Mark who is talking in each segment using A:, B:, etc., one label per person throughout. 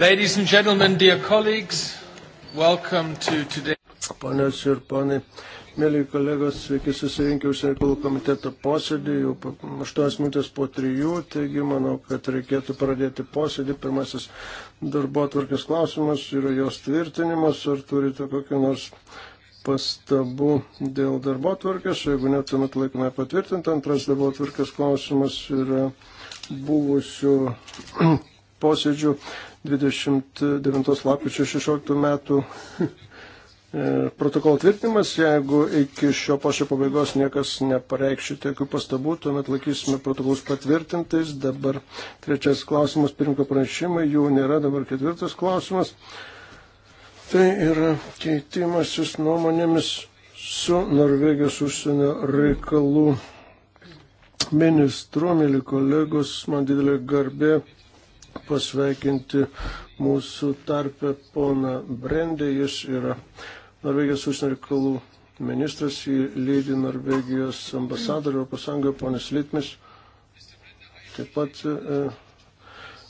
A: Ladies and gentlemen, dear colleagues, welcome to today. Ponios ir ponai, mėly kolegos, sveiki susirinkę užsienio reikalų komiteto posėdį, jau 8 minutės po 3, taigi manau, kad reikėtų pradėti posėdį. Pirmasis darbo atvarkės klausimas yra jos tvirtinimas, ar turite kokį nors pastabų dėl darbo atvarkės, jeigu net tuomet laikome patvirtintą. Antras darbo atvarkės klausimas yra buvusių posėdžių 29 lapkričio 16 metų e, protokolo tvirtinimas. Jeigu iki šio pašio pabaigos niekas nepareikšite jokių pastabų, tuomet laikysime protokolus patvirtintais. Dabar trečias klausimas, pirmko pranešimai, jų nėra, dabar ketvirtas klausimas. Tai yra keitimasis nuomonėmis su Norvegijos užsienio reikalų ministru, mėly kolegos, man didelė garbė pasveikinti mūsų tarpę poną Brendį. Jis yra Norvegijos užsienio reikalų ministras, jį lydi Norvegijos ambasadorių Europos Sąjungoje, ponas Litmis. Taip pat e,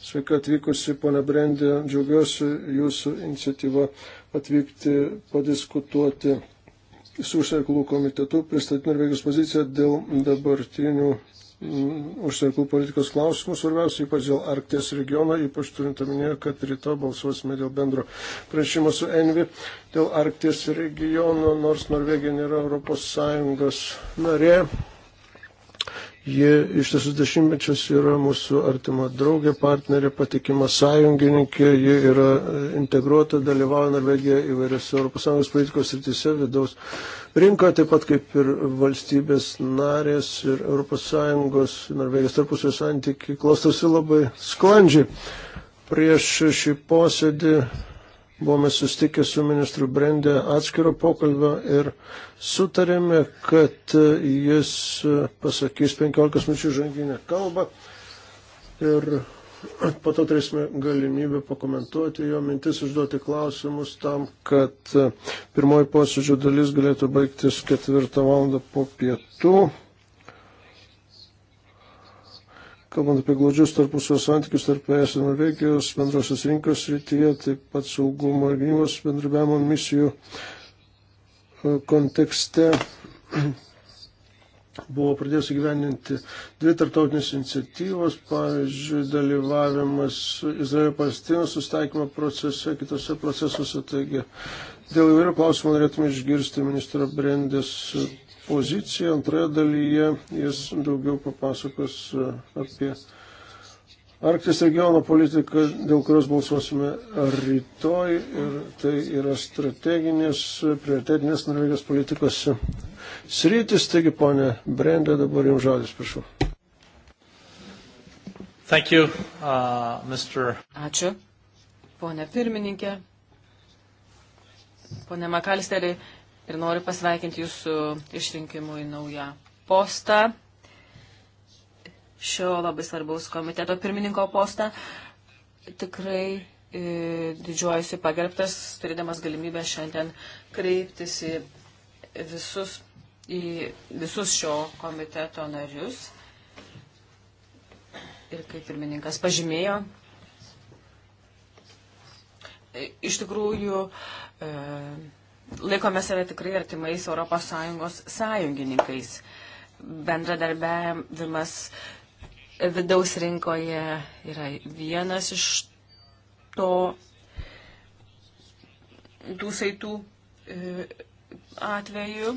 A: sveika atvykusi, ponė Brendė, džiaugiuosi jūsų iniciatyva atvykti padiskutuoti su užsienio reikalų komitetu, pristatyti Norvegijos poziciją dėl dabartinių Mm, užsienio politikos klausimų, svarbiausia ypač dėl Arkties regiono, ypač turint omenyje, kad ryto balsuosime dėl bendro prašymo su Envi, dėl Arkties regiono, nors Norvegija nėra ES narė, Ji iš tiesų dešimtmečius yra mūsų artima draugė, partnerė, patikima sąjungininkė, ji yra e, integruota, dalyvauja Norvegija įvairiose ES politikos rytise, vidaus rinkoje, taip pat kaip ir valstybės narės ir ES, Norvegijos tarpusio santykiai klostosi labai sklandžiai. Prieš šį posėdį buvome sustikę su ministru Brendė atskiro pokalbio ir sutarėme, kad jis pasakys 15 minučių žanginę kalbą ir po to turėsime galimybę pakomentuoti jo mintis, užduoti klausimus tam, kad pirmoji posėdžio dalis galėtų baigtis ketvirtą valandą po pietų. Kalbant apie glaudžius tarpusio santykius tarp ES ir Norvegijos bendrosios rinkos rytyje, taip pat saugumo ir gynybos bendrabiavimo misijų e, kontekste buvo pradėjęs įgyveninti dvi tarptautinės iniciatyvos, pavyzdžiui, dalyvavimas Izraelio-Palestinos sustaikymo procese, kitose procesuose. Taigi, dėl įvairių klausimų norėtume išgirsti ministro Brendės poziciją. Antroje dalyje jis daugiau papasakos e, apie Arktis regiono politiką, dėl kurios balsuosime rytoj. Ir tai yra strateginės, prioritetinės Norvegijos politikos sritis. Taigi, ponė Brendė, dabar jums žodis, prašau.
B: Thank you, uh, Mr.
C: Ačiū, ponė pirmininkė. Pone Makalsteri, ir noriu pasveikinti jūsų išrinkimu į naują postą, šio labai svarbaus komiteto pirmininko postą. Tikrai e, didžiuojusi pagerbtas, turėdamas galimybę šiandien kreiptis į visus, į visus šio komiteto narius. Ir kaip pirmininkas pažymėjo, e, iš tikrųjų e, laikome save tikrai artimais ES sąjungininkais. Bendradarbiavimas vidaus rinkoje yra vienas iš to tų saitų e, atveju.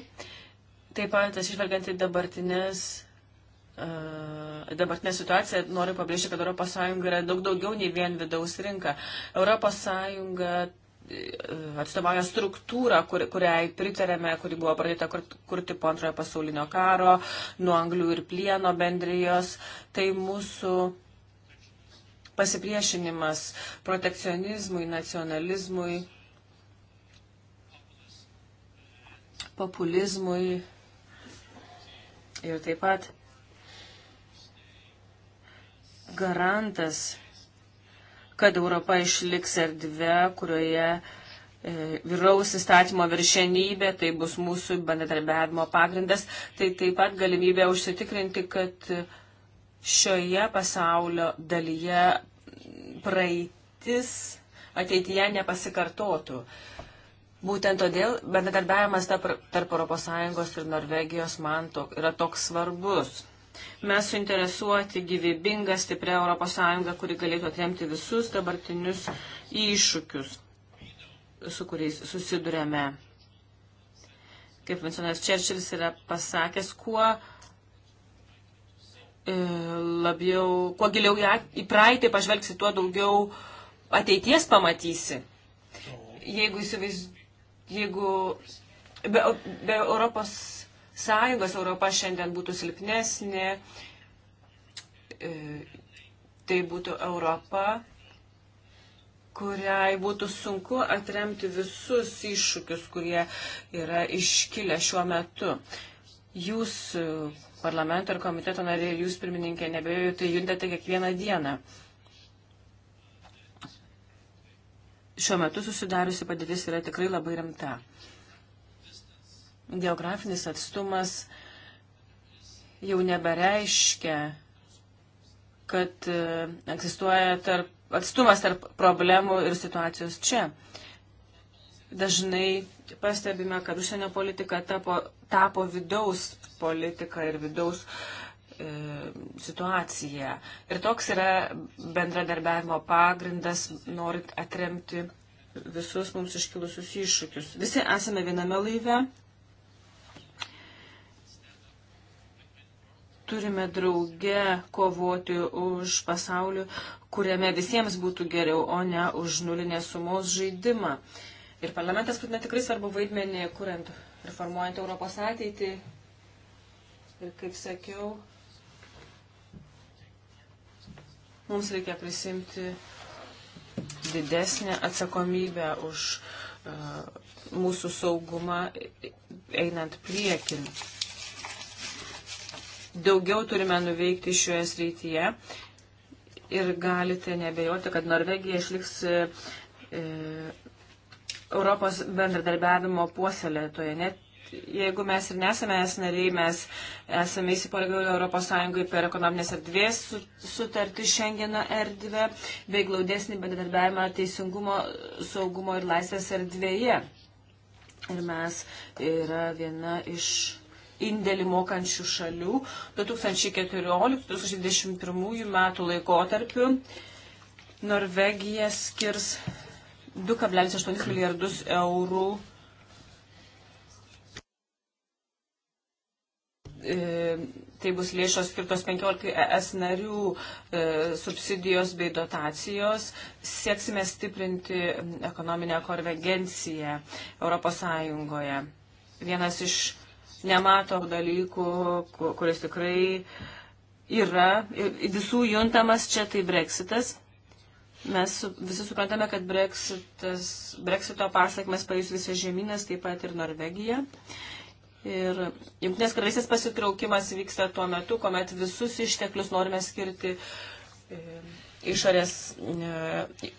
C: Taip pat, atsižvelgiant į dabartinės e, dabartinę situaciją, noriu pabrėžti, kad ES yra daug daugiau nei vien vidaus rinka. ES atstovauja struktūrą, kur, kuriai pritarėme, kuri buvo pradėta kurti po antrojo pasaulinio karo, nuo anglių ir plieno bendrijos. Tai mūsų pasipriešinimas protekcionizmui, nacionalizmui, populizmui ir taip pat garantas kad Europa išliks erdvė, kurioje e, vyraus įstatymo viršenybė, tai bus mūsų bendradarbiavimo pagrindas, tai taip pat galimybė užsitikrinti, kad šioje pasaulio dalyje praeitis ateityje nepasikartotų. Būtent todėl bendradarbiavimas tarp ES ir Norvegijos man to, yra toks svarbus. Mes suinteresuoti gyvybingą, stiprią ES, kuri galėtų atremti visus dabartinius iššūkius, su kuriais susidurėme. Kaip Vincentas Čerčilis yra pasakęs, kuo e, labiau, kuo giliau į praeitį pažvelgsi, tuo daugiau ateities pamatysi. Jeigu įsivaizduoji, jeigu be, be Europos sąjungos Europa šiandien būtų silpnesnė, e, tai būtų Europa, kuriai būtų sunku atremti visus iššūkius, kurie yra iškilę šiuo metu. Jūs e, parlamento ir komiteto nariai ir jūs pirmininkė nebejoju, tai juntate kiekvieną dieną. Šiuo metu susidariusi padėtis yra tikrai labai rimta geografinis atstumas jau nebereiškia, kad e, egzistuoja tarp, atstumas tarp problemų ir situacijos čia. Dažnai pastebime, kad užsienio politika tapo, tapo vidaus politika ir vidaus e, situacija. Ir toks yra bendradarbiavimo pagrindas, norint atremti visus mums iškilusius iššūkius. Visi esame viename laive, turime drauge kovoti už pasaulį, kuriame visiems būtų geriau, o ne už nulinės sumos žaidimą. Ir parlamentas vaidina tikrai svarbu vaidmenį, kuriant ir formuojant Europos ateitį. Ir kaip sakiau, mums reikia prisimti didesnę atsakomybę už uh, mūsų saugumą einant priekin. Daugiau turime nuveikti šioje srityje ir galite nebejoti, kad Norvegija išliks e, e, Europos bendradarbiavimo puoselėtoje. Net jeigu mes ir nesame es nariai, mes esame įsipareigoję ES per ekonominės erdvės sutartį Schengeno erdvę bei glaudesnį bendradarbiavimą teisingumo, saugumo ir laisvės erdvėje. Ir mes yra viena iš indėlį mokančių šalių 2014-2021 metų laikotarpiu Norvegija skirs 2,8 milijardus eurų e, tai bus lėšos skirtos 15 ES narių e, subsidijos bei dotacijos. Sieksime stiprinti ekonominę konvergenciją ES. Vienas iš nemato dalykų, kuris tikrai yra visų juntamas čia, tai breksitas. Mes visi suprantame, kad breksitas, breksito pasakmes pajus visas žemynas, taip pat ir Norvegija. Ir jungtinės karalystės pasitraukimas vyksta tuo metu, kuomet visus išteklius norime skirti e, išorės e,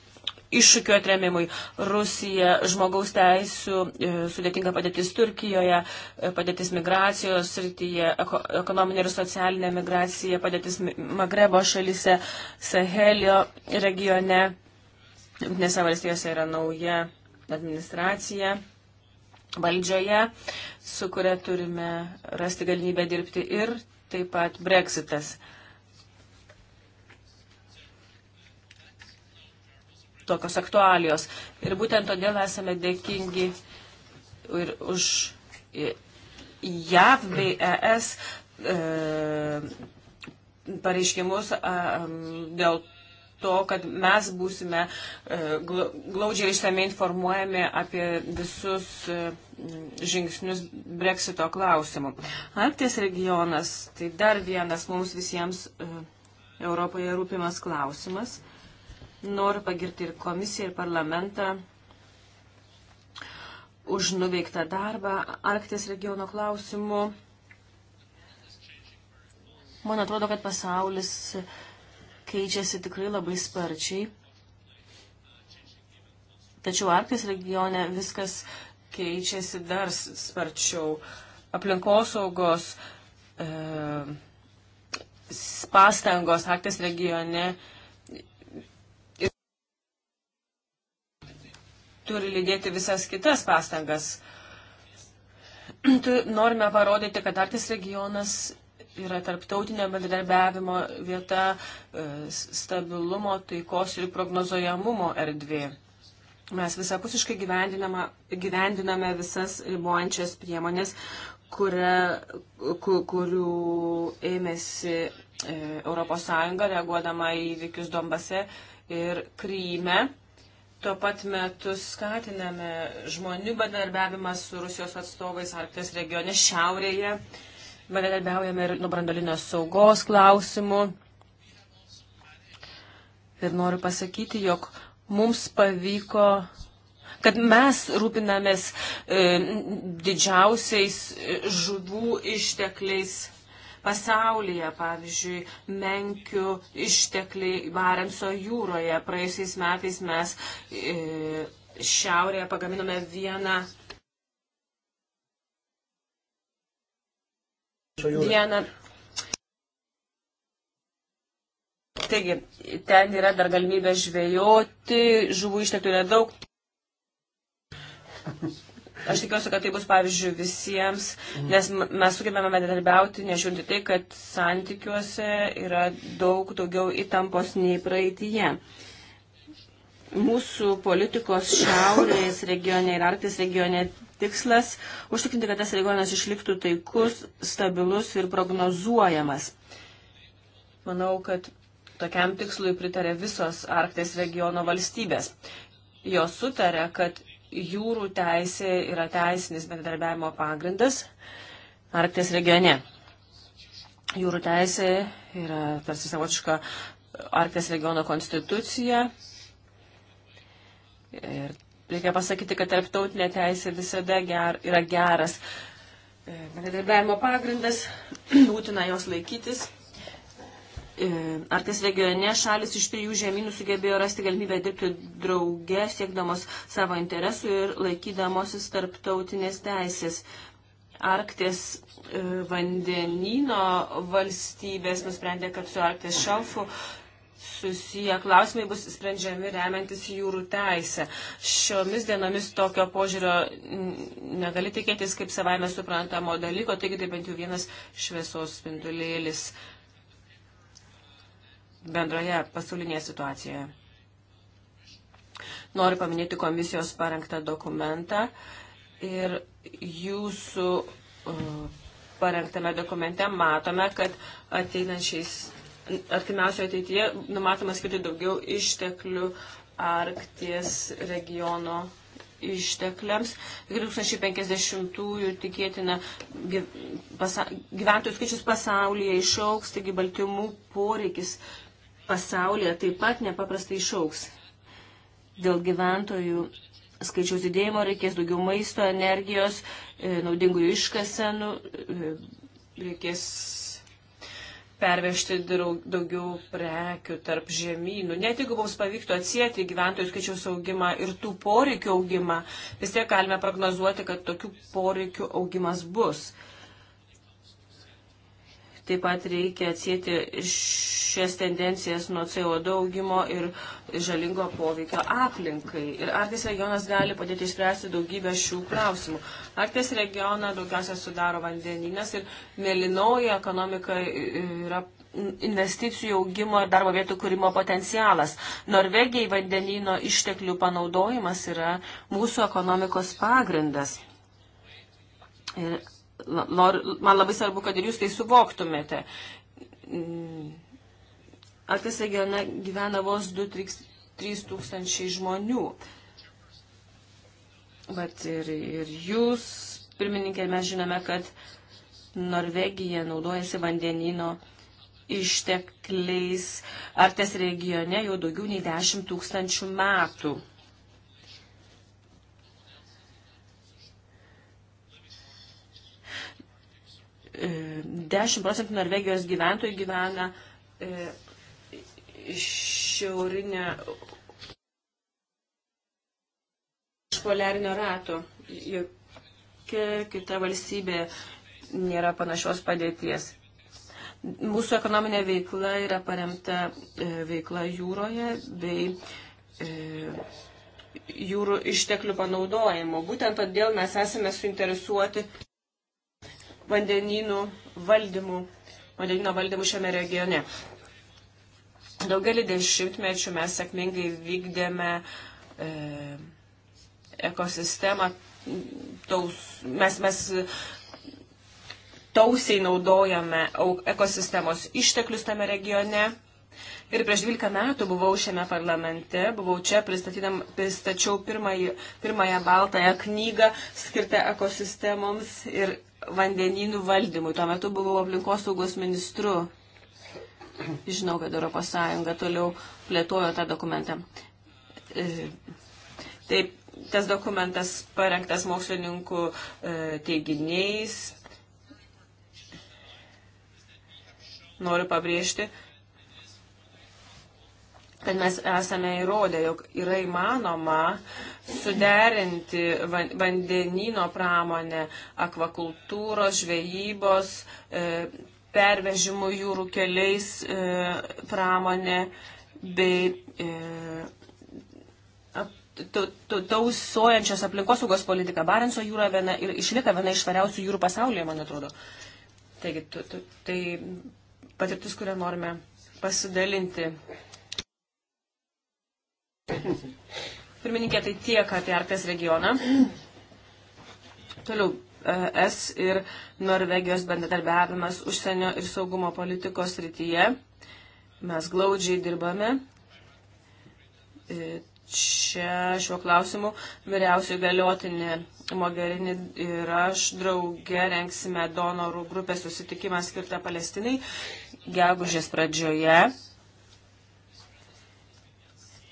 C: iššūkių atremimui. Rusija, žmogaus teisų, e, sudėtinga padėtis Turkijoje, e, padėtis migracijos srityje, ekonominė ir socialinė migracija, padėtis Magrebo šalise, Sahelio regione. Jungtinėse valstijose yra nauja administracija valdžioje, su kuria turime rasti galimybę dirbti ir taip pat breksitas. Uh, tokios aktualijos. Ir būtent todėl esame dėkingi ir už JAV bei ES e, pareiškimus a, dėl to, kad mes būsime e, glaudžiai išsamei informuojami apie visus e, žingsnius breksito klausimų. Arkties regionas tai dar vienas mums visiems e, Europoje rūpimas klausimas. Noriu pagirti ir komisiją, ir parlamentą už nuveiktą darbą Arktis regiono klausimu. Man atrodo, kad pasaulis keičiasi tikrai labai sparčiai. Tačiau Arktis regione viskas keičiasi dar sparčiau. Aplinkosaugos e, pastangos Arktis regione turi lydėti visas kitas pastangas. Norime parodyti, kad Arktis regionas yra tarptautinio bendradarbiavimo vieta, e, stabilumo, taikos ir prognozojamumo erdvė. Mes visapusiškai gyvendiname visas ribojančias priemonės, kuria, kur, kurių ėmėsi ES reaguodama į įvykius Dombase ir Kryme. Tuo pat metu skatiname žmonių bendarbiavimą su Rusijos atstovais Arkties regione šiaurėje. Bendarbiaujame ir nuo brandolinio saugos klausimų. Ir noriu pasakyti, jog mums pavyko, kad mes rūpinamės e, didžiausiais e, žuvų ištekliais pasaulyje, pavyzdžiui, menkių ištekliai Barenso jūroje. Praėjusiais metais mes e, šiaurėje pagaminome vieną. Vieną Taigi, ten yra dar galimybė žvejoti, žuvų išteklių yra daug. Aš tikiuosi, kad tai bus pavyzdžių visiems, nes mes sugebėme bendradarbiauti, nežiūrinti tai, kad santykiuose yra daug daugiau įtampos nei praeitie. Mūsų politikos šiaurės regione ir Arktis regione tikslas užtikrinti, kad tas regionas išliktų taikus, stabilus ir prognozuojamas. Manau, kad tokiam tikslui pritarė visos Arktis regiono valstybės. Jos sutarė, kad jūrų teisė yra teisinis bendradarbiavimo pagrindas Arkties regione. Jūrų teisė yra tarsi savotiška Arkties regiono konstitucija. Ir reikia pasakyti, kad tarptautinė teisė visada ger, yra geras e, bendradarbiavimo pagrindas, būtina jos laikytis E, ar tas regione šalis iš trijų žemynų sugebėjo rasti galimybę dirbti drauge, siekdamos savo interesų ir laikydamosis tarptautinės teisės. Arktis e, vandenino valstybės nusprendė, kad su Arktis šelfu susiję klausimai bus sprendžiami remiantis jūrų teisę. Šiomis dienomis tokio požiūrio negali tikėtis kaip savaime suprantamo dalyko, taigi tai bent jau vienas šviesos spindulėlis. Uh, bendroje pasaulinėje situacijoje. Noriu paminėti komisijos parengtą dokumentą ir jūsų uh, parengtame dokumente matome, kad ateinančiais, artimiausioje ateityje numatoma skirti daugiau išteklių Arkties regiono ištekliams. 2050-ųjų tikėtina gyventojų skaičius pasaulyje išauks, taigi baltymų poreikis pasaulyje taip pat nepaprastai išauks. Dėl gyventojų skaičiaus didėjimo reikės daugiau maisto, energijos, e, naudingųjų iškasenų, e, reikės pervežti daugiau prekių tarp žemynų. Net jeigu mums pavyktų atsijėti gyventojų skaičiaus augimą ir tų poreikių augimą, vis tiek galime prognozuoti, kad tokių poreikių augimas bus. Taip pat reikia atsėti šias tendencijas nuo CO2 augimo ir žalingo poveikio aplinkai. Ir Arktis regionas gali padėti išspręsti daugybę šių klausimų. Arktis regioną daugiausia sudaro vandeninas ir mėlynoji ekonomika yra investicijų augimo ir darbo vietų kūrimo potencialas. Norvegijai vandenino išteklių panaudojimas yra mūsų ekonomikos pagrindas. Ir nor, man labai svarbu, kad ir jūs tai suvoktumėte. Alpės regione gyvena vos 2-3 tūkstančiai žmonių. Bet ir, ir jūs, pirmininkė, mes žinome, kad Norvegija naudojasi vandenino ištekliais Artes regione jau daugiau nei 10 tūkstančių metų. 10 e, procentų Norvegijos gyventojų gyvena e, šiaurinė iš poliarinio rato. Jokia kita valstybė nėra panašios padėties. Mūsų ekonominė veikla yra paremta e, veikla jūroje bei e, jūrų išteklių panaudojimu. Būtent todėl mes esame suinteresuoti vandenynų valdymu, vandenino valdymu šiame regione. Daugelį dešimtmečių mes sėkmingai vykdėme e, ekosistemą, taus, mes, mes tausiai naudojame ekosistemos išteklius tame regione Ir prieš 12 metų buvau šiame parlamente, buvau čia, pristačiau pirmąjį, pirmąją baltąją knygą skirtą ekosistemoms ir vandenynų valdymui. Tuo metu buvau aplinkosaugos ministru. Žinau, kad ES toliau plėtojo tą dokumentą. E, taip, tas dokumentas parengtas mokslininkų e, teiginiais. Noriu pabrėžti, kad mes esame įrodę, jog yra įmanoma suderinti vandenino pramonę, akvakultūros, žvejybos, e, pervežimų jūrų keliais e, pramonę bei e, tausojančios aplinkosaugos politika. Barenso jūra viena ir išlieka viena iš švariausių jūrų pasaulyje, man atrodo. Taigi, tai patirtis, kurią norime pasidalinti Pirmininkė, tai tiek apie Arkties regioną. Toliau ES ir Norvegijos bendradarbiavimas užsienio ir saugumo politikos rytyje. Mes glaudžiai dirbame. E, čia šiuo klausimu vyriausiai galiotinė Mogherini ir aš drauge renksime donorų grupės susitikimą skirtą Palestinai gegužės pradžioje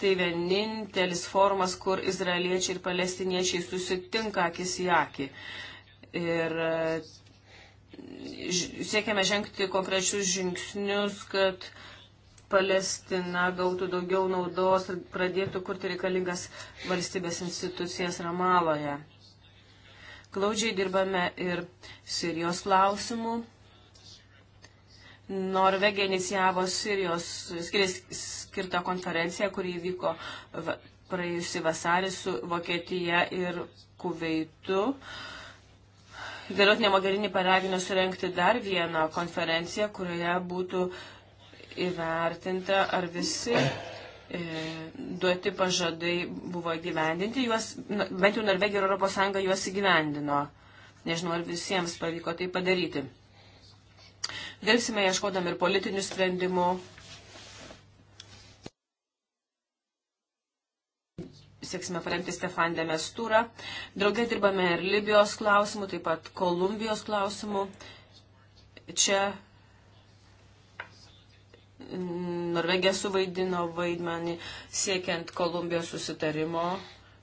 C: tai vienintelis formas, kur izraeliečiai ir palestiniečiai susitinka akis į akį. Ir e, siekiame žengti konkrečius žingsnius, kad Palestina gautų daugiau naudos ir pradėtų kurti reikalingas valstybės institucijas Ramaloje. Glaudžiai dirbame ir Sirijos klausimų Norvegija inicijavo Sirijos skirtą konferenciją, kurį vyko praėjusi vasarį su Vokietija ir Kuveitu. Galiotinė Mogherini paragino surenkti dar vieną konferenciją, kurioje būtų įvertinta, ar visi e, duoti pažadai buvo įgyvendinti, juos, bent jau Norvegija ir ES juos įgyvendino. Nežinau, ar visiems pavyko tai padaryti dėlsime ieškodami ir politinių sprendimų. Sėksime paremti Stefan Demestūrą. Draugai dirbame ir Libijos klausimų, taip pat Kolumbijos klausimų. Čia Norvegija suvaidino vaidmenį siekiant Kolumbijos susitarimo.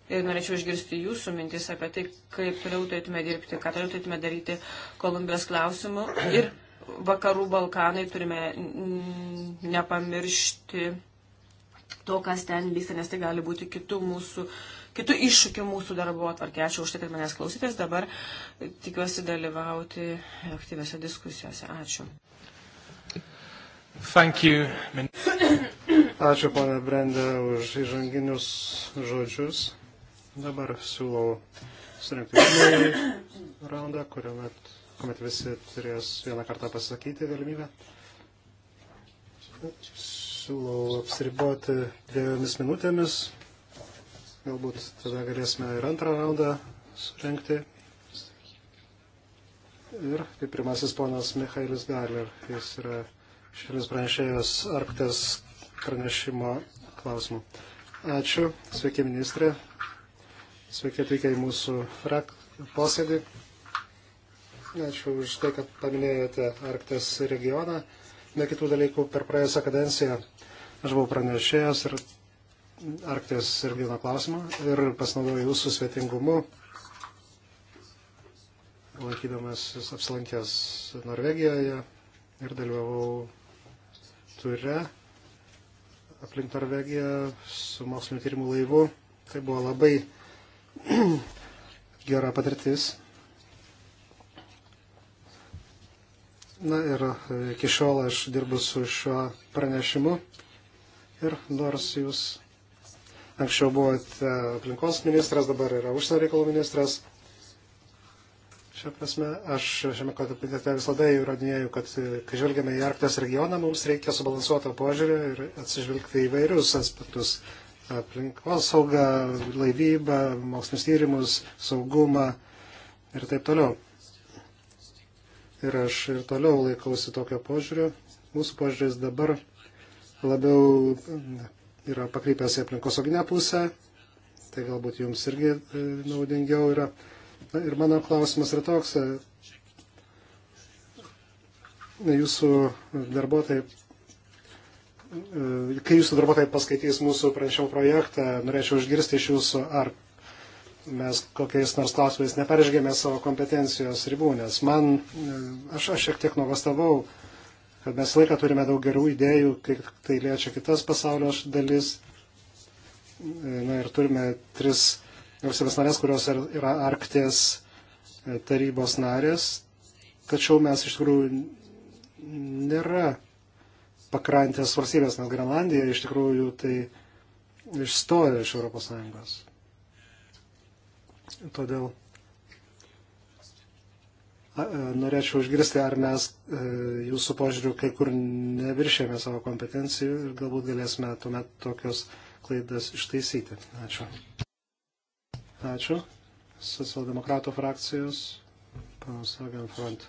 C: Ir norėčiau išgirsti jūsų mintis apie tai, kaip toliau turėtume dirbti, ką toliau turėtume daryti Kolumbijos klausimu. Ir vakarų Balkanai turime nepamiršti to, kas ten vyksta, nes tai gali būti kitų mūsų, kitų iššūkių mūsų darbo atvarkė. Ačiū už tai, kad manęs klausytės. Dabar tikiuosi dalyvauti aktyviose diskusijose. Ačiū.
B: Thank you. Ačiū, pana Brenda, už įžanginius žodžius. Dabar siūlau surinkti pirmąjį raundą, kuriuo metu kuomet visi turės vieną kartą pasakyti galimybę. Siūlau apsiriboti dviejomis minutėmis. Galbūt tada galėsime ir antrą raundą surenkti. Ir kaip pirmasis ponas Michailis Galer, jis yra šiandien pranešėjas Arktis pranešimo klausimų. Ačiū, sveiki ministrė, sveiki atvykę į mūsų posėdį. Ačiū už tai, kad paminėjote Arktis regioną. Be kitų dalykų, per praėjusią kadenciją aš buvau pranešėjęs ir Arktis regiono klausimą ir pasinaudojau jūsų svetingumu, lankydamas apsilankęs Norvegijoje ir dalyvavau ture aplink Norvegiją su mokslinio tyrimų laivu. Tai buvo labai gera patirtis Na ir e, iki šiol aš dirbu su šiuo pranešimu. Ir nors jūs anksčiau buvote aplinkos ministras, dabar yra užsienio reikalų ministras. Šią prasme, aš šiame kontekste visada įrodinėjau, kad e, kai žvelgiame į Arkties regioną, mums reikia subalansuoto požiūrio ir atsižvelgti į vairius aspektus - aplinkos saugą, laivybą, mokslinius tyrimus, saugumą ir taip toliau ir aš ir toliau laikausi tokio požiūrio. Mūsų požiūris dabar labiau mm, yra pakreipęs į aplinkosauginę pusę, tai galbūt jums irgi e, naudingiau yra. Na, ir mano klausimas yra toks, e, jūsų darbuotojai, e, kai jūsų darbuotojai paskaitys mūsų pranešimo projektą, norėčiau išgirsti iš jūsų, ar mes kokiais nors klausimais neperžgėme savo kompetencijos ribų, nes man, e, aš, aš šiek tiek nuogastavau, kad mes laiką turime daug gerų idėjų, kaip tai liečia kitas pasaulio dalis. E, na ir turime tris valstybės narės, kurios yra Arkties e, tarybos narės, tačiau mes iš tikrųjų nėra pakrantės valstybės, nes Grenlandija iš tikrųjų tai išstojo iš Europos Sąjungos. Todėl e, norėčiau išgirsti, ar mes e, jūsų požiūriu kai kur neviršėme savo kompetencijų ir galbūt galėsime tuomet tokios klaidas ištaisyti. Ačiū. Ačiū. Socialdemokratų frakcijos, panas Agan Front.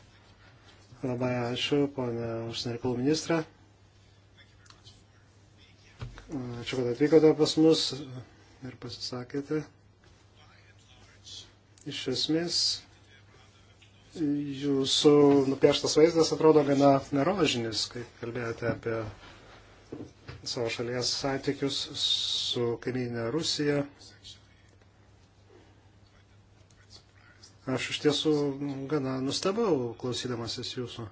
B: Labai ačiū, ponė užsienio reikalų ministrė. Ačiū, kad atvykote pas mus ir pasisakėte. Iš esmės, jūsų nupieštas vaizdas atrodo gana nerožinis, kai kalbėjote apie savo šalies santykius su kaimynė Rusija. Aš iš tiesų gana nustebau klausydamasis jūsų.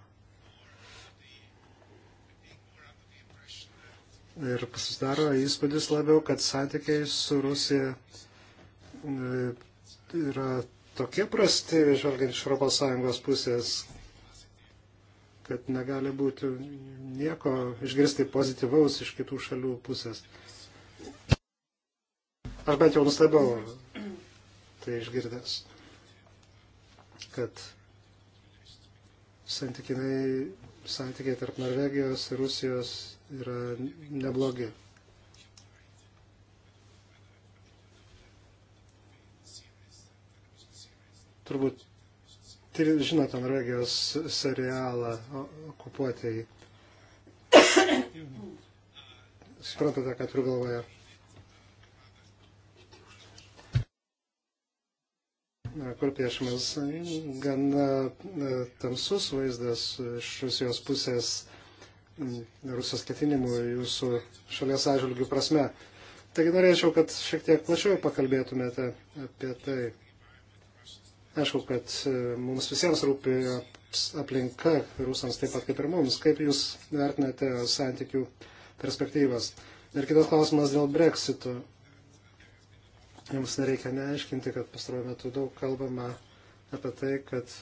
B: Ir pasidaro įspūdis labiau, kad santykiai su Rusija e, yra tokie prasti, žvelgiant iš ES pusės, kad negali būti nieko išgirsti pozityvaus iš kitų šalių pusės. Aš bent jau nustebau tai išgirdęs, kad santykiai tarp Norvegijos ir Rusijos yra neblogi. Turbūt žinote Norvegijos serialą okupuotieji. Suprantate, ką turiu galvoje. kur piešimas gana e, tamsus vaizdas iš Rusijos pusės, Rusijos ketinimų jūsų šalies atžvilgių prasme. Taigi norėčiau, kad šiek tiek plačiau pakalbėtumėte apie tai. Aišku, kad e, mums visiems rūpi aplinka, rusams taip pat kaip ir mums. Kaip jūs vertinate santykių perspektyvas? Ir kitas klausimas dėl breksito. Jums nereikia neaiškinti, kad pastaruoju metu daug kalbama apie tai, kad e,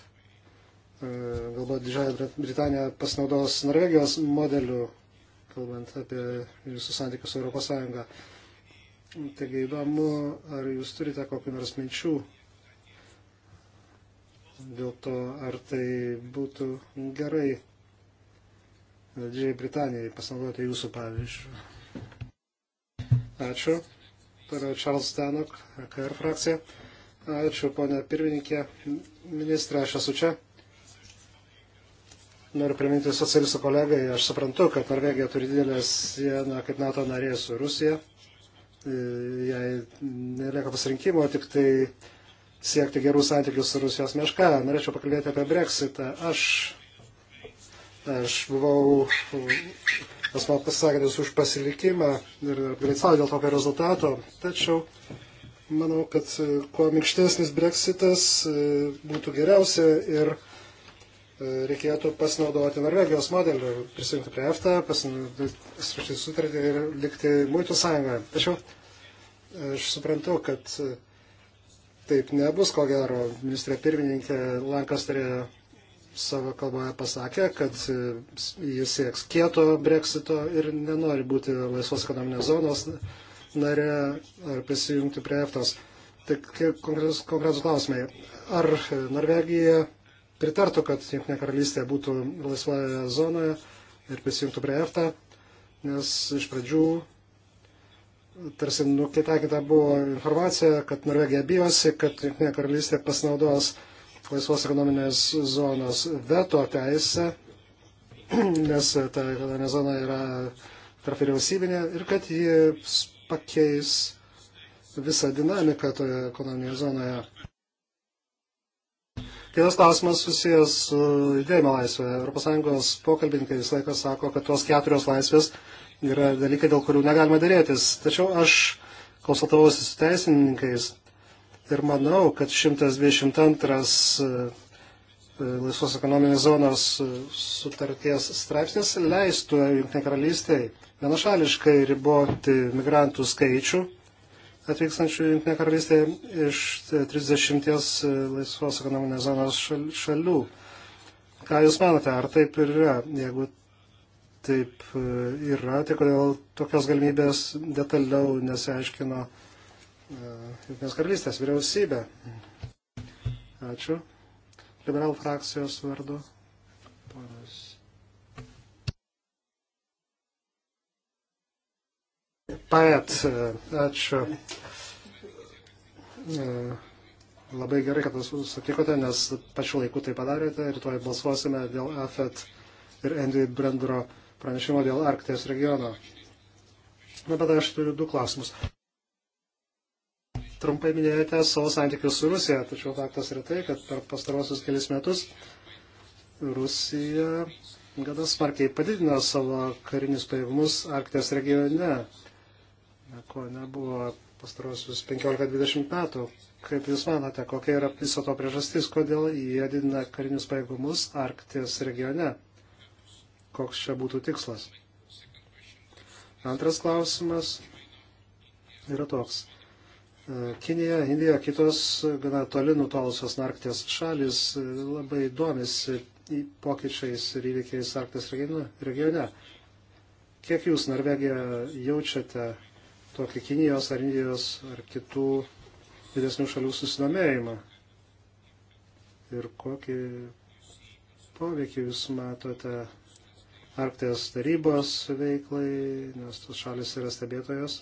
B: galbūt Didžiąją Britaniją pasinaudos Norvegijos modeliu, kalbant apie jūsų santykius su ES. Taigi įdomu, ar jūs turite kokiu nors minčių dėl to, ar tai būtų gerai Didžiai Britanijai pasinaudoti jūsų pavyzdžių. Ačiū. Toliau Charles Stanok, KR frakcija. Ačiū, ponė pirmininkė. Ministrė, aš esu čia. Noriu priminti socialistų kolegai, aš suprantu, kad Norvegija turi didelę sieną kaip NATO narė su Rusija. Jai nelieka pasirinkimo, tik tai uh, siekti gerų santykių su Rusijos meška. Norėčiau pakalbėti apie Brexitą. Aš, aš buvau, tas man pasakantis už pasilikimą ir apgailestauju dėl tokio rezultato, tačiau manau, kad kuo minkštesnis Brexitas e, būtų geriausia ir e, reikėtų pasinaudoti Norvegijos modeliu, prisijungti prie EFTA, pasirašyti sutartį ir likti muitų sąjungoje. Tačiau e, aš suprantu, kad taip nebus, ko gero. Ministrė pirmininkė Lankasterė savo kalboje pasakė, kad e, jis sieks kieto breksito ir nenori būti laisvos ekonominės zonos narė ar prisijungti prie EFTOS. Tik konkretus klausimai. Ar Norvegija pritartų, kad Junktinė karalystė būtų laisvoje zonoje ir prisijungtų prie EFTA, nes iš pradžių tarsi nukitekinta buvo informacija, kad Norvegija bijosi, kad Junktinė karalystė pasinaudos laisvos ekonominės zonos veto teisę, nes ta ekonominė zona yra tarp vyriausybinė ir kad ji pakeis visą dinamiką toje ekonominėje zonoje. Kitas klausimas susijęs su judėjimo laisvė. ES pokalbininkai visą laiką sako, kad tos keturios laisvės yra dalykai, dėl kurių negalima dėrėtis. Tačiau aš konsultavausi su teisininkais ir manau, kad 122 e, e, laisvos ekonominės zonos e, sutarties straipsnis leistų Junktinė karalystėje vienašališkai riboti migrantų skaičių atvykstančių Junktinė karalystė iš 30 laisvos ekonominės zonos šalių. Ką Jūs manote, ar taip ir yra? Jeigu taip e, yra, tai kodėl tokios galimybės detaliau nesiaiškino e, Junktinės karalystės vyriausybė. Ačiū. Liberal frakcijos vardu. Ponas. Paet, e, ačiū. Labai gerai, kad sutikote, nes pačiu laiku tai padarėte ir tuoj balsuosime dėl AFET ir Andy Brendro pranešimo dėl Arkties regiono. Na, bet aš turiu du klausimus. Trumpai minėjote savo santykius su Rusija, tačiau faktas yra tai, kad per pastarosius kelis metus Rusija gana smarkiai padidino savo karinius pajėgumus Arkties regione, ko nebuvo pastarosius 15-20 metų. Kaip Jūs manote, kokia yra viso to priežastis, kodėl jie didina karinius pajėgumus Arkties regione? koks čia būtų tikslas. Antras klausimas yra toks. E, Kinija, Indija, kitos gana toli nutolusios Arkties šalis e, labai domisi pokyčiais ir įvykiais Arkties regione. Kiek jūs, Norvegija, jaučiate tokį Kinijos ar Indijos ar kitų didesnių šalių susidomėjimą? Ir kokį poveikį jūs matote Arkties tarybos veiklai, nes tos šalis yra stebėtojos.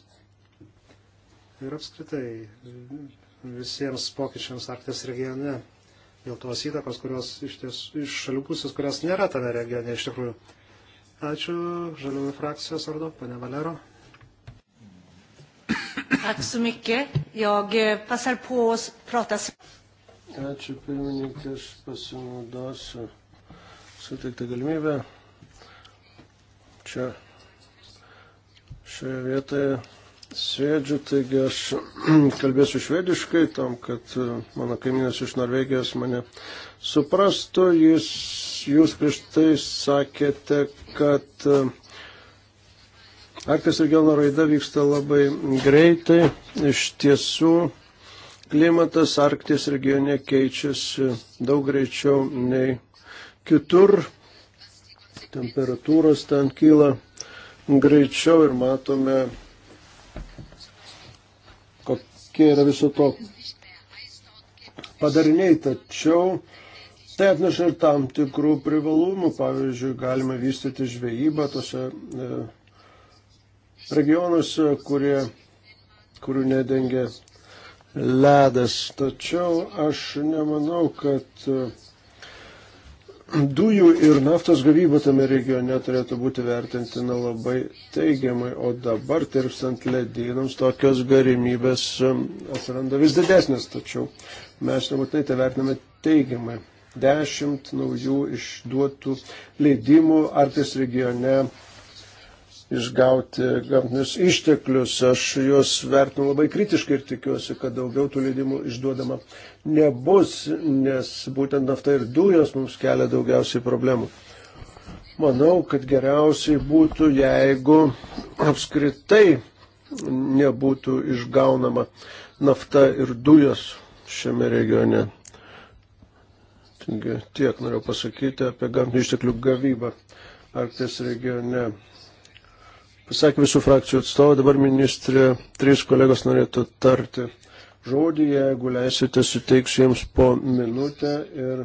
B: Ir apskritai visiems pokyčiams Arkties regione dėl tos įtakos, kurios iš, ties, iš šalių pusės, kurios nėra tame regione iš tikrųjų. Ačiū Žaliųjų frakcijos vardu, pane Valero. Eh, Ačiū pirmininkai, aš
A: pasinaudosiu suteiktą galimybę čia šioje vietoje sėdžiu, taigi aš kalbėsiu švediškai, tam, kad e, mano kaiminas iš Norvegijos mane suprastų. Jis, jūs prieš tai sakėte, kad e, Arktis regiono raida vyksta labai greitai. Iš tiesų, klimatas Arktis regione keičiasi daug greičiau nei kitur temperatūros ten kyla greičiau ir matome, kokie yra viso to padariniai. Tačiau tai atneša ir tam tikrų privalumų. Pavyzdžiui, galima vystyti žvejybą tose e, regionuose, kurie, kurių nedengia ledas. Tačiau aš nemanau, kad e, dujų ir naftos gavyba tame regione turėtų būti vertintina labai teigiamai, o dabar tirpstant ledynams tokios galimybės um, atsiranda vis didesnės, tačiau mes nebūtinai tai vertiname teigiamai. Dešimt naujų išduotų leidimų Arktis regione išgauti gamtinius išteklius. Aš juos vertinu labai kritiškai ir tikiuosi, kad daugiau tų leidimų išduodama nebus, nes būtent nafta ir dujos mums kelia daugiausiai problemų. Manau, kad geriausiai būtų, jeigu apskritai nebūtų išgaunama nafta ir dujos šiame regione. Taigi tiek noriu pasakyti apie gamtinių išteklių gavybą Arkties regione pasakė visų frakcijų atstovai, dabar ministrė, trys kolegos norėtų tarti žodį, jeigu leisite, suteiksiu jiems po minutę ir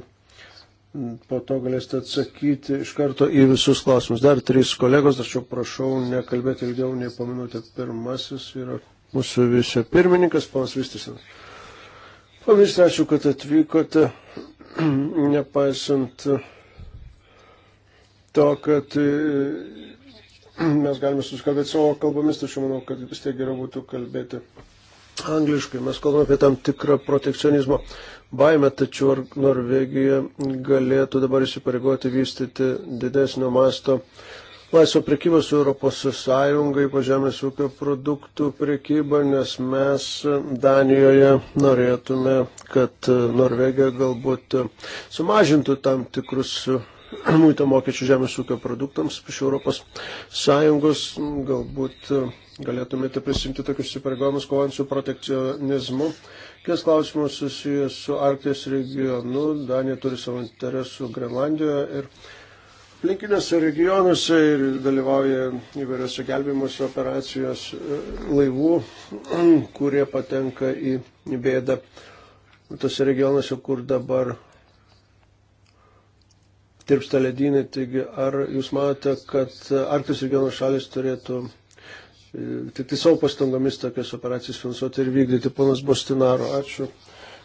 A: po to galėsite atsakyti iš karto į visus klausimus. Dar trys kolegos, tačiau prašau nekalbėti ilgiau nei po minutę. Pirmasis yra mūsų vice pirmininkas, panas Vistisanas. Pavyzdžiui, ačiū, kad atvykote, nepaisant to, kad mes galime susikalbėti savo kalbomis, tačiau manau, kad vis tiek geriau būtų kalbėti angliškai. Mes kalbame apie tam tikrą protekcionizmo baimę, tačiau ar Norvegija galėtų dabar įsipareigoti vystyti didesnio masto laisvo prekybą su Europos Sąjunga, ypač žemės ūkio produktų prekybą, nes mes Danijoje norėtume, kad Norvegija galbūt sumažintų tam tikrus muito mokesčių žemės ūkio produktams iš Europos Sąjungos. Galbūt e, galėtumėte prisimti tokius įpareigojimus kovant su protekcionizmu. Kies klausimas susijęs su Arkties regionu. Danija turi savo interesų Grenlandijoje ir aplinkiniuose regionuose ir dalyvauja įvairiose gelbėjimuose operacijos e, laivų, kurie patenka į bėdą. Tose regionuose, kur dabar tirpsta ledynai. Taigi, ar jūs matote, kad Arktis regiono šalis turėtų e, tik tai savo pastangomis tokias operacijas finansuoti ir vykdyti? Ponas Bostinaro, ačiū.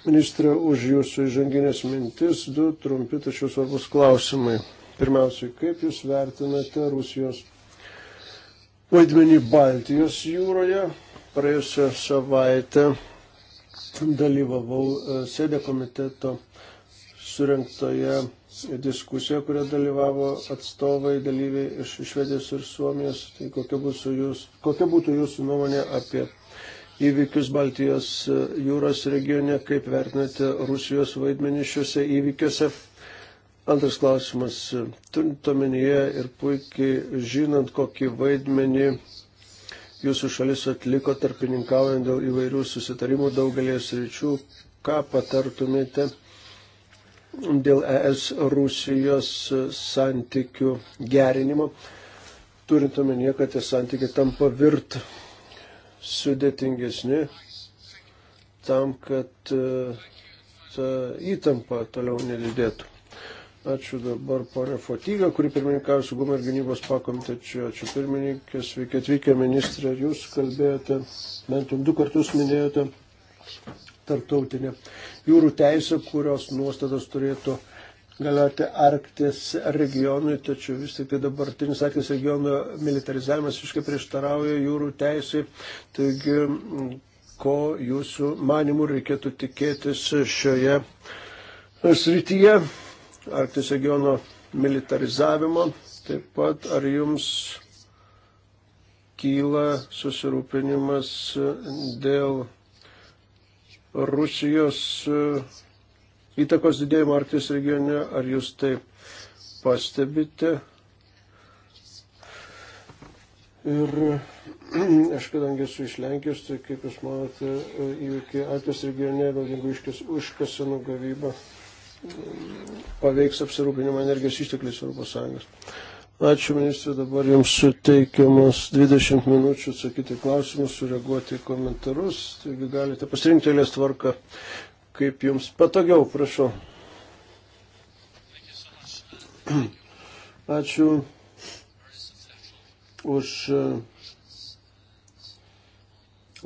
A: Ministrė, už jūsų įžanginės mintis du trumpi tačiau svarbus klausimai. Pirmiausiai, kaip jūs vertinate Rusijos vaidmenį Baltijos jūroje? Praėjusią savaitę dalyvavau e, sėdė komiteto surinktoje diskusijoje, kurioje dalyvavo atstovai, dalyviai iš Švedijos ir Suomijos. Tai kokia, jūs, kokia būtų jūsų nuomonė apie įvykius Baltijos jūros regione, kaip vertinate Rusijos vaidmenį šiuose įvykiuose? Antras klausimas. Turint omenyje ir puikiai žinant, kokį vaidmenį jūsų šalis atliko tarpininkaujant dėl įvairių susitarimų daugelės ryčių, ką patartumėte dėl ES Rusijos santykių gerinimo, turint omenyje, kad tie santykiai tampa virt sudėtingesni tam, kad e, ta įtampa toliau nedidėtų. Ačiū dabar ponė Fotyga, kuri pirmininkavo saugumo ir gynybos pakomitečio. Ačiū pirmininkė, sveiki atvykę ministrė. Jūs kalbėjote, bent jau du kartus minėjote tarptautinė jūrų teisė, kurios nuostatos turėtų galioti Arktis regionui, tačiau vis tik tai dabartinis Arktis regiono militarizavimas visiškai prieštarauja jūrų teisai. Taigi, ko jūsų manimų reikėtų tikėtis šioje srityje Arktis regiono militarizavimo? Taip pat, ar jums kyla susirūpinimas dėl Rusijos e, įtakos didėjimo Arktis regione, ar jūs tai pastebite? Ir aš kadangi esu iš Lenkijos, tai kaip jūs manote, e, įvykiai Arktis regione, naudingų užkasenų gavyba paveiks apsirūpinimą energijos ištekliais Europos Sąjungos. Ačiū ministrė, dabar jums suteikiamas 20 minučių atsakyti klausimus, sureaguoti į komentarus. Taigi galite pasirinkti eilės tvarką, kaip jums patogiau, prašau. Ačiū už e,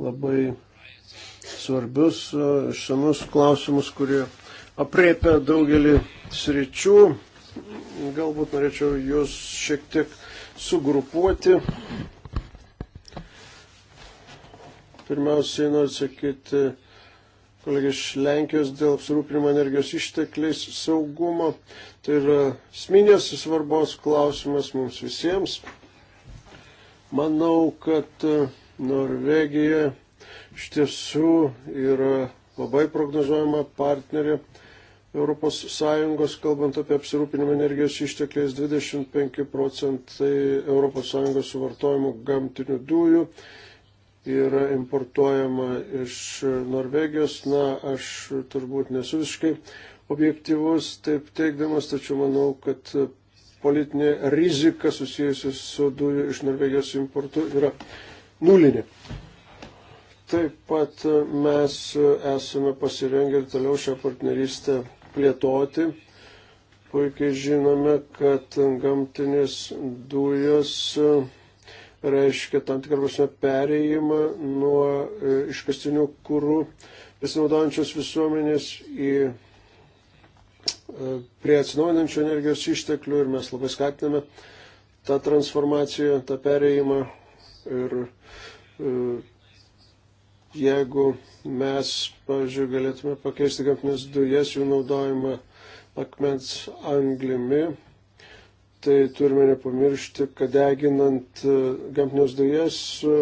A: labai svarbius, e, išsamus klausimus, kurie apriepia daugelį sričių. Galbūt norėčiau jūs šiek tiek sugrupuoti. Pirmiausiai noriu atsakyti kolegė iš Lenkijos dėl apsirūpinimo energijos ištekliais saugumo. Tai yra sminės svarbos klausimas mums visiems. Manau, kad e, Norvegija iš tiesų yra labai prognozuojama partnerė ES, kalbant apie apsirūpinimą energijos ištekliais, 25 procentai ES suvartojimų gamtinių dujų yra importuojama iš Norvegijos. Na, aš turbūt nesu visiškai objektivus taip teikdamas, tačiau manau, kad politinė rizika susijusi su dujų iš Norvegijos importu yra nulinė. Taip pat mes esame pasirengę ir toliau šią partnerystę plėtoti. Puikiai žinome, kad gamtinės dujos e, reiškia tam tikrą prasme perėjimą nuo e, iškastinių kūrų pasinaudojančios visuomenės į e, prie atsinaujinančių energijos išteklių ir mes labai skatiname tą transformaciją, tą perėjimą ir jeigu mes, pavyzdžiui, galėtume pakeisti gamtinės dujas, jų naudojimą akmens anglimi, tai turime nepamiršti, kad deginant e, gamtinės dujas e,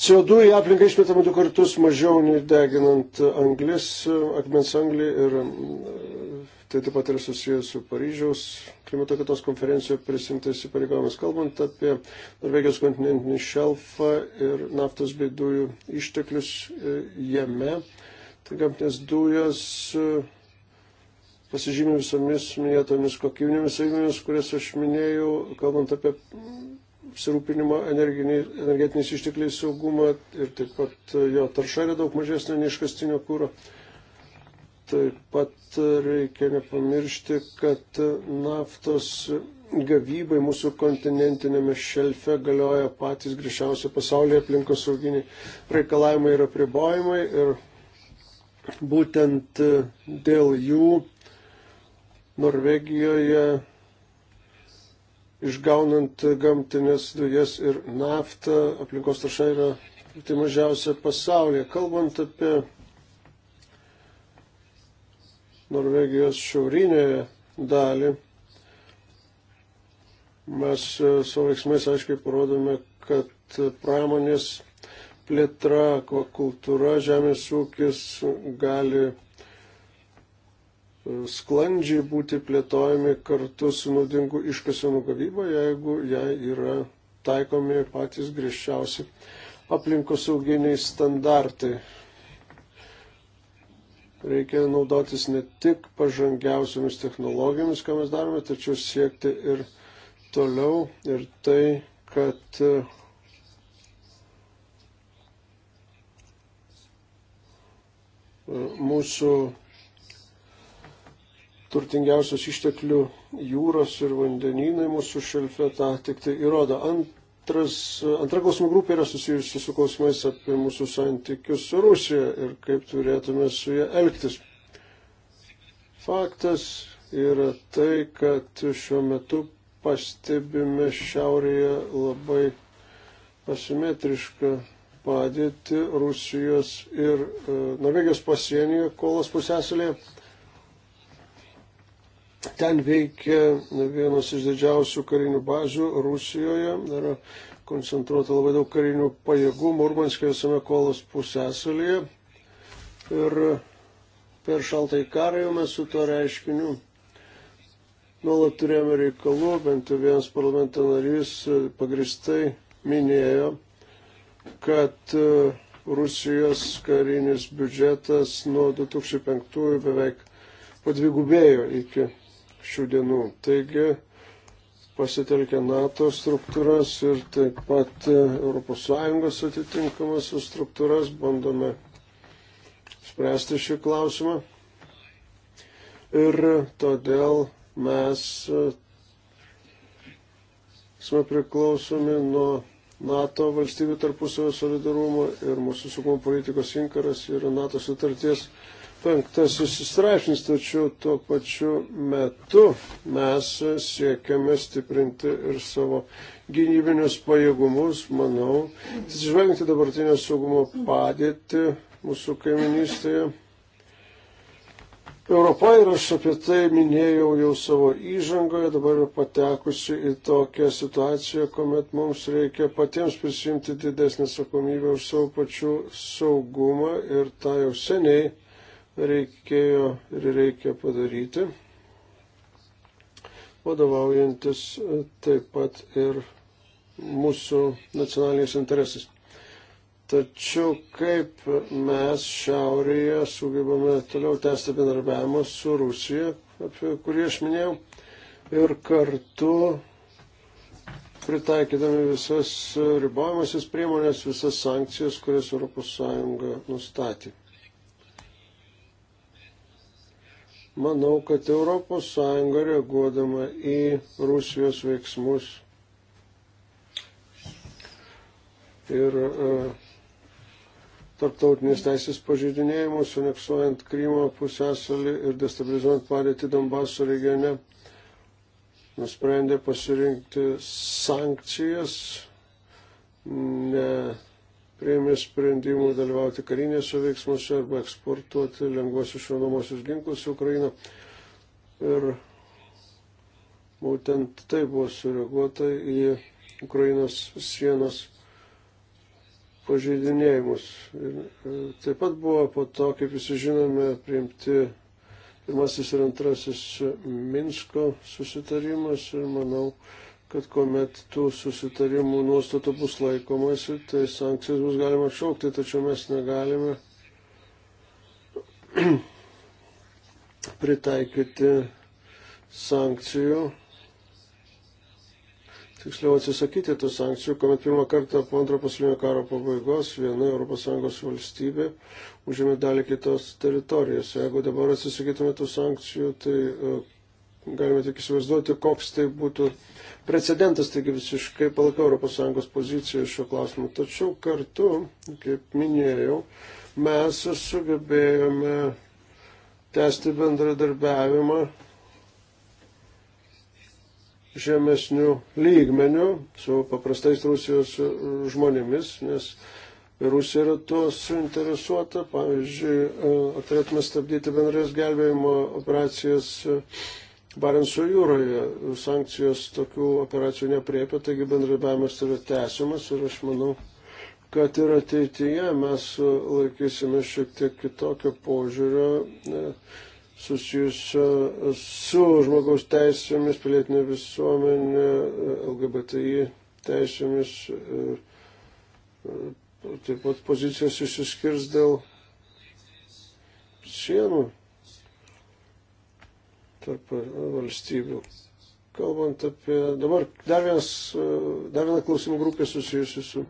A: CO2 į aplinką išmetama du kartus mažiau nei deginant anglis, e, akmens anglį ir Tai taip pat yra susijęs su Paryžiaus klimato kitos konferencijoje prisimtais įpareigojimus. Kalbant apie Norvegijos kontinentinį šelfą ir naftos bei dujų išteklius e, jame, tai gamtinės dujos e, pasižymė visomis minėtomis kokybinėmis savybėmis, kurias aš minėjau, kalbant apie apsirūpinimo energetiniais ištekliais saugumą ir taip pat e, jo tarša yra daug mažesnė nei iškastinio kūro. Kur Taip pat reikia nepamiršti, kad naftos gavybai mūsų kontinentinėme šelfe galioja patys grįžčiausi pasaulyje aplinkosauginiai reikalavimai ir apribojimai. Ir būtent dėl jų Norvegijoje išgaunant gamtinės dujas ir naftą aplinkos tarša yra tai mažiausia pasaulyje. Kalbant apie Norvegijos šiaurinėje dalį, mes e, savo veiksmais aiškiai parodome, kad pramonės plėtra, akvakultūra, žemės ūkis gali e, sklandžiai būti plėtojami kartu su naudingu iškasenų gavyba, jeigu jai yra taikomi patys griežčiausi aplinkosauginiai standartai. Reikia naudotis ne tik pažangiausiamis technologijomis, ką mes darome, tačiau siekti ir toliau ir tai, kad e, mūsų turtingiausios išteklių jūros ir vandenynai mūsų šelfe tą tik tai įrodo. Ant Antras, antra klausimų grupė yra susijusi su klausimais apie mūsų santykius su Rusija ir kaip turėtume su ją elgtis. Faktas yra tai, kad šiuo metu pastebime šiaurėje labai asimetrišką padėtį Rusijos ir e, Norvegijos pasienyje, kolos pusėsalėje. Ten veikia vienas iš didžiausių karinių bazių Rusijoje. Yra koncentruota labai daug karinių pajėgų Murmanskėje visame kolos pusėsalyje. Ir per šaltąjį karą jau mes su to reiškiniu nuolat turėjome reikalų, bent jau vienas parlamento narys pagristai minėjo, kad e, Rusijos karinis biudžetas nuo 2005 beveik padvigubėjo iki šių dienų. Taigi pasitelkia NATO struktūras ir taip pat ES atitinkamas struktūras bandome spręsti šį klausimą. Ir todėl mes e, esame priklausomi nuo NATO valstybių tarpusavio solidarumo ir mūsų saugumo politikos inkaras yra NATO sutarties penktasis straipsnis, tačiau tuo pačiu metu mes siekiame stiprinti ir savo gynybinius pajėgumus, manau. Atsižvelgiant į dabartinę saugumo padėtį mūsų kaiminystėje. Europa ir aš apie tai minėjau jau savo įžangoje, dabar jau patekusi į tokią situaciją, kuomet mums reikia patiems prisimti didesnį atsakomybę už savo pačių saugumą ir tą jau seniai reikėjo ir reikia padaryti, vadovaujantis e, taip pat ir mūsų nacionaliniais interesais. Tačiau kaip mes šiaurėje sugebame toliau tęsti bendarbiavimą su Rusija, apie kurį aš minėjau, ir kartu pritaikydami visas ribojimasis priemonės, visas sankcijas, kurias ES nustatė. Manau, kad ES reaguodama į Rusijos veiksmus ir e, tarptautinės teisės pažeidinėjimus, aneksuojant Krymo pusęsalį ir destabilizuojant padėtį Donbaso regione, nusprendė pasirinkti sankcijas, ne prieimė sprendimų dalyvauti karinėse veiksmuose arba eksportuoti lengvosius šaunamosius ginklus į Ukrainą. Ir būtent tai buvo sureaguota į Ukrainos sienos pažeidinėjimus. Ir e, taip pat buvo po to, kaip visi žinome, priimti pirmasis ir antrasis Minsko susitarimas ir manau, kad kuomet tų susitarimų nuostatų bus laikomasi, tai sankcijas bus galima atšaukti, tačiau mes negalime pritaikyti sankcijų, tiksliau atsisakyti tų sankcijų, kuomet pirmą kartą po antro pasaulinio karo pabaigos viena ES valstybė užėmė dalį kitos teritorijos. Jeigu dabar atsisakytume tų sankcijų, tai galime tik įsivaizduoti, koks tai būtų precedentas, taigi visiškai palaikau ES poziciją šiuo klausimu. Tačiau kartu, kaip minėjau, mes sugebėjome tęsti bendradarbiavimą žemesnių lygmenių su paprastais Rusijos žmonėmis, nes Rusija yra tuo suinteresuota. Pavyzdžiui, e, turėtume stabdyti bendras gelbėjimo operacijas Barenso jūroje. Sankcijos tokių operacijų nepriepia, taigi bendradarbiavimas yra tęsiamas ir aš manau, kad ir ateityje mes laikysime šiek tiek kitokio požiūrio e, susijusio su žmogaus teisėmis, pilietinė visuomenė, LGBTI teisėmis. E, e, taip pat pozicijos išsiskirs dėl sienų tarp valstybių. Kalbant apie dabar dar, vienas, dar vieną klausimų grupę susijusiu su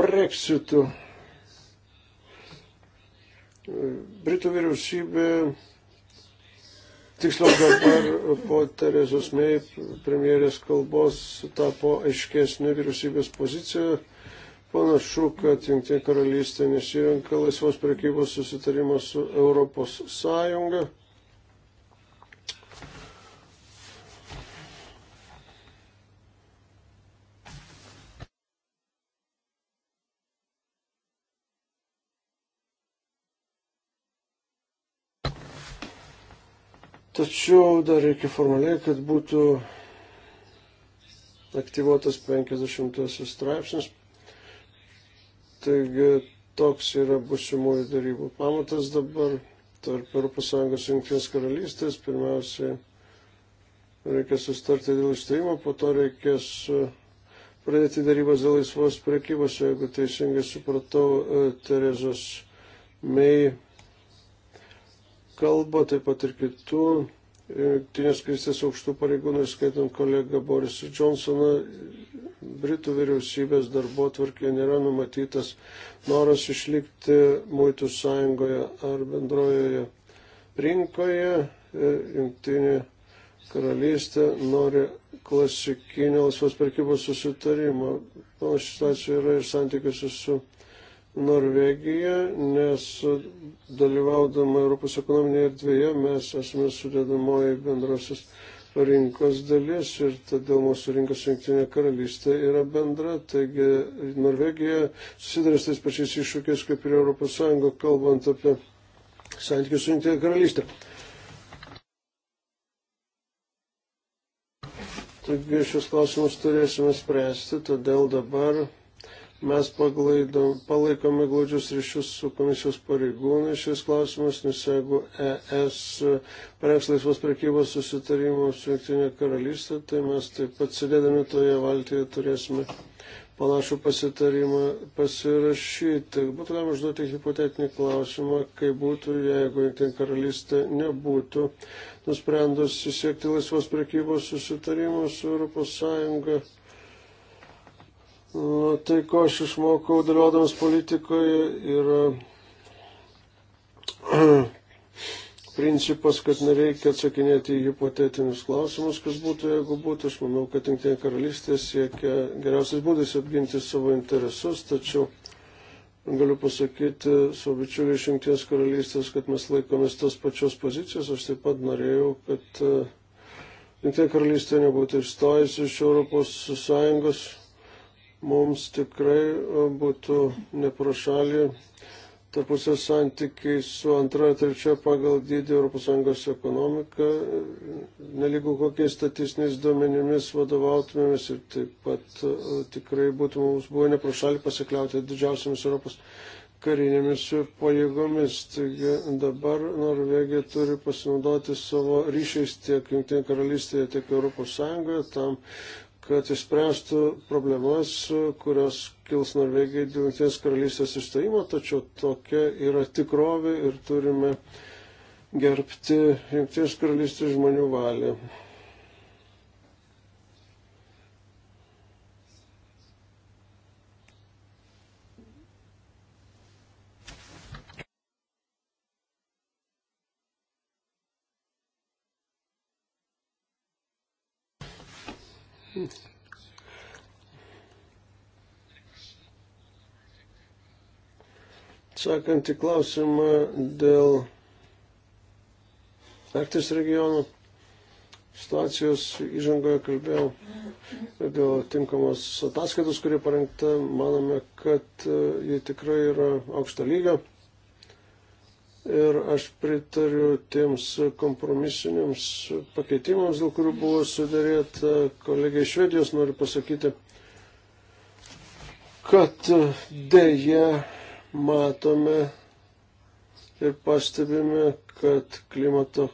A: Brexitu. Britų vyriausybė, tiksliau dabar po Terezos Mei premjerės kalbos tapo aiškesnė vyriausybės pozicija. Panašu, kad Junktinė karalystė nesirenka laisvos prekybos susitarimo su Europos Sąjunga Tačiau dar reikia formaliai, kad būtų aktyvuotas 50 straipsnis. Taigi toks yra busimųjų darybų pamatas dabar tarp ES ir Junktinės karalystės. Pirmiausiai reikia sustarti dėl išstojimo, po to reikės e, pradėti darybas dėl laisvos priekybos, jeigu teisingai supratau, e, Terezos Mei kalbą, taip pat ir kitų e, Junktinės kristės aukštų pareigūnų, skaitant kolegą Borisą Johnsoną, Britų vyriausybės darbo tvarkė nėra numatytas noras išlikti muitų sąjungoje ar bendrojoje rinkoje. E, Junktinė karalystė nori klasikinio laisvos prekybos susitarimo. Panaši situacija yra ir santykiuose su. su Norvegiją, nes dalyvaudama Europos ekonominėje erdvėje mes esame sudėdamoji bendrosios rinkos dalis ir todėl mūsų rinkos rinktinė karalystė yra bendra. Taigi Norvegija susiduria su tais pačiais iššūkiais kaip ir Europos Sąjunga, kalbant apie santykius su rinktinė karalystė. Taigi šios klausimus turėsime spręsti, todėl dabar Mes paglaidom, palaikome glaudžius ryšius su komisijos pareigūnai šiais klausimais, nes jeigu ES parengs laisvos prekybos susitarimą su Junktinė karalystė, tai mes taip pat sėdėdami toje valtyje turėsime panašų pasitarimą pasirašyti. Būtų galima užduoti hipotetinį klausimą, kaip būtų, jeigu Junktinė karalystė nebūtų nusprendus įsiekti laisvos prekybos susitarimą su ES Na, tai, ko aš išmokau dalyvaudamas politikoje, yra principas, kad nereikia atsakinėti į hipotetinius klausimus, kas būtų, jeigu būtų. Aš manau, kad Junktinė karalystė siekia geriausiais būdais apginti savo interesus, tačiau galiu pasakyti savo bičiuliai iš Junktinės karalystės, kad mes laikomės tos pačios pozicijos. Aš taip pat norėjau, kad e, Junktinė karalystė nebūtų išstojusi iš Europos Sąjungos mums tikrai e, būtų neprošalį tarpusio santykiai su antra ir trečia pagal dydį ES ekonomika, neligų kokiais statistiniais duomenimis vadovautumėmės ir taip pat e, tikrai būtų mums buvo neprošalį pasikliauti didžiausiamis Europos karinėmis pajėgomis. Taigi dabar Norvegija turi pasinaudoti savo ryšiais tiek Junktinė karalystėje, tiek ES tam, kad išspręstų problemas, kurios kils Norvegijai dėl Junktinės karalystės išstojimo, tačiau tokia yra tikrovė ir turime gerbti Junktinės karalystės žmonių valią. Atsakant į klausimą dėl Arktis regionų situacijos įžangoje kalbėjau dėl tinkamos ataskaitos, kuri parengta, manome, kad e, ji tikrai yra aukšto lygio. Ir aš pritariu tiems kompromisiniams pakeitimams, dėl kurių buvo sudėrėta kolegė iš Švedijos, noriu pasakyti, kad dėje matome ir pastebime, kad klimato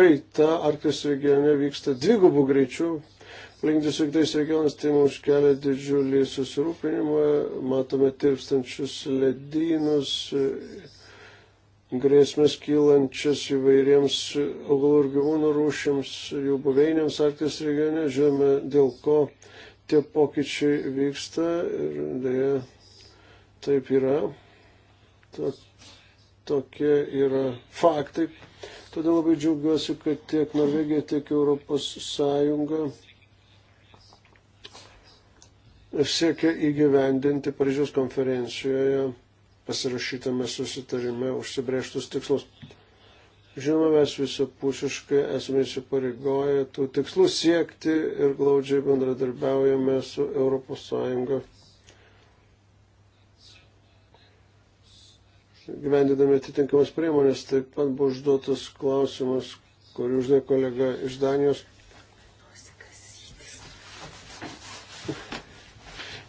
A: kaita Arktis regione vyksta dvigubų greičių. Linkdis su kitais regionais tai mums kelia didžiulį susirūpinimą, matome tirpstančius ledynus grėsmės kylančias įvairiems augalų ir gyvūnų rūšiams, jų buveinėms Arktis regione, žinome, dėl ko tie pokyčiai vyksta ir dėja taip yra. To, tokie yra faktai. Todėl labai džiaugiuosi, kad tiek Norvegija, tiek Europos Sąjunga siekia įgyvendinti Paryžiaus konferencijoje pasirašytame susitarime užsibrėžtus tikslus. Žinoma, mes visapusiškai esame įsipareigoję tų tikslų siekti ir glaudžiai bendradarbiaujame su ES. Gyvendydami atitinkamas priemonės, taip pat buvo užduotas klausimas, kurį uždavė kolega iš Danijos.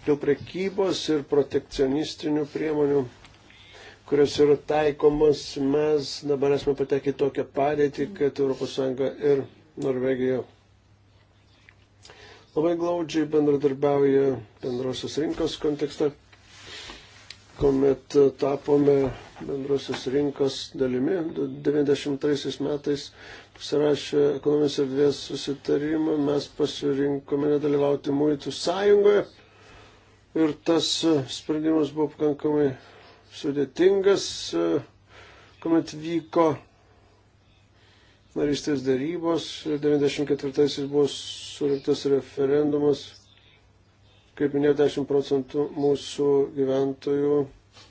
A: Dėl prekybos ir protekcionistinių priemonių kurios yra taikomos, mes dabar esame patekę į tokią padėtį, kad ES ir Norvegija labai glaudžiai bendradarbiauja bendrosios rinkos kontekste, kuomet tapome bendrosios rinkos dalimi. 93 metais pasirašė ekonomijos erdvės susitarimą, mes pasirinkome nedalyvauti muitų sąjungoje ir tas sprendimas buvo pakankamai sudėtingas, e, kuomet vyko narystės darybos, 94-aisiais buvo surinktas referendumas, kaip minėjau, 10 procentų mūsų gyventojų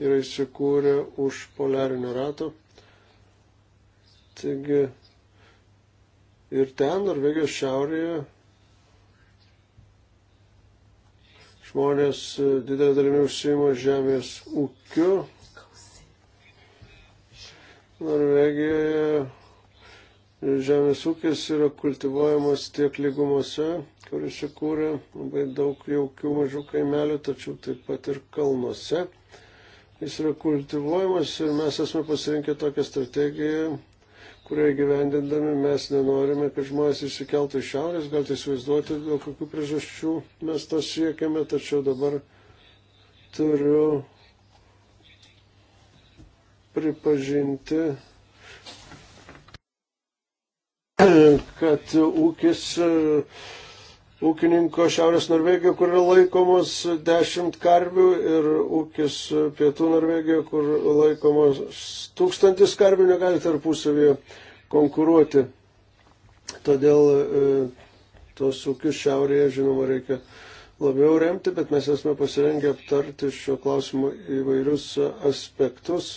A: yra įsikūrę už poliarinio rato. Taigi ir ten, Norvegijos šiaurėje, žmonės e, didelė dalimi užsima žemės ūkiu. Norvegijoje žemės ūkis yra kultivuojamas tiek lygumose, kur įsikūrė labai daug jaukių mažų kaimelių, tačiau taip pat ir kalnuose. Jis yra kultivuojamas ir mes esame pasirinkę tokią strategiją, kurioje gyvendindami mes nenorime, kad žmonės išsikeltų iš šiaurės, galite įsivaizduoti, dėl kokių priežasčių mes to siekiame, tačiau dabar turiu pripažinti, kad ūkis ūkininko Šiaurės Norvegijoje, kur yra laikomos 10 karvių, ir ūkis Pietų Norvegijoje, kur laikomos tūkstantis karvių, negali tarpusavyje konkuruoti. Todėl e, tos ūkius Šiaurėje, žinoma, reikia labiau remti, bet mes esame pasirengę aptarti šio klausimo įvairius aspektus.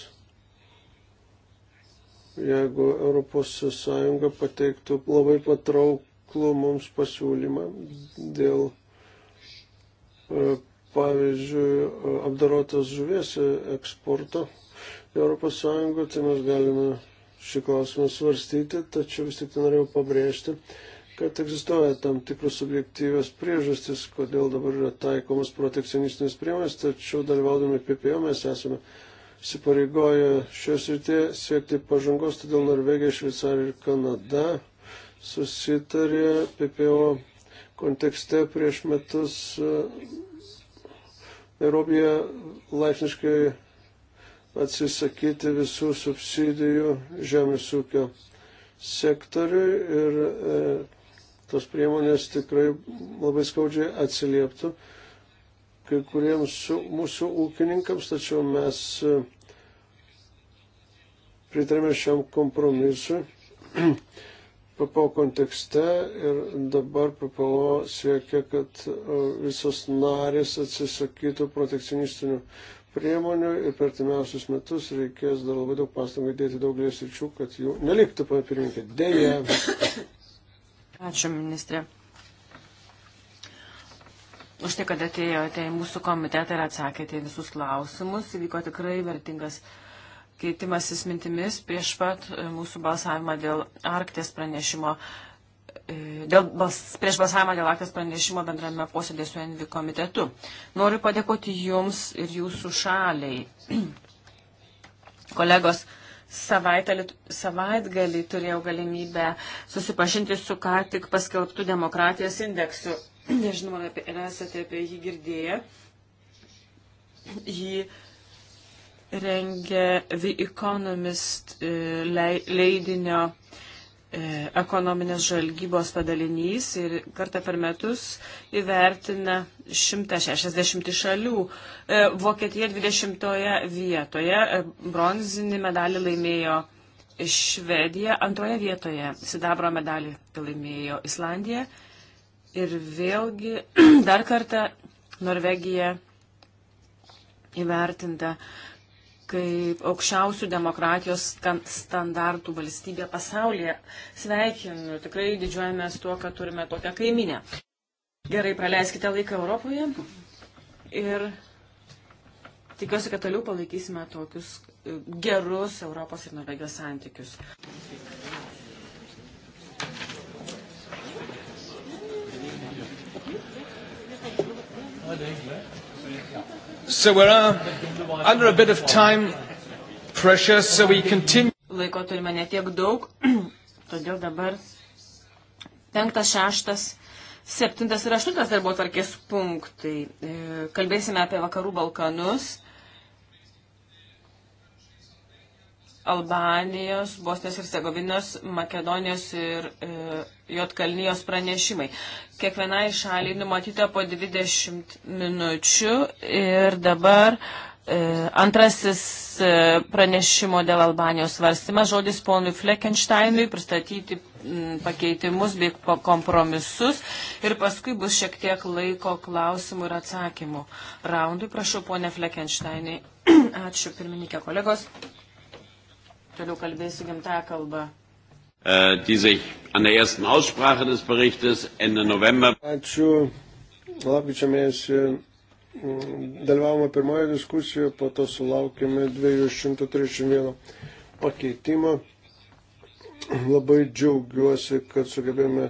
A: Jeigu ES pateiktų labai patrauk patrauklų mums pasiūlymą dėl, e, pavyzdžiui, apdarotos žuvies eksporto Europos Sąjungo, tai mes galime šį klausimą svarstyti, tačiau vis tik tai norėjau pabrėžti, kad egzistuoja tam tikros subjektyvios priežastys, kodėl dabar yra taikomas protekcionistinės priemonės, tačiau dalyvaudami PPO mes esame įsipareigoję šios rytė siekti pažangos, todėl Norvegija, Šveicarija ir Kanada susitarė PPO kontekste prieš metus Nairobija e, laipsniškai atsisakyti visų subsidijų žemės ūkio sektoriui ir e, tos priemonės tikrai labai skaudžiai atsilieptų kai kuriems mūsų ūkininkams, tačiau mes e, pritarėme šiam kompromisui. PPO kontekste ir dabar PPO siekia, kad e, visos narės atsisakytų protekcionistinių priemonių ir per timiausius metus reikės dar labai daug pastangų dėti daugelį sričių, kad jų neliktų, pana pirmininkė. Deja.
C: Ačiū, ministrė. Už tai, kad atėjote į mūsų komitetą ir atsakėte į visus klausimus, įvyko tikrai vertingas keitimasis mintimis prieš pat e, mūsų balsavimą dėl Arktės pranešimo. E, dėl bals, prieš balsavimą dėl aktės pranešimo bendrame posėdė su Envi komitetu. Noriu padėkoti Jums ir Jūsų šaliai. Kolegos, savaitgalį turėjau galimybę susipažinti su ką tik paskelbtų demokratijos indeksu. Nežinau, ar esate apie jį girdėję. Jį rengia The Economist e, leidinio e, ekonominės žalgybos padalinys ir kartą per metus įvertina 160 šalių. E, Vokietija 20 vietoje, bronzinį medalį laimėjo Švedija, antroje vietoje sidabro medalį laimėjo Islandija ir vėlgi dar kartą Norvegija įvertinta. Uh, kaip aukščiausių demokratijos standartų valstybė pasaulyje. Sveikinu, tikrai didžiuojamės tuo, kad turime tokią kaiminę.
B: Gerai, praleiskite
C: laiką Europoje ir tikiuosi, kad toliau palaikysime tokius e, gerus Europos ir Norvegijos santykius.
A: Hadi, güzel. So we're uh, under a bit of time pressure, so we continue.
C: Laiko turime netiek daug, todėl dabar penktas, šeštas, septintas ir aštuntas darbo tvarkės punktai. E, kalbėsime apie vakarų Balkanus Albanijos, Bosnijos ir Segovinos, Makedonijos ir e, Jotkalnijos pranešimai. Kiekvienai šaliai numatyta po 20 minučių ir dabar e, antrasis e, pranešimo dėl Albanijos svarstymas. Žodis ponui Fleckensteinui pristatyti m, pakeitimus bei kompromisus ir paskui bus šiek tiek laiko klausimų ir atsakymų. Raundui prašau, ponė Fleckensteinai. Ačiū pirmininkė kolegos. Toliau kalbėsiu gimtąją kalbą. Äh, die sich an der ersten Aussprache des Berichtes Ende November.
A: Ačiū. Lapkričio mėnesį mm, dalyvavome pirmoje diskusijoje, po to sulaukėme 231 pakeitimo. Labai džiaugiuosi, kad sugebėjome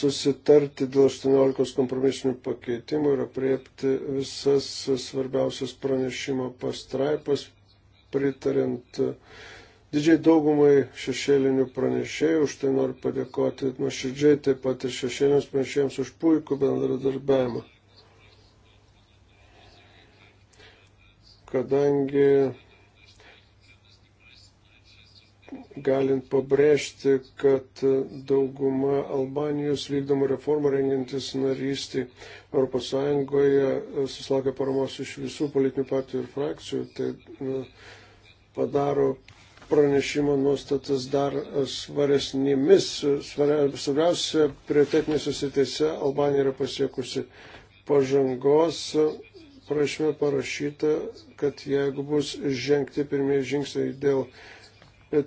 A: susitarti dėl 18 kompromisinių pakeitimų ir apriepti visas svarbiausias pranešimo pastraipas, pritarint uh, didžiai daugumai šešėlinių pranešėjų, už tai noriu padėkoti nuoširdžiai, taip pat ir šešėliniams pranešėjams už puikų bendradarbiavimą. Kadangi galint pabrėžti, kad dauguma Albanijos vykdomų reformų rengintis narystį ES susilaukia paramos iš visų politinių partijų ir frakcijų, tai na, padaro pranešimo nuostatas dar svaresnėmis. Svarbiausia, prioritetinėse sritėse Albanija yra pasiekusi pažangos. Prašymė parašyta, kad jeigu bus žengti pirmieji žingsniai dėl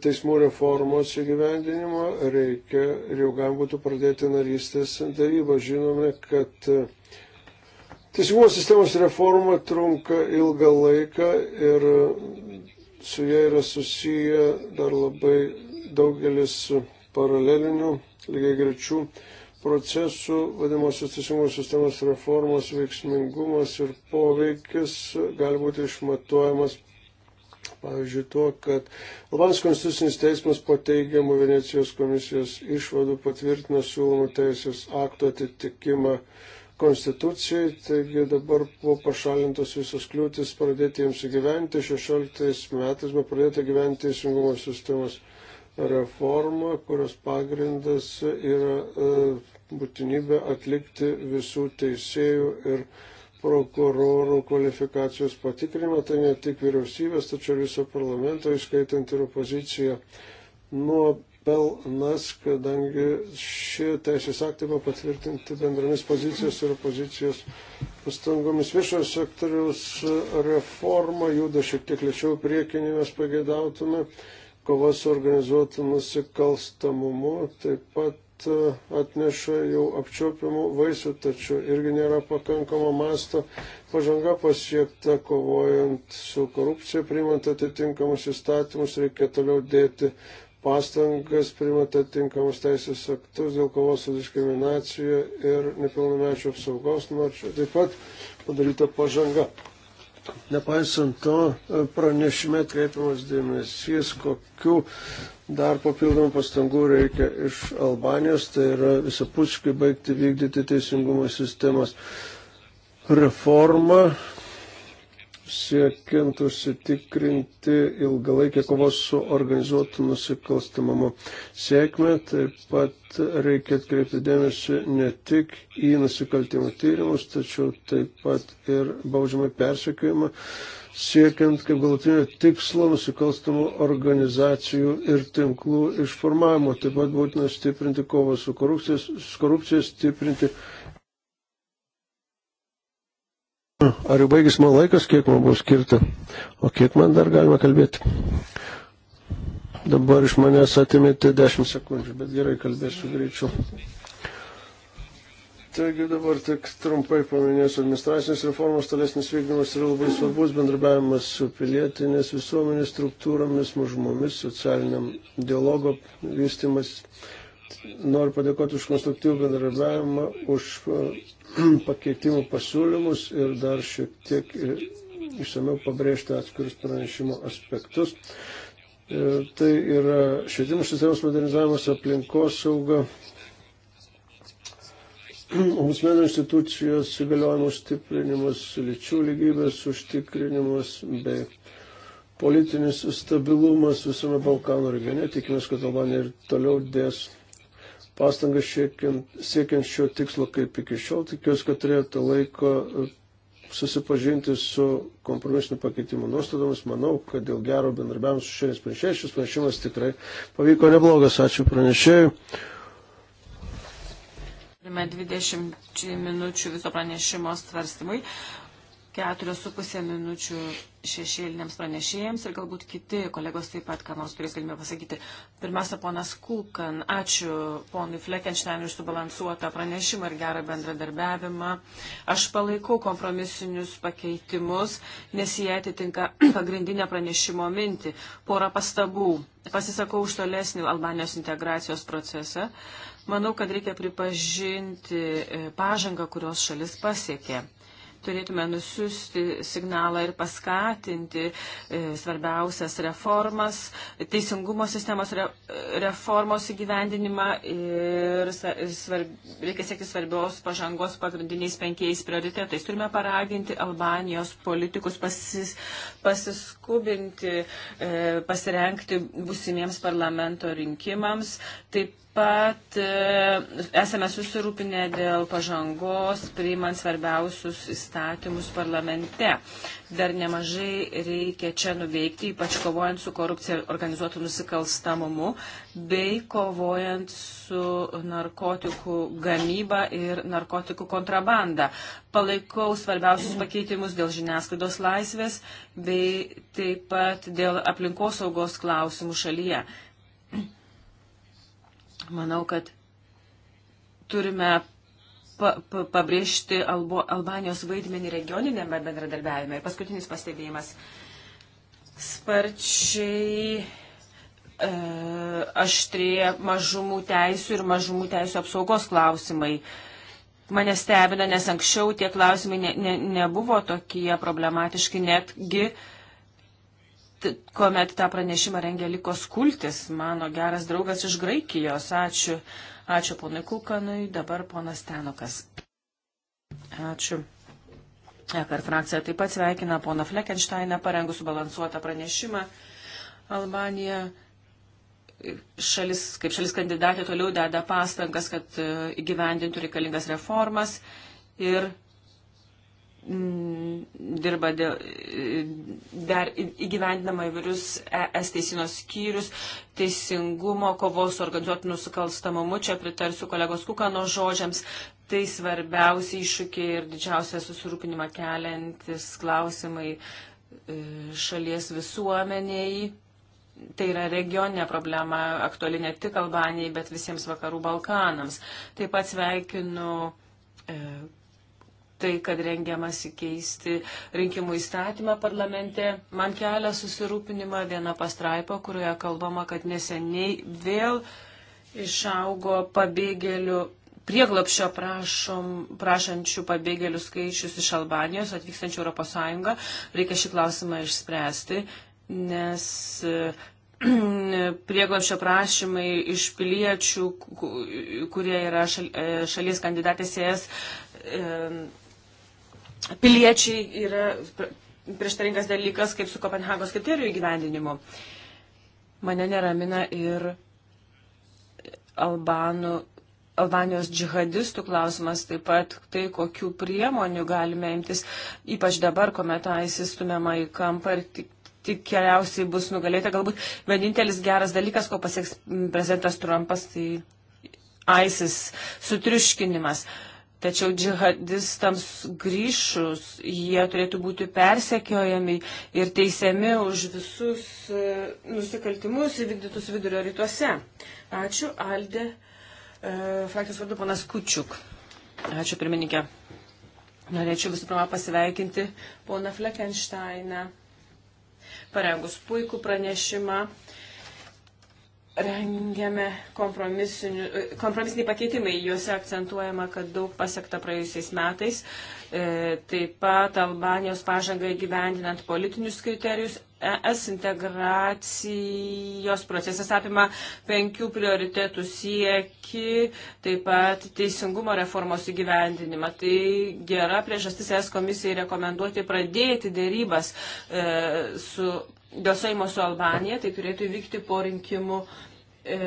A: teismų reformos įgyvendinimo, reikia ir jau galima būtų pradėti narystės darybą. Žinome, kad Teisingumo sistemos reforma trunka ilgą laiką ir Su jie yra susiję dar labai daugelis paralelinių, lygiai grečių procesų, vadimosios teisingumo sistemos reformos veiksmingumas ir poveikis gali būti išmatuojamas, pavyzdžiui, tuo, kad Albanijos konstitucinis teismas pateigiamų Venecijos komisijos išvadų patvirtino siūlomų teisės akto atitikimą konstitucijai, taigi dabar buvo pašalintos visos kliūtis pradėti jiems gyventi. 16 metais buvo pradėta gyventi teisingumo sistemos reforma, kurios pagrindas yra e, būtinybė atlikti visų teisėjų ir prokurorų kvalifikacijos patikrinimą, tai ne tik vyriausybės, tačiau viso parlamento, įskaitant ir opoziciją, nuo pelnas, kadangi šie teisės aktai buvo patvirtinti bendromis pozicijos ir opozicijos pastangomis. Viešojo sektoriaus reforma juda šiek tiek lėčiau priekinį, mes pageidautume. Kova su organizuotu nusikalstamumu taip pat e, atneša jau apčiopiamų vaisių, tačiau irgi nėra pakankamo masto. Pažanga pasiekta kovojant su korupcija, priimant atitinkamus įstatymus, reikia toliau dėti pastangas, primant atitinkamus teisės aktus dėl kovos su diskriminacija ir nepilnamečio apsaugos, nors taip pat padaryta pažanga. Nepaisant to, pranešime atkreipiamas dėmesys, kokiu dar papildomų pastangų reikia iš Albanijos, tai yra visapuškai baigti vykdyti teisingumo sistemos reformą, siekiant užsitikrinti ilgalaikį kovos su organizuotu nusikalstamumu sėkmę. Taip pat reikia atkreipti dėmesį ne tik į nusikaltimų tyrimus, tačiau taip pat ir baudžiamai persekiojimą, siekiant kaip galutinio tikslo nusikalstamų organizacijų ir tinklų išformavimo. Taip pat būtina stiprinti kovą su korupcija, stiprinti Ar jau baigis man laikas, kiek man buvo skirta? O kiek man dar galima kalbėti? Dabar iš manęs atimėte 10 sekundžių, bet gerai kalbėsiu greičiau. Taigi dabar tik trumpai paminėsiu administracinės reformos tolesnis vykdymas yra labai svarbus bendrabiavimas su pilietinės visuomenės struktūromis, mažumomis, socialiniam dialogo vystimas Noriu padėkoti už konstruktyvų bendradarbiavimą, už eh, pakeitimų pasiūlymus ir dar šiek tiek eh, išsameu pabrėžti atskirius pranešimo aspektus. Eh, tai yra švietimo sistemos modernizavimas, aplinkos sauga, ombudsmeno institucijos įgaliojimų stiprinimas, lyčių lygybės užtikrinimas bei politinis stabilumas visame Balkanų regione. Tikimės, kad Albanija ir toliau dės pastangas siekiant šio tikslo kaip iki šiol. Tikiuosi, kad turėjote laiko e, susipažinti su kompromisinių pakeitimų nuostatomis. Manau, kad dėl gero bendarbiavimo su šiais pranešėjais šis pranešimas tikrai pavyko neblogas. Ačiū pranešėjui.
C: Turime 20 minučių viso pranešimo svarstymui keturios su pusė minučių šešėliniams pranešėjams ir galbūt kiti kolegos taip pat, ką nors turės galimybę pasakyti. Pirmiausia, ponas Kulkan, ačiū ponui Flekenštenui už subalansuotą pranešimą ir gerą bendradarbiavimą. Aš palaikau kompromisinius pakeitimus, nes jie atitinka pagrindinę pranešimo mintį. Porą pastabų. Pasisakau už tolesnį Albanijos integracijos procesą. Manau, kad reikia pripažinti e, pažangą, kurios šalis pasiekė turėtume nusiųsti signalą ir paskatinti e, svarbiausias reformas, teisingumo sistemos reformos įgyvendinimą ir svarb, reikia siekti svarbios pažangos pagrindiniais penkiais prioritetais. Turime paraginti Albanijos politikus pasis, pasiskubinti, e, pasirenkti busimiems parlamento rinkimams. Taip pat e, esame susirūpinę dėl pažangos, priimant svarbiausius įstatymus parlamente. Dar nemažai reikia čia nuveikti, ypač kovojant su korupcija organizuotų nusikalstamumu, bei kovojant su narkotikų gamyba ir narkotikų kontrabanda. Palaikau svarbiausius pakeitimus dėl žiniasklaidos laisvės, bei taip pat dėl aplinkosaugos klausimų šalyje. Manau, kad turime pa, pa, pabrėžti Albo, Albanijos vaidmenį regioninėme bendradarbiavime. Ir paskutinis pastebėjimas. Sparčiai e, aštrėja mažumų teisų ir mažumų teisų apsaugos klausimai. Mane stebina, nes anksčiau tie klausimai ne, ne, nebuvo tokie problematiški, netgi e, kuomet tą pranešimą rengė Likos Kultis, mano geras draugas iš Graikijos. Ačiū. Ačiū ponui Kukanui, dabar ponas Tenukas. Ačiū. Ekar frakcija taip pat sveikina poną Fleckensteiną parengus subalansuotą pranešimą. Albanija šalis, kaip šalis kandidatė toliau deda pastangas, kad e, įgyvendintų reikalingas reformas ir Mm, dirba dėl, e, dar įgyvendinama įvairius ES teisino skyrius, teisingumo, kovos organizuotų nusikalstamumu, čia pritarsiu kolegos Kukano žodžiams, tai svarbiausi iššūkiai ir didžiausia susirūpinimą keliantis klausimai e, šalies visuomeniai. Tai yra regioninė problema, aktuali ne tik Albanijai, bet visiems vakarų Balkanams. Taip pat sveikinu e, tai, kad rengiamasi keisti rinkimų įstatymą parlamente. Man kelia susirūpinimą viena pastraipa, kurioje kalbama, kad neseniai vėl išaugo pabėgėlių prieglapšio prašom, prašančių pabėgėlių skaičius iš Albanijos atvykstančių Europos Sąjungą. Reikia šį klausimą išspręsti, nes eh, prieglapšio prašymai iš piliečių, kurie yra e, šalies kandidatės ES piliečiai yra prieštaringas dalykas kaip su Kopenhagos kriterijų įgyvendinimu. Mane neramina ir Albanų, Albanijos džihadistų klausimas, taip pat tai, kokių priemonių galime imtis, ypač dabar, kuomet ISIS stumiama į kampą ir tik tik geriausiai bus nugalėta. Galbūt vienintelis geras dalykas, ko pasieks prezidentas Trumpas, tai ISIS sutriuškinimas. Uh, Tačiau džihadistams grįžus jie turėtų būti persekiojami ir teisiami už visus e, nusikaltimus įvykdytus vidurio rytuose. Ačiū, Alde. E, frakcijos vardu panas Kučiuk. Ačiū, pirmininkė. Norėčiau visų pirma pasiveikinti poną Fleckensteiną. Parengus puikų pranešimą. Uh, rengiame e, kompromisiniai pakeitimai. Juose akcentuojama, kad daug pasiekta praėjusiais metais. E, taip pat Albanijos pažangai gyvendinant politinius kriterijus. ES integracijos procesas apima penkių prioritetų sieki, taip pat teisingumo reformos įgyvendinimą. Tai gera priežastis ES komisijai rekomenduoti pradėti dėrybas e, su dėl saimo su Albanija, tai turėtų įvykti po rinkimų e,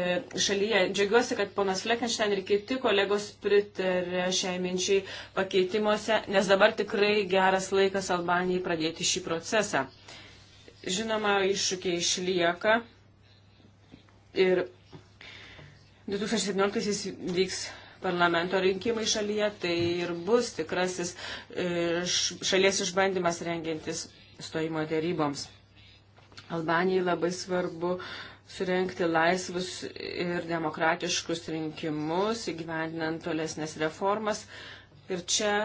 C: šalyje. Džiaugiuosi, kad ponas Fleckenstein ir kiti kolegos pritarė šiai minčiai pakeitimuose, nes dabar tikrai geras laikas Albanijai pradėti šį procesą. Žinoma, iššūkiai išlieka ir 2017 vyks parlamento rinkimai šalyje, tai ir bus tikrasis e, šalies išbandymas rengiantis stojimo dėryboms. Albanijai labai svarbu surenkti laisvus ir demokratiškus rinkimus, įgyvendinant tolesnės reformas. Ir čia.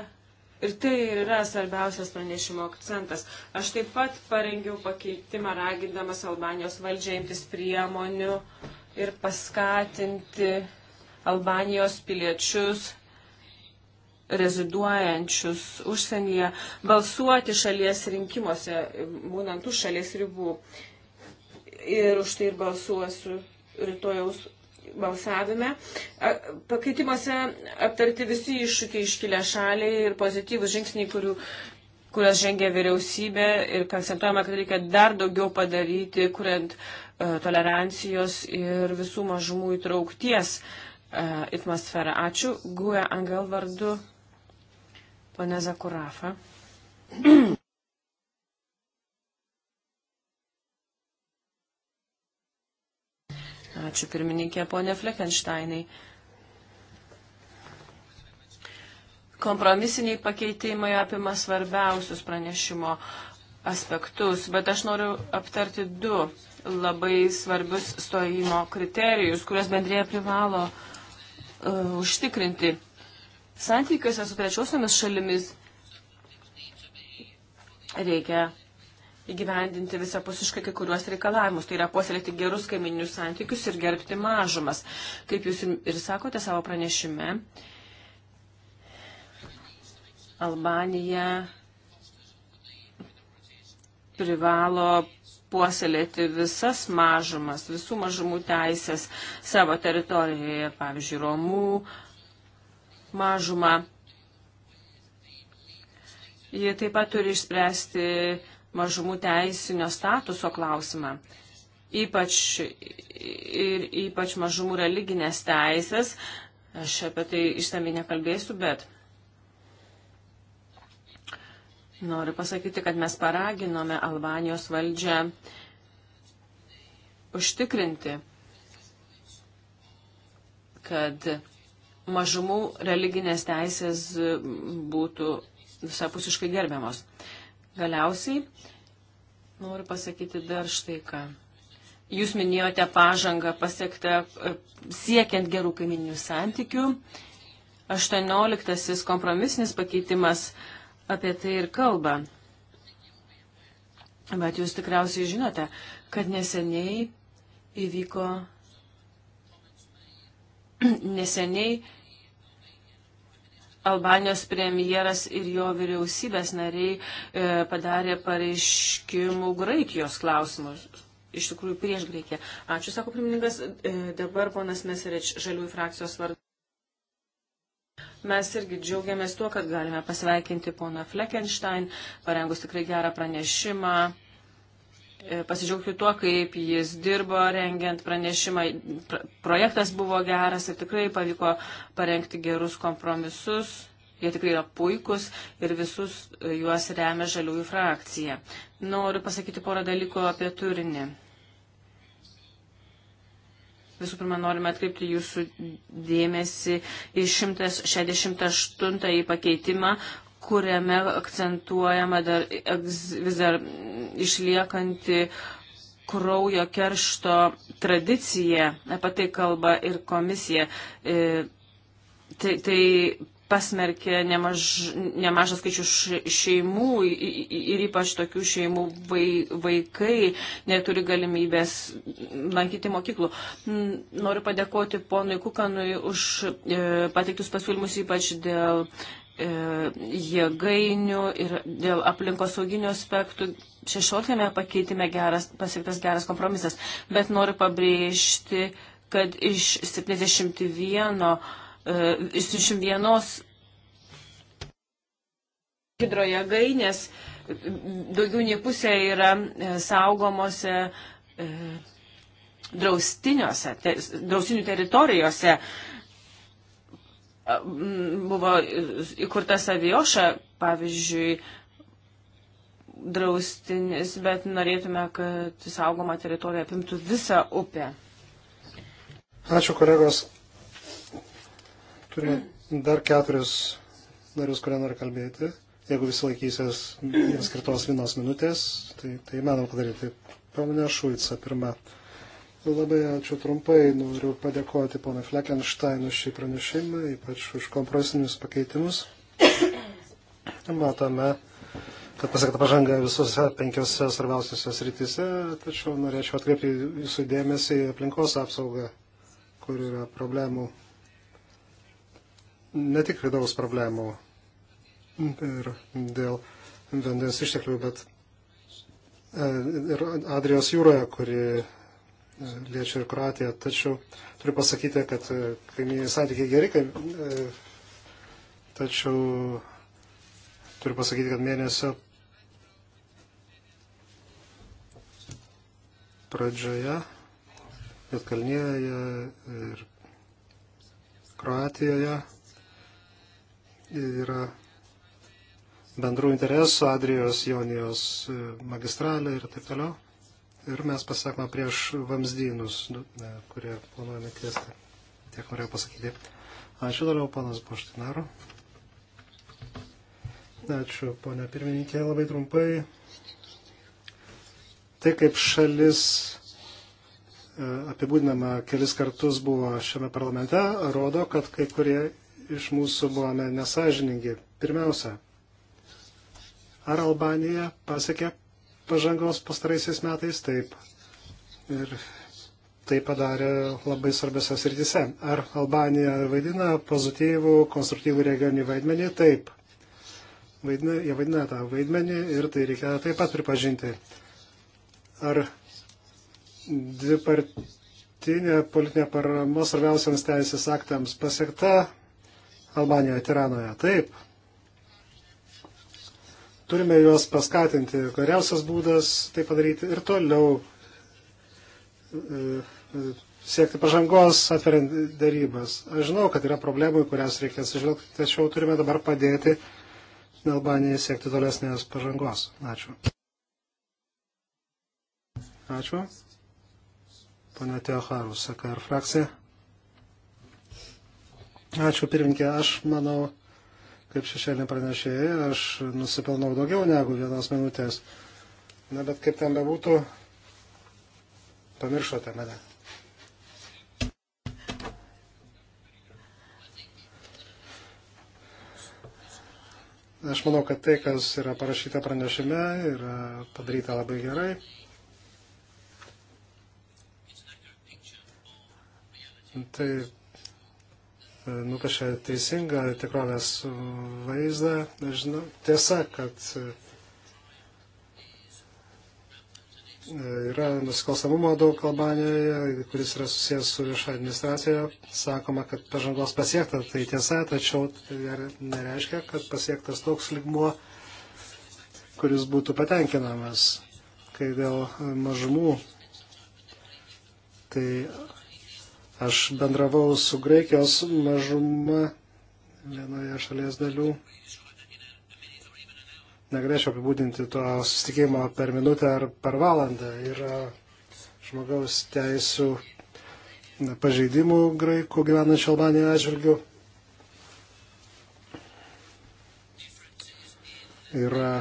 C: Ir tai yra svarbiausias pranešimo akcentas. Aš taip pat parengiau pakeitimą ragindamas Albanijos valdžią imtis priemonių ir paskatinti Albanijos piliečius reziduojančius užsienyje balsuoti šalies rinkimuose, būnant už šalies ribų. Ir už tai ir balsuosiu rytojaus balsavime. Pakeitimuose aptarti visi iššūkiai iškilę šaliai ir pozityvus žingsniai, kurių, kurias žengia vyriausybė ir akcentuojama, kad reikia dar daugiau padaryti, kuriant uh, tolerancijos ir visų mažumų įtraukties uh, atmosferą. Ačiū. Guja Angel vardu Pane Zakurafa. Ačiū pirmininkė, ponė Fleckensteinai. Kompromisiniai pakeitimai apima svarbiausius pranešimo aspektus, bet aš noriu aptarti du labai svarbius stojimo kriterijus, kurias bendrėje privalo uh, užtikrinti santykiuose su trečiosiomis šalimis reikia įgyvendinti visapusiškai kai kuriuos reikalavimus. Tai yra puoselėti gerus kaiminius santykius ir gerbti mažumas. Kaip jūs ir sakote savo pranešime, Albanija privalo puoselėti visas mažumas, visų mažumų teisės savo teritorijoje, pavyzdžiui, Romų, mažumą. Ji taip pat turi išspręsti mažumų teisinio statuso klausimą. Ypač, ir, ypač mažumų religinės teisės. Aš apie tai išsamei nekalbėsiu, bet noriu pasakyti, kad mes paraginome Albanijos valdžią užtikrinti, kad mažumų religinės teisės būtų visapusiškai gerbiamos. Galiausiai noriu pasakyti dar štai ką. Jūs minėjote pažangą pasiektą e, siekiant gerų kaiminių santykių. 18 kompromisinis pakeitimas apie tai ir kalba. Bet jūs tikriausiai žinote, kad neseniai įvyko Neseniai Albanijos premjeras ir jo vyriausybės nariai e, padarė pareiškimų Graikijos klausimus. Iš tikrųjų, prieš Graikiją. Ačiū, sako pirmininkas. E, dabar ponas Meserič, žaliųjų frakcijos vardu. Mes irgi džiaugiamės tuo, kad galime pasveikinti poną Fleckenstein, parengus tikrai gerą pranešimą. E, pasidžiaugti tuo, kaip jis dirbo rengiant pranešimą. Projektas buvo geras ir tikrai pavyko parengti gerus kompromisus. Jie tikrai yra puikus ir visus e, juos remia žaliųjų frakcija. Noriu pasakyti porą dalykų apie turinį. Visų pirma, norime atkreipti jūsų dėmesį į 168 pakeitimą, kuriame akcentuojama dar vis dar išliekanti kraujo keršto tradicija, apie tai kalba ir komisija. E, tai, tai pasmerkė nemaž, nemažą skaičių šeimų ir ypač tokių šeimų vai, vaikai neturi galimybės lankyti mokyklų. Noriu padėkoti ponui Kukanui už e, pateiktus pasiūlymus, ypač dėl E, jėgainių ir dėl aplinkosauginių aspektų. 16 pakeitime geras, pasiektas geras kompromisas, bet noriu pabrėžti, kad iš 71, e, iš 71 hidrojėgainės daugiau nei pusė yra e, saugomose draustiniuose, te, draustinių teritorijose. E, buvo įkurta savioša, pavyzdžiui, draustinis, bet norėtume, kad saugoma teritorija apimtų visą upę.
B: Ačiū, kolegos. Turime dar keturis narius, kurie nori kalbėti. Jeigu visi laikysies skirtos vienos minutės, tai, tai įmanoma padaryti. Pamanė Šuica pirmą. Nu, labai ačiū trumpai, noriu padėkoti ponui Fleckensteinu šį pranešimą, ypač už kompromisinius pakeitimus. Matome, kad pasiekta pažanga visose penkiose svarbiausiose srityse, tačiau norėčiau atkreipti jūsų dėmesį į aplinkos apsaugą, kur yra problemų, ne tik vidaus problemų ir dėl vandens išteklių, bet e, ir Adrijos jūroje, kuri liečia ir Kroatiją. Tačiau turiu pasakyti, kad e, kaiminiai santykiai geri, kai, e, tačiau turiu pasakyti, kad mėnesio pradžioje Jotkalnyje ir Kroatijoje yra
A: bendrų interesų, Adrijos,
B: Jonijos e, magistralė ir taip toliau ir mes pasakome prieš vamzdynus, nu, kurie planuojame tiesti. Tiek norėjau pasakyti. Ačiū toliau, panas Boštinaru. Ačiū, ponia pirmininkė, labai trumpai. Tai kaip šalis e, apibūdinama kelis kartus buvo šiame parlamente, rodo, kad kai kurie iš mūsų buvome nesažiningi. Pirmiausia, ar Albanija pasiekė pažangos pastaraisiais metais, taip. Ir tai padarė labai svarbiose srityse. Ar Albanija vaidina pozityvų, konstruktyvų regioninį vaidmenį? Taip. Vaidina, jie vaidina tą vaidmenį ir tai reikia taip pat pripažinti. Ar dvipartinė politinė parama svarbiausiams teisės aktams pasiekta Albanijoje, Tiranoje? Taip. Turime juos paskatinti. Geriausias būdas tai padaryti ir toliau e, e, siekti pažangos atveriant darybas. Aš žinau, kad yra problemų, kurias reikia atsižvelgti, tačiau turime dabar padėti Albanijai siekti tolesnės pažangos. Ačiū. Ačiū. Pane Teoharus, SKR frakcija. Ačiū pirminkė, aš manau, kaip šešėlinė pranešėja, aš nusipelnau daugiau negu vienos minutės. Na, bet kaip ten bebūtų, pamiršote mane. Aš manau, kad tai, kas yra parašyta pranešime, yra padaryta labai gerai. Tai nupiešia teisingą tikrovės vaizdą. Žinau, tiesa, kad e, yra nusikalstamumo daug Albanijoje, kuris yra susijęs su viešo administracija. Sakoma, kad pažangos pasiekta, tai tiesa, tačiau tai nereiškia, kad pasiektas toks ligmuo, kuris būtų patenkinamas. Kai dėl mažumų, tai Aš bendravau su Graikijos mažuma vienoje šalies dalių. Negalėčiau apibūdinti to susitikimo per minutę ar per valandą. Yra žmogaus teisų pažeidimų graikų gyvenančių Albanijoje atžvilgių. Yra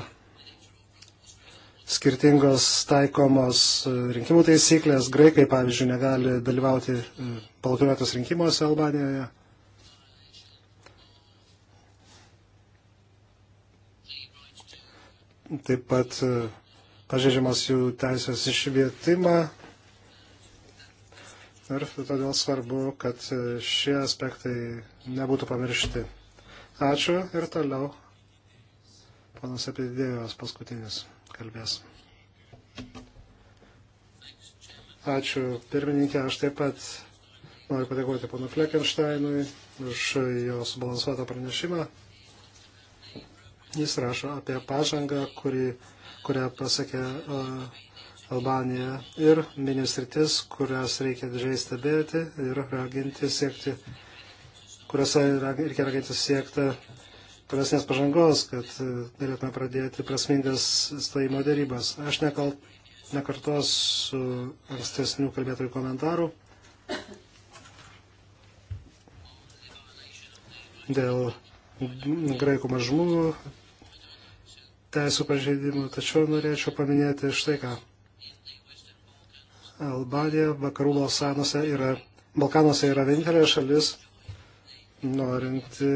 B: skirtingos taikomos rinkimų taisyklės. Graikai, pavyzdžiui, negali dalyvauti palatuotos rinkimuose Albanijoje. Taip pat e, pažeidžiamas jų teisės išvietimą. Ir todėl svarbu, kad e, šie aspektai nebūtų pamiršti. Ačiū ir toliau. Panas Epidėjos paskutinis kalbės. Ačiū pirmininkė, aš taip pat Noriu padėkoti panu Fleckensteinui už jo subalansuotą pranešimą. Jis rašo apie pažangą, kuri, kurią pasiekė uh, Albanija ir ministritis, kurias reikia didžiai stebėti ir raginti siekti, kuriuose reikia raginti siekti tolesnės pažangos, kad e, galėtume pradėti prasmingas stojimo dėrybas. Aš nekal, nekartosiu ankstesnių kalbėtojų komentarų. dėl graikų mažumų teisų pažeidimų, tačiau norėčiau paminėti štai ką. Albanija vakarų Balsanuose yra, Balkanuose yra vienintelė šalis, norinti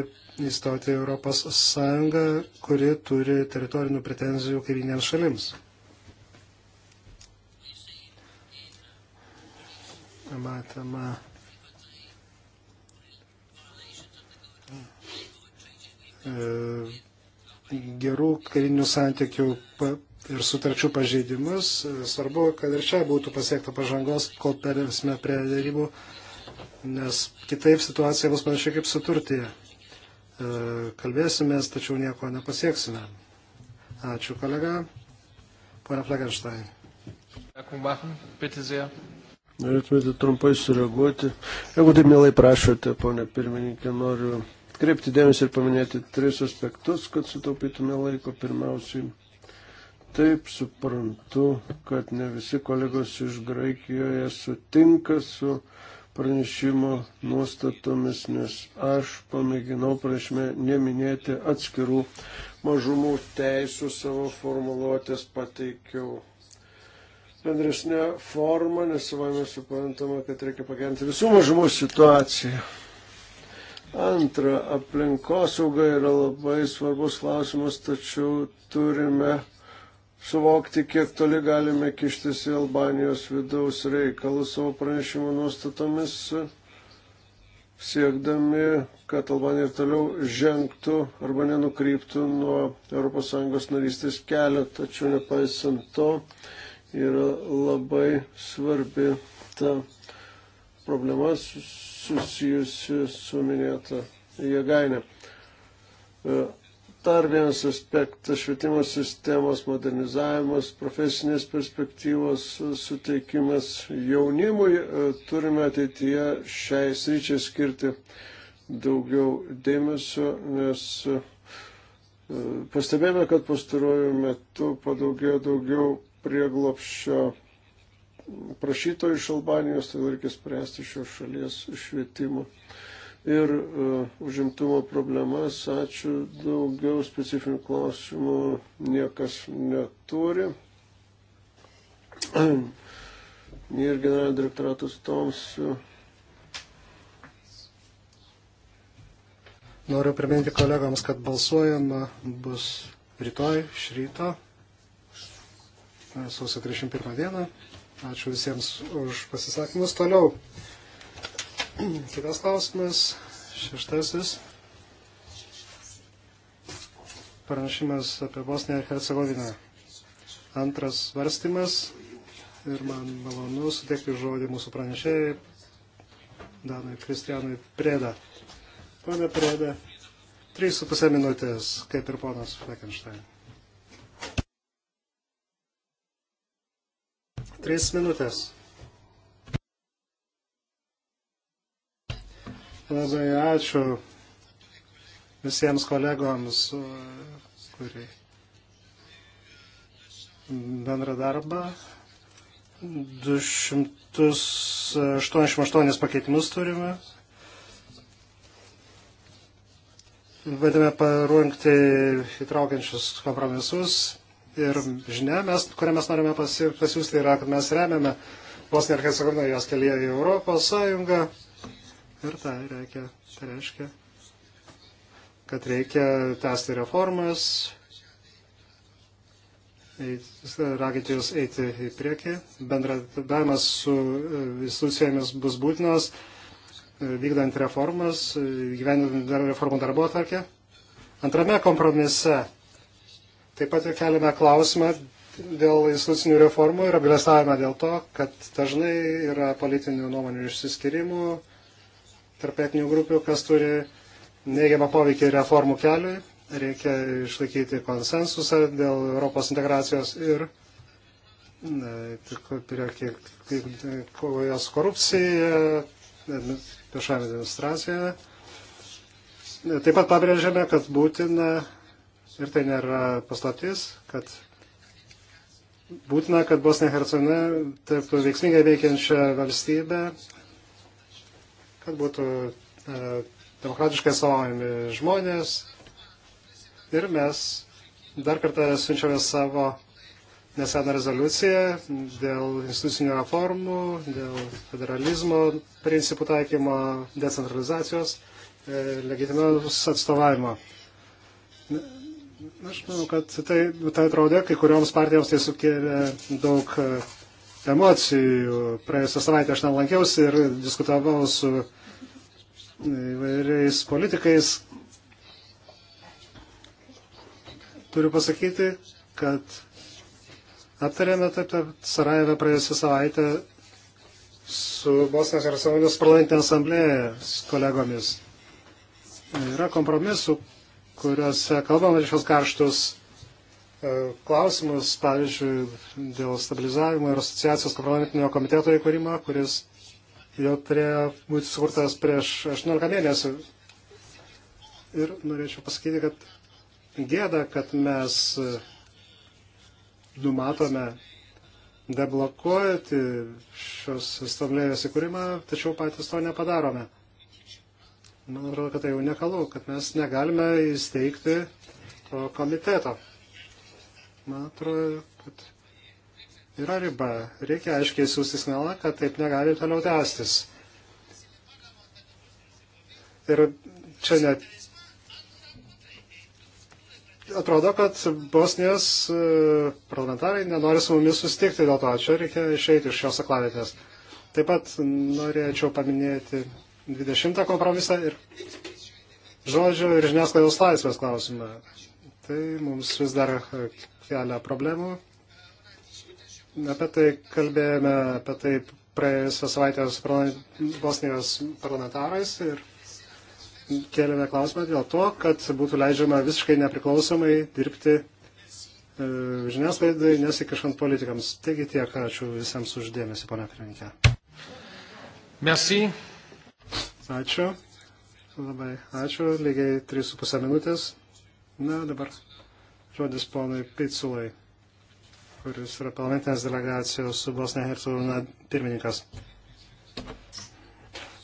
B: įstoti į Europos Sąjungą, kuri turi teritorinių pretenzijų kaiminėms šalims. Matoma E, gerų karinių santykių ir sutarčių pažeidimus. E, svarbu, kad ir čia būtų pasiekta pažangos, kol perėsime prie darybų, nes kitaip situacija bus panašiai kaip su Turtija. E, kalbėsimės, tačiau nieko nepasieksime. Ačiū, kolega. Pone Fleckenstein.
A: Norėtumėte trumpai sureaguoti. Jeigu taip mielai prašote, ponė pirmininkė, noriu kreipti dėmesį ir paminėti tris aspektus, kad sutaupytume laiko. Pirmiausiai, taip suprantu, kad ne visi kolegos iš Graikijoje sutinka su pranešimo nuostatomis, nes aš pamėginau prašymę neminėti atskirų mažumų teisų savo formuluotės pateikiau bendresnė forma, nes savame suprantama, kad reikia pagerinti visų mažumų situaciją. Antra, aplinkosauga yra labai svarbus klausimas, tačiau turime suvokti, kiek toli galime kištis į Albanijos vidaus reikalus savo pranešimo nuostatomis, siekdami, kad Albanija ir toliau žengtų arba nenukryptų nuo ES narystės kelio. Tačiau nepaisant to, yra labai svarbi ta problema susijusi su minėta jėgainė. E, Dar vienas aspektas - švietimo sistemos modernizavimas, profesinės perspektyvos suteikimas jaunimui. E, turime ateityje šiai sryčiai skirti daugiau dėmesio, nes e, pastebėjome, kad pastaruoju metu padaugėjo daugiau prieglopščio prašytojų iš Albanijos, tai reikia spręsti šios šalies švietimo ir uh, užimtumo problemas. Ačiū, daugiau specifinių klausimų niekas neturi. ir generalinio direktoratas Toms. E,
B: Noriu priminti kolegams, kad balsuojama bus rytoj, iš ryto, sausio 31 dieną. Ačiū visiems už pasisakymus. Toliau. Kitas klausimas. Šeštasis. Pranešimas apie Bosniją ir Hercegoviną. Antras svarstymas. Ir man malonu suteikti žodį mūsų pranešėjai Danui Kristianui Prėda. Pane Prėda, 3,5 minutės, kaip ir ponas Fleckenstein. Tris minutės. Labai ačiū visiems kolegoms, kurie bendrą darbą. 288 pakeitimus turime. Vadime parungti įtraukiančius kompromisus ir žinia, mes, kurią mes norime pasi, pasiūsti, yra, kad mes remiame Bosniją ir Hercegoviną jos kelyje į Europos Sąjungą. Ir tai, reikia, tai reiškia, kad reikia tęsti reformas, raginti jūs eiti į priekį. Bendradarbiavimas su e, institucijomis bus būtinas, e, vykdant reformas, e, gyvenant reformų darbo atvarkę. Antrame kompromise Taip pat keliame klausimą dėl institucinių reformų ir apgalėstavimą dėl to, kad dažnai yra politinių nuomonių išsiskirimų tarp etinių grupių, kas turi neigiamą poveikį reformų keliui. Reikia išlaikyti konsensusą dėl Europos integracijos ir kovoje su korupcija, viešajame administracijoje. Taip pat pabrėžiame, kad būtina Ir tai nėra paslaptis, kad būtina, kad Bosnija Hercegovina taptų veiksmingai veikiančią valstybę, kad būtų e, demokratiškai savojami žmonės. Ir mes dar kartą siunčiame savo neseną rezoliuciją dėl institucinių reformų, dėl federalizmo principų taikymo, decentralizacijos, e, legitimaus atstovavimo. Aš manau, kad tai, tai atrodė, kai kurioms partijoms tai sukėlė daug e, emocijų. Praėjusią savaitę aš ten lankiausi ir diskutavau su e, įvairiais politikais. Turiu pasakyti, kad aptarėme taip pat Sarajeve praėjusią savaitę su Bosnijos ir Saulės parlamentinė asamblėje kolegomis. Yra kompromisų, kuriuose kalbame apie šios karštus e, klausimus, pavyzdžiui, dėl stabilizavimo ir asociacijos kompromitinio komiteto įkūrimo, kuris jau turėjo būti sukurtas prieš 18 mėnesių. Ir norėčiau pasakyti, kad gėda, kad mes e, numatome deblokuoti šios asamblėjos įkūrimą, tačiau patys to nepadarome. Man atrodo, kad tai unikalu, kad mes negalime įsteigti to komiteto. Man atrodo, kad yra riba. Reikia aiškiai siūsti signalą, kad taip negali toliau tęstis. Ir čia net atrodo, kad Bosnijos e, parlamentarai nenori su mumis sustikti dėl to. Čia reikia išeiti iš šios aklavitės. Taip pat norėčiau paminėti 20 kompromisą ir žodžio ir žiniasklaidos laisvės klausimą. Tai mums vis dar e, kelia problemų. Apie tai kalbėjome, apie tai praėjusią savaitę su Bosnijos parlamentarais ir kėlėme klausimą dėl to, kad būtų leidžiama visiškai nepriklausomai dirbti e, žiniasklaidai, nesikišant politikams. Taigi tiek, ačiū visiems uždėmesi, ponia pirmininkė. Merci. Ačiū. Labai ačiū. Lygiai 3,5 minutės. Na, dabar žodis ponui Pitsulai, kuris yra parlamentinės delegacijos su Bosnija Hercegovina pirmininkas.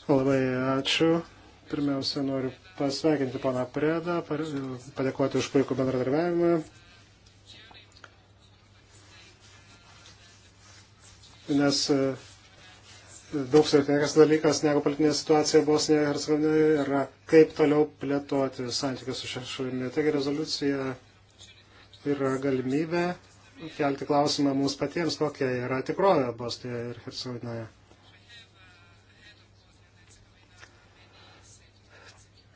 B: Labai ačiū. Pirmiausia, noriu pasveikinti pana Predą, padėkoti už puikų bendradarbiavimą. Nes daug sudėtingas dalykas negu politinė situacija Bosnijoje ir Hercegovinoje yra kaip toliau plėtoti santykius su šia šalimi. Taigi rezoliucija yra galimybė kelti klausimą mums patiems, kokia yra tikrovė Bosnijoje ir Hercegovinoje.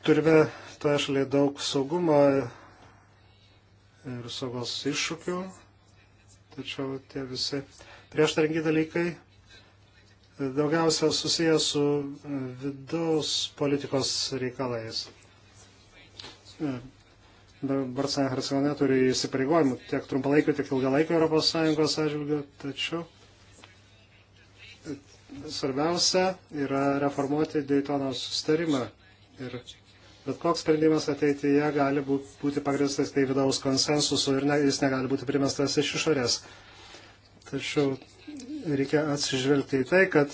B: Turime toje šalyje daug saugumo ir saugos iššūkių, tačiau tie visi prieštaringi dalykai daugiausia susijęs su e, vidaus politikos reikalais. E, Barcelona Hercegovina turi įsipareigojimų tiek trumpalaikio, tiek ilgalaikio ES atžvilgių, tačiau e, svarbiausia yra reformuoti Daytono sustarimą. Ir bet koks sprendimas ateityje gali būti pagristas tai vidaus konsensusu ir ne, jis negali būti primestas iš išorės. Tačiau reikia atsižvelgti į tai, kad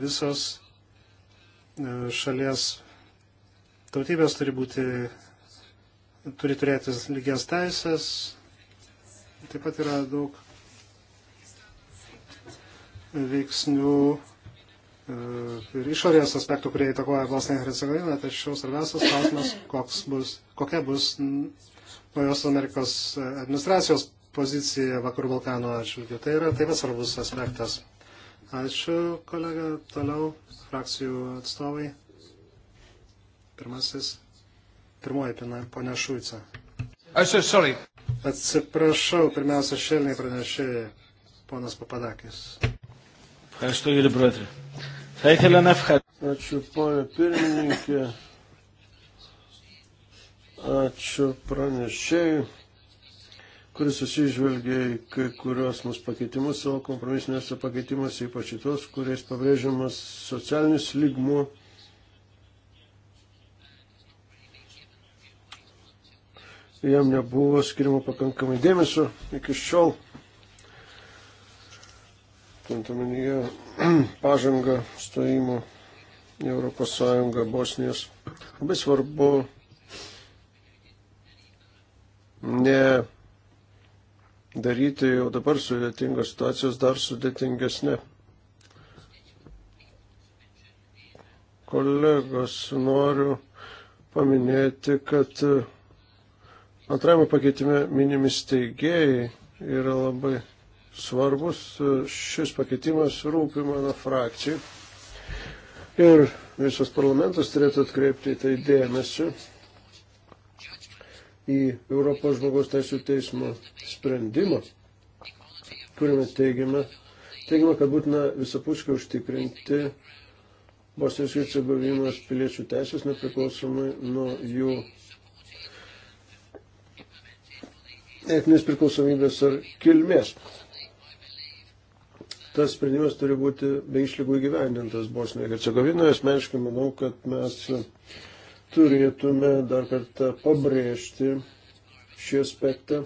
B: visos e, šalies tautybės turi būti, turi turėti lygias teisės. Taip pat yra daug veiksnių e, ir išorės aspektų, kurie įtakoja Bosniją ir Hercegoviną, tačiau svarbiausias klausimas, koks bus, kokia bus naujos Amerikos administracijos poziciją Vakarų Balkanų atžvilgių. Tai yra taip pat svarbus aspektas. Ačiū, kolega. Toliau frakcijų atstovai. Pirmasis. Pirmoji pina, ponia Šuica. Aš esu, sorry. Atsiprašau, pirmiausia, šelniai pranešė ponas Papadakis.
A: Ačiū, Jūli Brotri.
B: Ačiū, ponia
A: pirmininkė. Ačiū pranešėjui kuris susižvelgia į kai kurios mūsų pakeitimus savo kompromisinėse pakeitimuose, ypač į tos, kuriais pabrėžiamas socialinis lygmuo. Jam nebuvo skirimo pakankamai dėmesio iki šiol. Tuntaminyje pažanga stojimo į Europos Sąjungą Bosnijos. Labai svarbu ne daryti jau dabar sudėtingos situacijos dar sudėtingesnė. Kolegos, noriu paminėti, kad uh, antrajame pakeitime minimi steigėjai yra labai svarbus. Uh, šis pakeitimas rūpi mano frakcijai. Ir visas parlamentas turėtų atkreipti į tai dėmesį į Europos žmogaus teisų teismo sprendimą, kuriame teigiame, teigiame kad būtina visapuškai užtikrinti Bosnijos ir Cegovinos piliečių teisės nepriklausomai nuo jų etinės priklausomybės ar kilmės. Tas sprendimas turi būti be išlygų įgyvendintas Bosnijoje ir Cegovinoje. Asmeniškai manau, kad mes turėtume dar kartą pabrėžti šį aspektą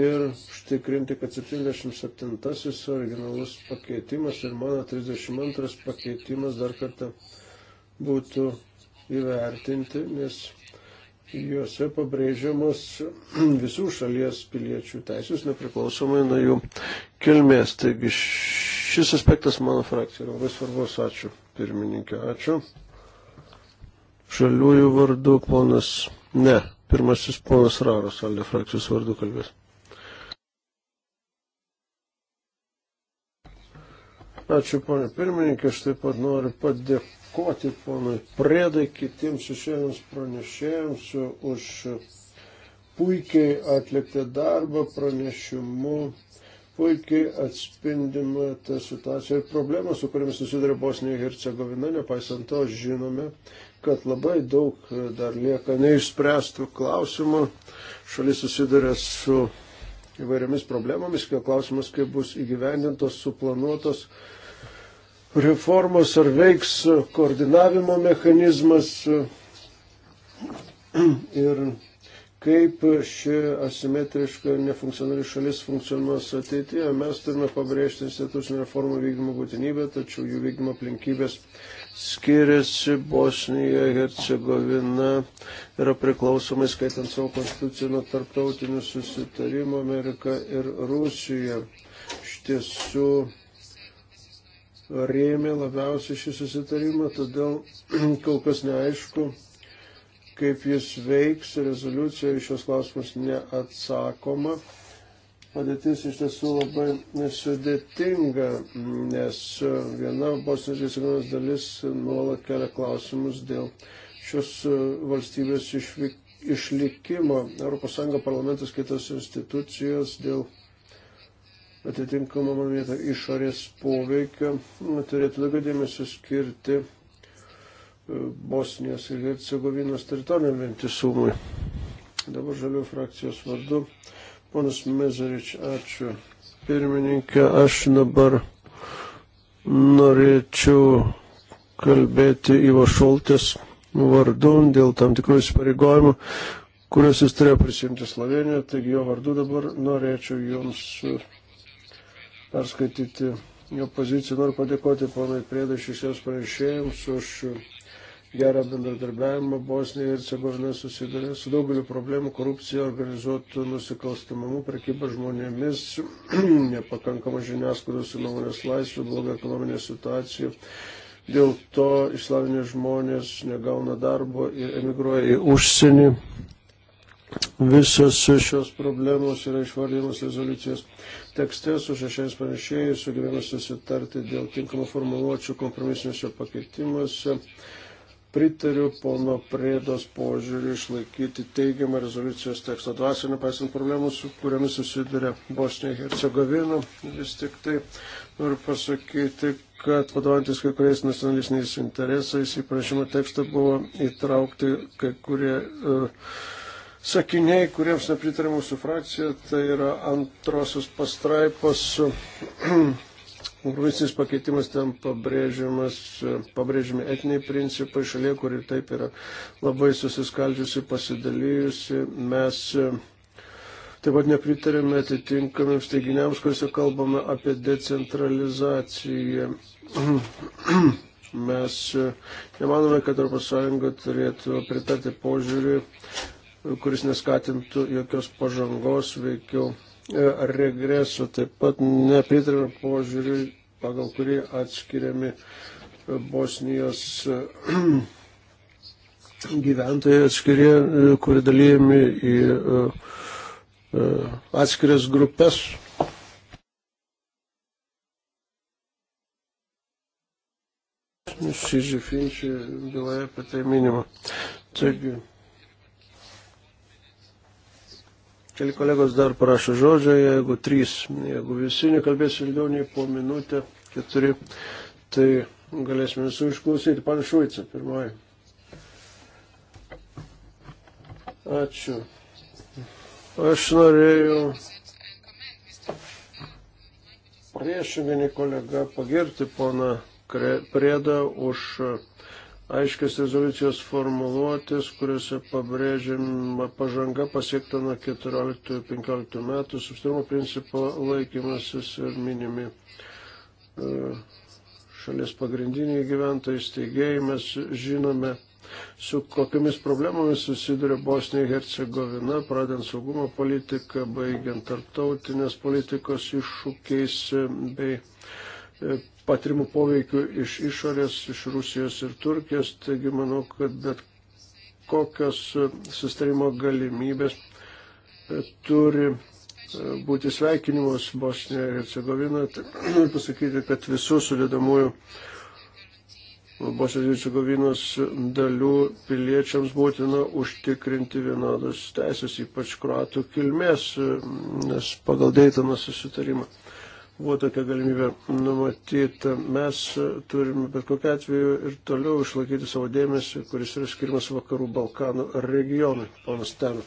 A: ir užtikrinti, kad 77-asis originalus pakeitimas ir mano 32-as pakeitimas dar kartą būtų įvertinti, nes juose pabrėžiamos visų šalies piliečių teisės nepriklausomai nuo jų kilmės. Taigi šis aspektas mano frakcija yra labai svarbus. Ačiū pirmininkė, ačiū. Žaliųjų vardu ponas, ne, pirmasis ponas Raros, Aldė frakcijos vardu kalbės. Ačiū, ponė pirmininkė, aš taip pat noriu padėkoti ponui Priedai, kitiems šešėliams pranešėjams už puikiai atliktą darbą pranešimu, puikiai atspindima ta situacija ir problema, su kuriamis susiduria Bosnija ir Hercegovina, nepaisant to žinome, kad labai daug dar lieka neišspręstų klausimų. Šalis susiduria su įvairiomis problemomis, kai klausimas, kaip bus įgyvendintos, suplanuotos reformos, ar veiks koordinavimo mechanizmas ir kaip ši asimetriška nefunkcionali šalis funkcionuos ateityje. Mes turime pabrėžti institucinio reformų vykdymo būtinybę, tačiau jų vykdymo aplinkybės skiriasi Bosnija, Hercegovina, yra priklausomai skaitant savo konstituciją nuo tarptautinių susitarimų Amerika ir Rusija. Iš tiesų rėmė labiausiai šį susitarimą, todėl kol kas neaišku, kaip jis veiks, rezoliucija iš šios klausimus neatsakoma padėtis iš tiesų labai sudėtinga, nes viena Bosnijos Hercegovinos dalis nuolat kelia klausimus dėl šios valstybės išvyk, išlikimo. ES parlamentas kitos institucijos dėl atitinkamo momento išorės poveikio turėtų daugiau dėmesio skirti e, Bosnijos ir Hercegovinos teritoriniam vientisumui. Dabar žalių frakcijos vardu Ponas Mezerič, ačiū. Pirmininkė, aš dabar norėčiau kalbėti Ivo Šoltės vardu dėl tam tikrų įsipareigojimų, kuriuos jis turėjo prisimti Slovenijoje, taigi jo vardu dabar norėčiau jums perskaityti jo poziciją. Noriu padėkoti ponai Priedai šešiems pranešėjams už gerą bendradarbiavimą Bosnija ir Cegovina susiduria su daugeliu problemų - korupcija, organizuotų nusikalstamumų, prekyba žmonėmis, nepakankama žiniasklaidos ir nuomonės laisvė, bloga ekonominė situacija. Dėl to išslavinę žmonės negauna darbo ir emigruoja į užsienį. Visos šios problemos yra išvardymas rezoliucijos tekste su šešiais pranešėjais sugebėjome susitarti dėl tinkamų formuluočių kompromisiniuose pakeitimuose pritariu pono Prėdos požiūrį išlaikyti teigiamą rezoliucijos teksto dvasę, nepaisant problemų, su kuriamis susiduria Bosnija ir Hercegovina. Vis tik tai noriu pasakyti, kad vadovantis kai kuriais nacionalistiniais interesais į prašymo tekstą buvo įtraukti kai kurie uh, sakiniai, kuriems nepritarė mūsų frakcija, tai yra antrosios pastraipos. Uh, Kompromisinis pakeitimas ten pabrėžiamas, e, pabrėžiami etiniai principai šalia, kur ir taip yra labai susiskaldžiusi, pasidalijusi. Mes e, taip pat nepritarėme atitinkamiems teiginiams, kuriuose kalbame apie decentralizaciją. Mes e, nemanome, kad ES turėtų pritarti požiūriui, kuris neskatintų jokios pažangos, veikiau ar e, regreso. Taip pat nepritariu požiūriui, pagal kurį atskiriami e, Bosnijos e, gyventojai atskirie, kurie dalyjami į atskirias grupės. Šižifinčiai byloje apie tai minima. Taigi, Keli kolegos dar prašo žodžio, jeigu trys, jeigu visi nekalbės ilgiau nei po minutę, keturi, tai galėsime visų išklausyti. Pan Šuica, pirmoji. Ačiū. Aš norėjau priešingai kolega pagirti poną Prėdą už aiškias rezoliucijos formuluotės, kuriuose pabrėžiama pažanga pasiekta nuo 14-15 metų, sustarimo principo laikymasis ir minimi e, šalies pagrindiniai gyventojai steigėjai. Mes žinome, su kokiamis problemomis susiduria Bosnija ir Hercegovina, pradant saugumo politiką, baigiant tarptautinės politikos iššūkiais e, bei e, patirimų poveikių iš išorės, iš Rusijos ir Turkijos. Taigi manau, kad bet kokios e, sustarimo galimybės e, turi e, būti sveikinimas Bosnija ir Hercegovina. Noriu pasakyti, kad visų sudėdamųjų Bosnijos ir Hercegovinos dalių piliečiams būtina užtikrinti vienodas teisės, ypač kruatų kilmės, nes pagal Deitono susitarimą buvo tokia galimybė numatyta. Mes turime bet kokiu atveju ir toliau išlaikyti savo dėmesį, kuris yra skirimas vakarų Balkanų regionui, ponas Ten.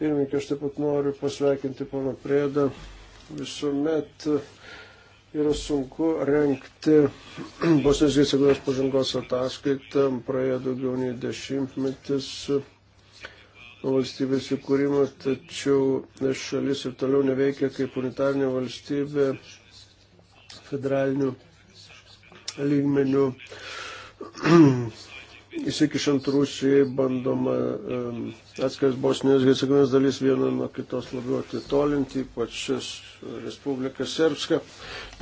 A: Pirmininkė, aš taip pat noriu pasveikinti poną Prėdą. Visuomet yra sunku renkti Bosnijos Hercegovinos pažangos ataskaitą, praėjo daugiau nei dešimtmetis valstybės įkūrimą, tačiau šalis ir toliau neveikia kaip unitarnė valstybė federalinių lygmenių. Įsikišant Rusijai bandoma um, atskiras Bosnijos Hercegovinos dalis vieną nuo kitos labiau atitolinti, ypač šis Respublika Serbska.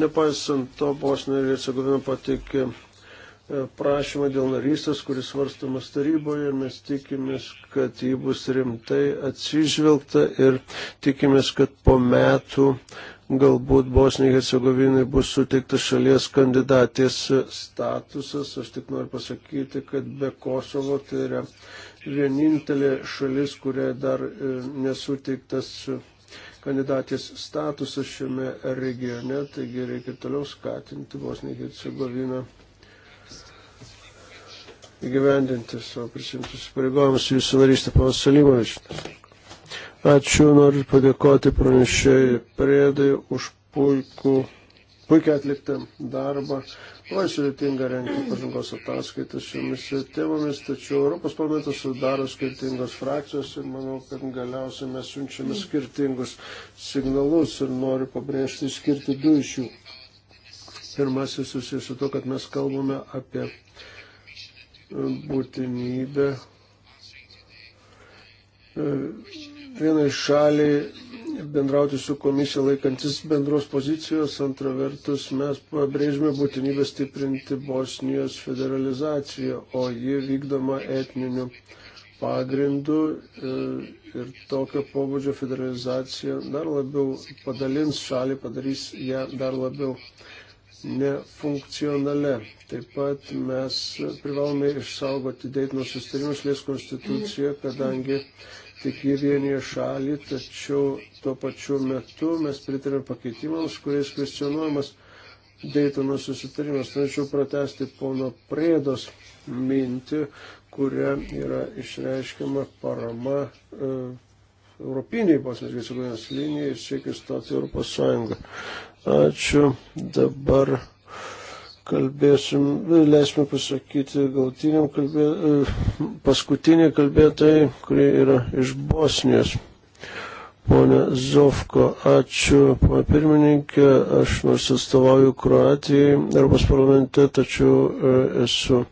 A: Nepaisant to, Bosnija ir Hercegovina pateikė E, prašymą dėl narystės, kuris svarstamas taryboje. Mes tikimės, kad jį bus rimtai atsižvelgta ir tikimės, kad po metų galbūt Bosnijai Hercegovinai bus suteiktas šalies kandidatės statusas. Aš tik noriu pasakyti, kad be Kosovo tai yra vienintelė šalis, kuriai dar e, nesuteiktas kandidatės statusas šiame regione, taigi reikia toliau skatinti Bosniją Hercegoviną įgyvendinti savo prisimtus pareigojimus jūsų narystę, panas Salimovičius. Ačiū, noriu padėkoti pranešėjai priedai už puikų, puikiai atliktą darbą. Labai sudėtinga renkti pažangos ataskaitas šiomis temomis, tačiau Europos parlamentas sudaro skirtingos frakcijos ir manau, kad galiausiai mes siunčiame skirtingus signalus ir noriu pabrėžti skirti du iš jų. Pirmasis susijęs su to, kad mes kalbame apie būtinybę e, vienai šaliai bendrauti su komisija laikantis bendros pozicijos, antra vertus mes pabrėžime būtinybę stiprinti Bosnijos federalizaciją, o ji vykdoma etniniu pagrindu e, ir tokio pobūdžio federalizacija dar labiau padalins šalį, padarys ją dar labiau nefunkcionale. Taip pat mes privalome išsaugoti Deitino sustarimus lės konstituciją, kadangi tik jį vienyje šalį, tačiau tuo pačiu metu mes pritarėme pakeitimams, kuriais kvestionuojamas Deitono susitarimas. Norėčiau pratesti pono Prėdos mintį, kuria yra išreiškiama parama e, Europiniai Bosnijos Hercegovinos linijai ir siekia stoti Europos Sąjungą. Ačiū. Dabar kalbėsim, leisime pasakyti galtiniam kalbė, e, paskutinį kalbėtojai, kurie yra iš Bosnijos. Pone Zovko, ačiū, pone pirmininkė, aš nors atstovauju Kroatijai, Europos parlamente, tačiau e, esu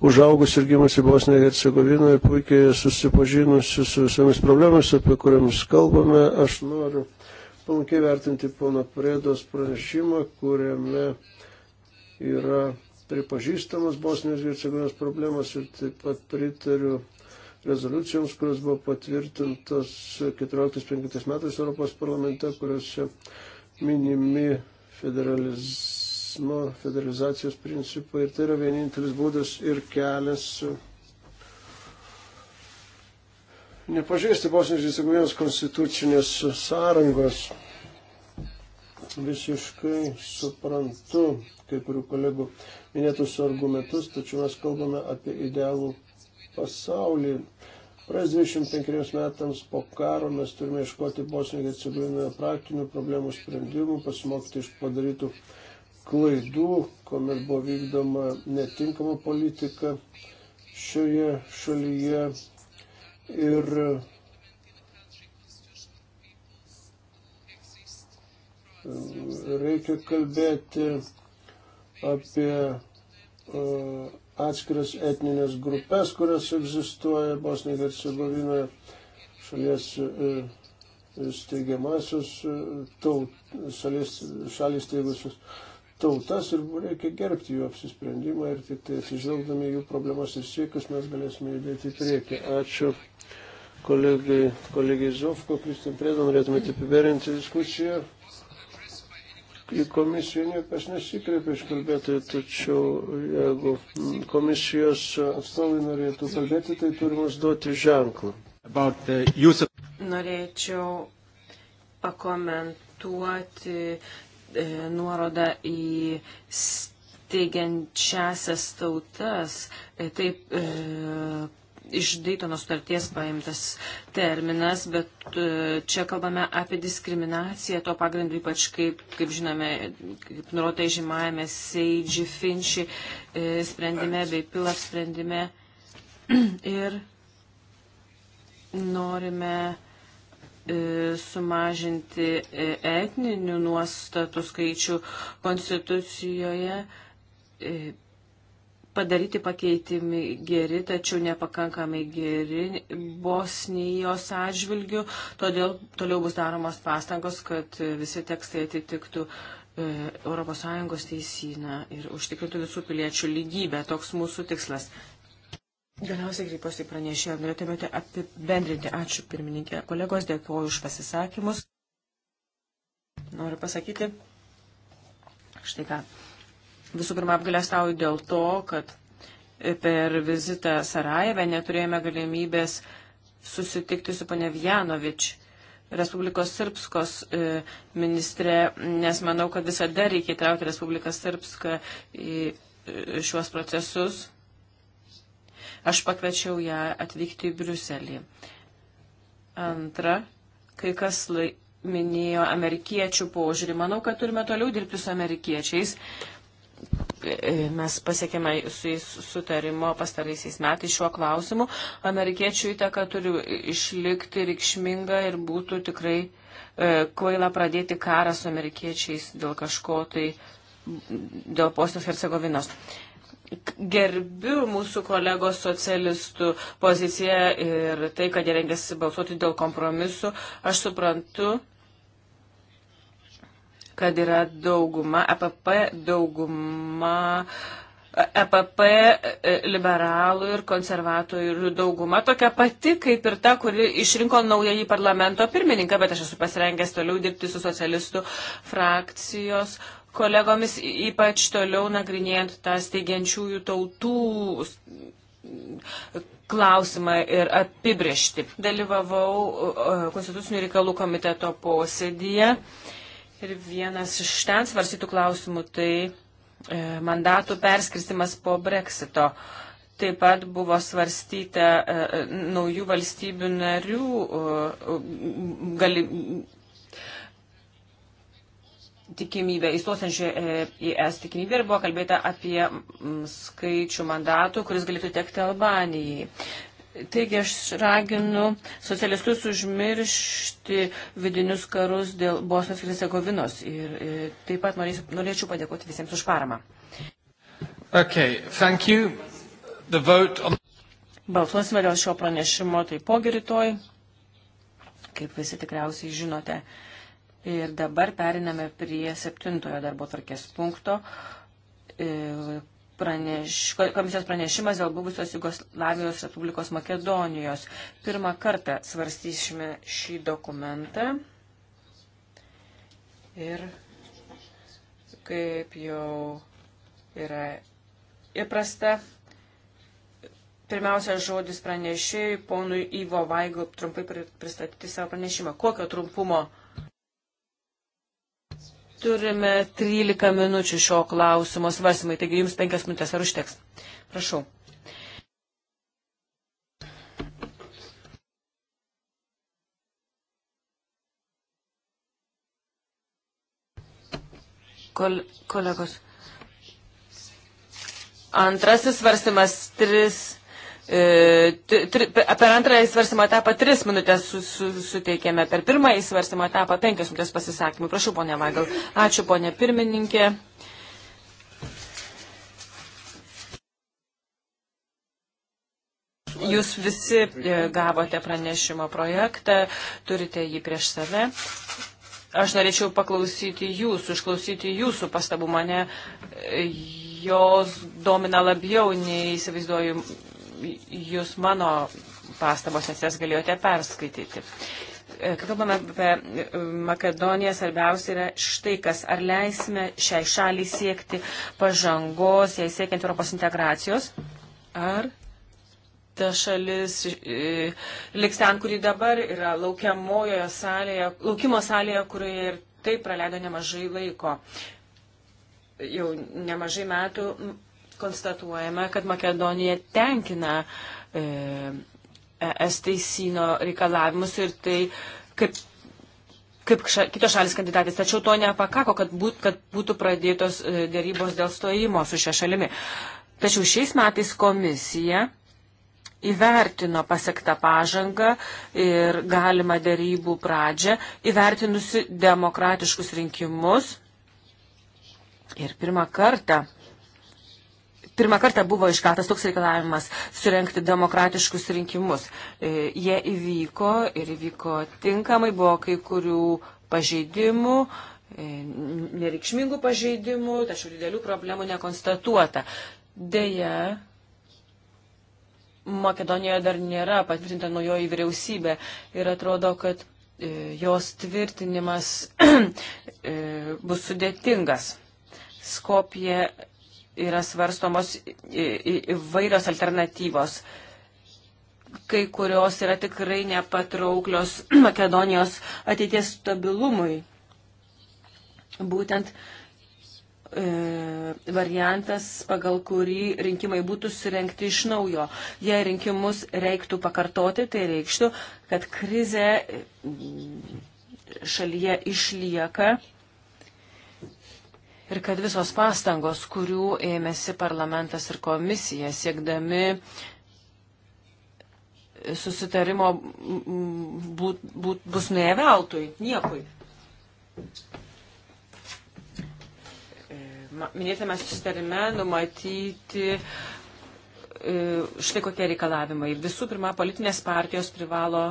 A: užaugus ir gimusi Bosnijoje Hercegovinoje, puikiai susipažinusi su visomis problemomis, apie kuriamis kalbame. Aš noriu palankiai vertinti pono Prėdos pranešimą, kuriame yra pripažįstamas Bosnijos ir Cegovinos problemas ir taip pat pritariu rezoliucijoms, kurios buvo patvirtintos 14-15 metais Europos parlamente, kuriuose minimi federalizmo, federalizacijos principai ir tai yra vienintelis būdas ir kelias nepažeisti Bosnijos ir Hercegovinos konstitucinės sąrangos. Visiškai suprantu kai kurių kolegų minėtus argumentus, tačiau mes kalbame apie idealų pasaulį. Praėjus 25 metams po karo mes turime iškoti Bosnijoje ir Hercegovinoje praktinių problemų sprendimų, pasimokyti iš padarytų klaidų, kuomet buvo vykdoma netinkama politika šioje šalyje ir reikia kalbėti apie e, atskiras etninės grupės, kurios egzistuoja Bosnijoje ir Hercegovinoje, šalies e, steigiamasios e, taut, šalies, šalies steigusios tautas ir reikia gerbti jų apsisprendimą ir tik tai atsižvelgdami jų problemas ir siekius mes galėsime judėti į priekį. Ačiū kolegai, kolegai Zovko, Kristin Prėdą, norėtumėte apiberinti diskusiją. Į komisiją niekas nesikreipia iš kalbėtojų, tačiau jeigu komisijos atstovai norėtų kalbėti, tai turim duoti ženklą.
C: Norėčiau pakomentuoti E, nuoroda į steigiančiasias tautas. E, taip, e, iš Daytono sutarties paimtas terminas, bet čia kalbame apie diskriminaciją to pagrindu, ypač kaip, kaip žinome, kaip nurotai žymajame Seidži Finči sprendime bei Pilaf sprendime. Ir norime E, sumažinti e, etninių nuostatų skaičių konstitucijoje, e, padaryti pakeitimai geri, tačiau nepakankamai geri Bosnijos atžvilgių, todėl toliau bus daromos pastangos, kad visi tekstai atitiktų ES teisyną ir užtikrintų visų piliečių lygybę. Toks mūsų tikslas. Galiausiai kreipiuosi į pranešėją. Norėtumėte apibendrinti. Ačiū pirmininkė. Kolegos, dėkuoju už pasisakymus. Noriu pasakyti štai ką. Visų pirma, apgalėstauju dėl to, kad per vizitą Sarajeve neturėjome galimybės susitikti su pane Vjanovič, Respublikos Sirpskos e, ministre, nes manau, kad visada reikia įtraukti Respubliką Sirpską į e, šiuos procesus Aš pakviečiau ją atvykti į Briuselį. Antra, kai kas lai, minėjo amerikiečių požiūrį, manau, kad turime toliau dirbti su amerikiečiais. E, mes pasiekėme su jais sutarimo pastaraisiais metais šiuo klausimu. Amerikiečių įtaka turi išlikti reikšminga ir būtų tikrai e, kvaila pradėti karą su amerikiečiais dėl kažko tai, dėl Bosnijos Hercegovinos. E, gerbiu mūsų kolegos socialistų poziciją ir tai, kad jie rengėsi balsuoti dėl kompromisų. Aš suprantu, kad yra dauguma, EPP dauguma. EPP e, liberalų ir konservatorių dauguma tokia pati, kaip ir ta, kuri išrinko naująjį parlamento pirmininką, bet aš esu pasirengęs toliau dirbti su socialistų frakcijos kolegomis, ypač toliau nagrinėjant tą steigiančiųjų tautų klausimą ir apibriešti. Dalyvavau Konstitucinių reikalų komiteto posėdėje ir vienas iš ten svarstytų klausimų tai e, mandatų perskirstimas po breksito. Taip pat buvo svarstyta e, e naujų valstybių narių e, gali, tikimybė, įstosiančių e, į ES tikimybę ir buvo kalbėta apie mm, skaičių mandatų, kuris galėtų tekti Albanijai. Taigi aš raginu socialistus užmiršti vidinius karus dėl Bosnijos ir Hercegovinos ir, ir e, taip pat norėsiu, norėčiau padėkoti visiems už paramą. Okay, thank you. The vote on... Balsuosime dėl šio pranešimo taipogi rytoj, kaip visi tikriausiai žinote. Ir dabar periname prie septintojo darbo tvarkės punkto. E, praneš, komisijos pranešimas dėl buvusios Jugoslavijos Respublikos Makedonijos. Pirmą kartą svarstysime šį dokumentą. Ir kaip jau yra įprasta, Pirmiausia, žodis pranešėjui, ponui Ivo Vaigl, trumpai pristatyti savo pranešimą. Kokio trumpumo Turime 13 minučių šio klausimo svarsimai, taigi jums 5 minutės ar užteks. Prašau. Kol, kolegos. Antrasis svarstymas 3 E, per antrąjį svarstymo etapą 3 minutės su, su, suteikėme, per pirmąjį svarstymo etapą 5 minutės pasisakymų. Prašau, ponė Vagal. Ačiū, ponė pirmininkė. Jūs visi e, gavote pranešimo projektą, turite jį prieš save. Aš norėčiau paklausyti jūsų, išklausyti jūsų pastabų. Mane e, jos domina labiau nei įsivaizduoju jūs mano pastabos, nes jas galėjote perskaityti. E, kai kalbame apie e, Makedoniją, svarbiausia yra štai kas, ar leisime šiai šaliai siekti pažangos, jai siekiant Europos integracijos, ar ta šalis e, liks ten, kuri dabar yra laukiamojoje salėje, laukimo salėje, kurioje ir taip praleido nemažai laiko. Jau nemažai metų konstatuojame, kad Makedonija tenkina e, ES teisino reikalavimus ir tai kaip, kaip ša, kitos šalis kandidatės. Tačiau to nepakako, kad, būt, kad būtų pradėtos e, dėrybos dėl stojimo su šia šalimi. Tačiau šiais metais komisija įvertino pasiektą pažangą ir galimą dėrybų pradžią, įvertinusi demokratiškus rinkimus. Ir pirmą kartą pirmą kartą buvo iškeltas toks reikalavimas surenkti demokratiškus rinkimus. E, jie įvyko ir įvyko tinkamai, buvo kai kurių pažeidimų, e, nereikšmingų pažeidimų, tačiau didelių problemų nekonstatuota. Deja, Makedonijoje dar nėra patvirtinta naujoji vyriausybė ir atrodo, kad e, jos tvirtinimas bus sudėtingas. Skopje yra svarstomos įvairios alternatyvos. Kai kurios yra tikrai nepatrauklios Makedonijos ateities stabilumui. Būtent e, variantas, pagal kurį rinkimai būtų surenkti iš naujo. Jei rinkimus reiktų pakartoti, tai reikštų, kad krize šalyje išlieka ir kad visos pastangos, kurių ėmėsi parlamentas ir komisija, siekdami susitarimo būt, būt, bus neveltui, niekui. E, minėtame susitarime numatyti e, štai kokie reikalavimai. Visų pirma, politinės partijos privalo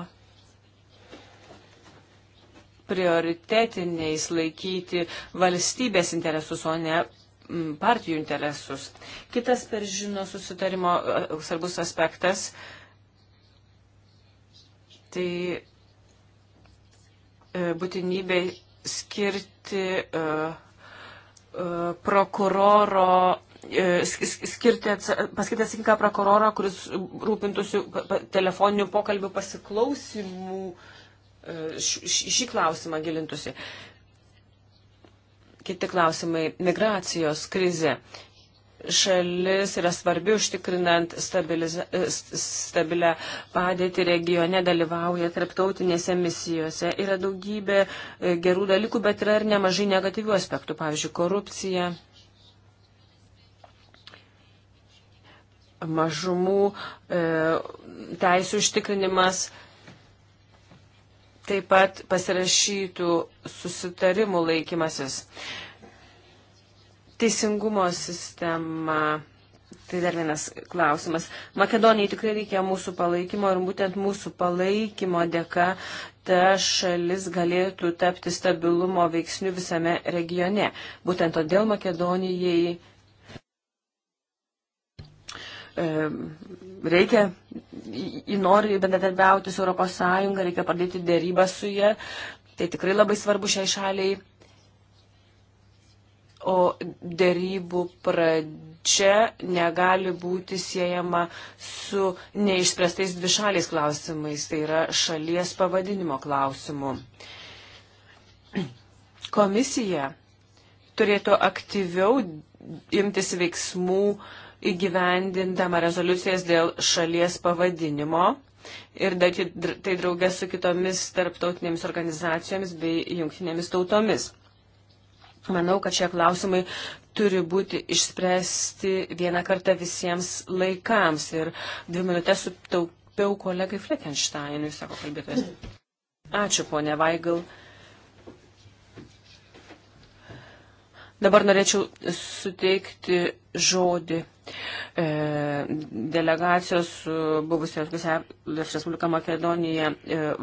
C: prioritetiniais laikyti valstybės interesus, o ne mm, partijų interesus. Kitas peržino susitarimo e, svarbus aspektas - tai e, būtinybė skirti uh, uh, prokuroro skirti, paskirti atsakingą prokurorą, kuris rūpintųsi telefoninių pokalbių pasiklausimų uh, šį klausimą gilintusi. Kiti klausimai - migracijos krizė. Šalis yra svarbi užtikrinant e, stabilę padėtį regione, dalyvauja tarptautinėse misijose. Yra daugybė e, gerų dalykų, bet yra ir nemažai negatyvių aspektų, pavyzdžiui, korupcija, mažumų e, teisų užtikrinimas. E, taip pat pasirašytų susitarimų laikymasis. Teisingumo sistema. Tai dar vienas klausimas. Makedonijai tikrai reikia mūsų palaikymo ir būtent mūsų palaikymo dėka ta šalis galėtų tapti stabilumo veiksniu visame regione. Būtent todėl Makedonijai E, reikia, jį nori bendradarbiauti su ES, reikia pradėti dėrybą su jie. Tai tikrai labai svarbu šiai šaliai. O dėrybų pradžia negali būti siejama su neišspręstais dvišaliais klausimais, tai yra šalies pavadinimo klausimu. Komisija turėtų aktyviau imtis veiksmų uh, įgyvendindama rezoliucijas dėl šalies pavadinimo ir tai draugė su kitomis tarptautinėmis organizacijomis bei jungtinėmis tautomis. Manau, kad šie klausimai turi būti išspręsti vieną kartą visiems laikams. Ir dvi minutės sutaupiau kolegai Fleckensteinui, sako kalbėtojas. Ačiū, ponė Vaigal. Dabar norėčiau suteikti žodį E, delegacijos su buvusios Rusijos Respublika Makedonija e,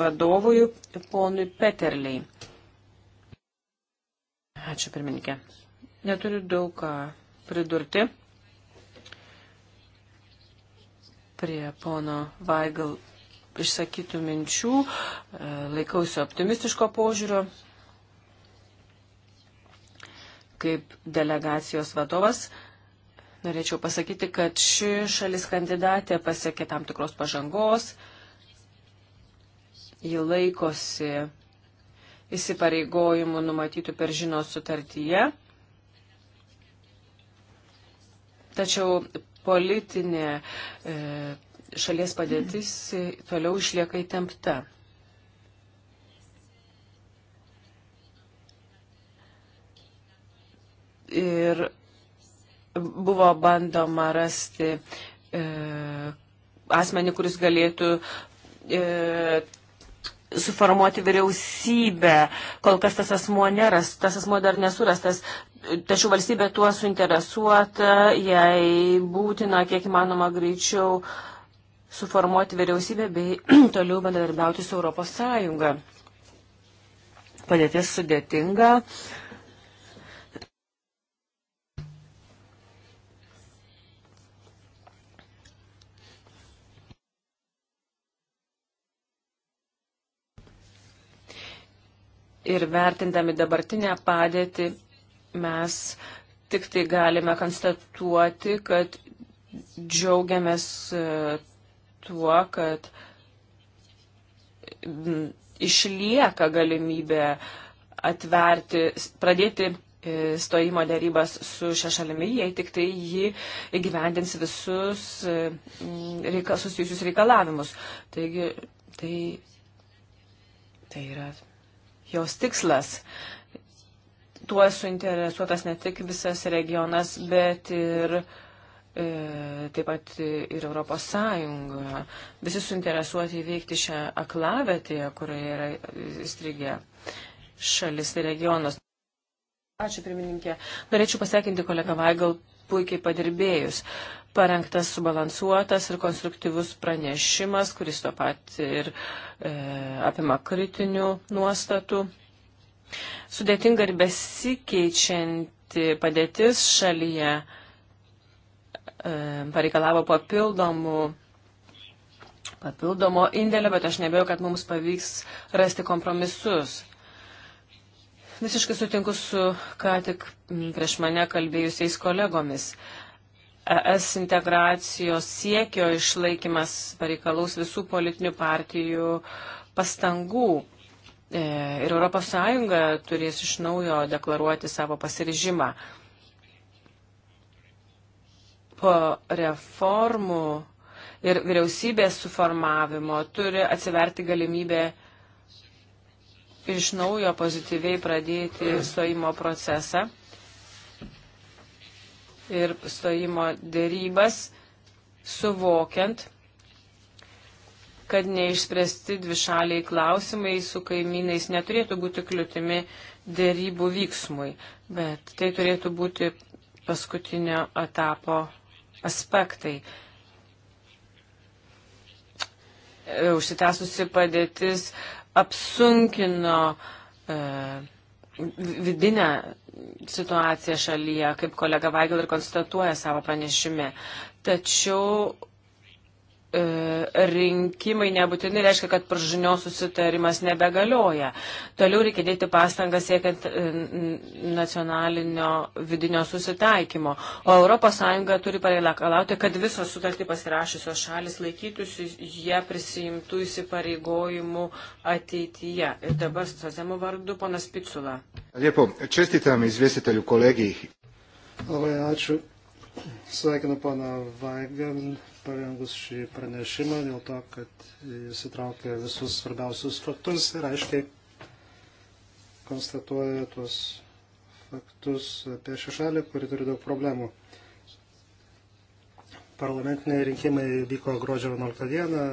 C: vadovui ponui Peterliai. Ačiū pirmininkė. Neturiu daug ką pridurti prie pono Vaigal išsakytų minčių, e, laikausi optimistiško požiūrio. Kaip delegacijos vadovas Norėčiau pasakyti, kad ši šalis kandidatė pasiekė tam tikros pažangos, ji laikosi įsipareigojimų numatytų per žinos sutartyje, tačiau politinė e, šalies padėtis toliau išlieka įtempta. Ir buvo bandoma rasti e, asmenį, kuris galėtų e, suformuoti vyriausybę. Kol kas tas asmuo neras, tas asmuo dar nesurastas, tačiau valstybė tuo suinteresuota, jai būtina kiek įmanoma greičiau suformuoti vyriausybę bei toliau bendradarbiauti su Europos Sąjunga. Padėtis sudėtinga. E, ir vertindami dabartinę padėtį mes tik tai galime konstatuoti, kad džiaugiamės e, tuo, kad išlieka galimybė atverti, pradėti e, stojimo dėrybas su šia šalimi, jei tik tai ji įgyvendins visus e, reika, susijusius reikalavimus. Taigi, tai, tai yra jos tikslas. Tuo suinteresuotas ne tik visas regionas, bet ir e, taip pat ir Europos Sąjunga. Visi suinteresuoti įveikti šią aklavietę, kurioje yra įstrigę šalis ir regionas. Ačiū, pirmininkė. Norėčiau pasveikinti kolegą Vaigal puikiai padirbėjus. E, parengtas subalansuotas ir konstruktyvus pranešimas, kuris tuo pat ir e, apima kritinių nuostatų. Sudėtinga ir besikeičianti padėtis šalyje e, pareikalavo papildomų papildomo indėlio, bet aš nebėjau, kad mums pavyks rasti kompromisus. Visiškai sutinku su ką tik prieš mane kalbėjusiais kolegomis. E, ES integracijos siekio išlaikimas pareikalaus visų politinių partijų pastangų. E, ir ES turės iš naujo deklaruoti savo pasirižimą. Po reformų ir vyriausybės suformavimo turi atsiverti galimybę iš naujo pozityviai pradėti stojimo procesą ir stojimo dėrybas, suvokiant, kad neišspręsti dvišaliai klausimai su kaimynais neturėtų būti kliūtimi dėrybų vyksmui, bet tai turėtų būti paskutinio etapo aspektai. E, užsitęsusi padėtis apsunkino e, vidinę situaciją šalyje, kaip kolega Vaigel ir konstatuoja savo pranešime. Tačiau E, rinkimai nebūtinai reiškia, kad pražinio susitarimas nebegalioja. Toliau reikia dėti pastangas siekiant e, nacionalinio vidinio susitaikymo. O ES turi pareikalauti, kad visos sutartį pasirašysios šalis laikytųsi jie prisijimtų įsipareigojimų ateityje. Ir dabar
B: sociamų vardu ponas Picula. Liepo, čestitam izvėsitelių kolegijai. Labai ačiū. Sveikinu pana Vaigant parengus šį pranešimą dėl to, kad jis įtraukia visus svarbiausius faktus ir aiškiai konstatuoja tuos faktus apie šią šalį, kuri turi daug problemų. Parlamentiniai rinkimai vyko gruodžio 11 dieną.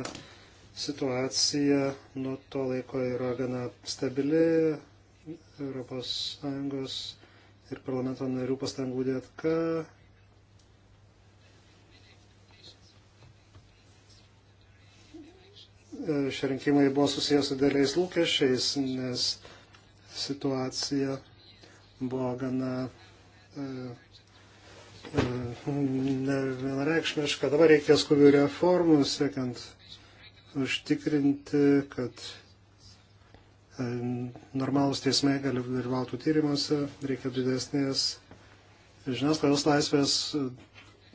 B: Situacija nuo to laiko yra gana stabili. Europos Sąjungos ir parlamento narių pastangų dėka šie rinkimai buvo susijęs su dėliais lūkesčiais, nes situacija buvo gana e, e, nevienareikšmiška. Dabar reikia skubių reformų, siekiant užtikrinti, kad e, normalūs teismai gali dalyvauti tyrimuose, reikia didesnės žiniasklaidos laisvės,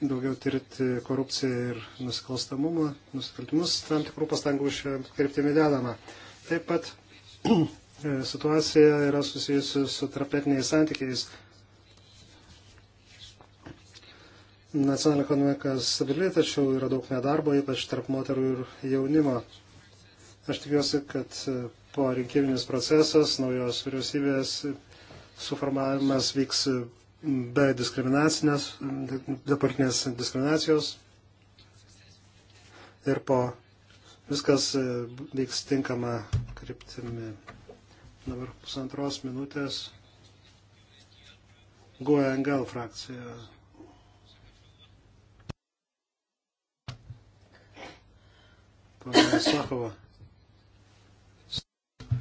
B: daugiau tirti korupciją ir nusikalstamumą, nusikaltimus, tam tikrų pastangų šią kryptimį dedama. Taip pat e, situacija yra susijusi su trapetiniais santykiais. Nacionalinė ekonomika stabili, tačiau yra daug nedarbo, ypač tarp moterų ir jaunimo. Aš tikiuosi, kad e, po rinkiminis procesas naujos vyriausybės suformavimas vyks be diskriminacinės, departinės diskriminacijos ir po viskas e, vyks tinkama kryptimi. Dabar pusantros minutės Guengel frakcija. Pana Sakova.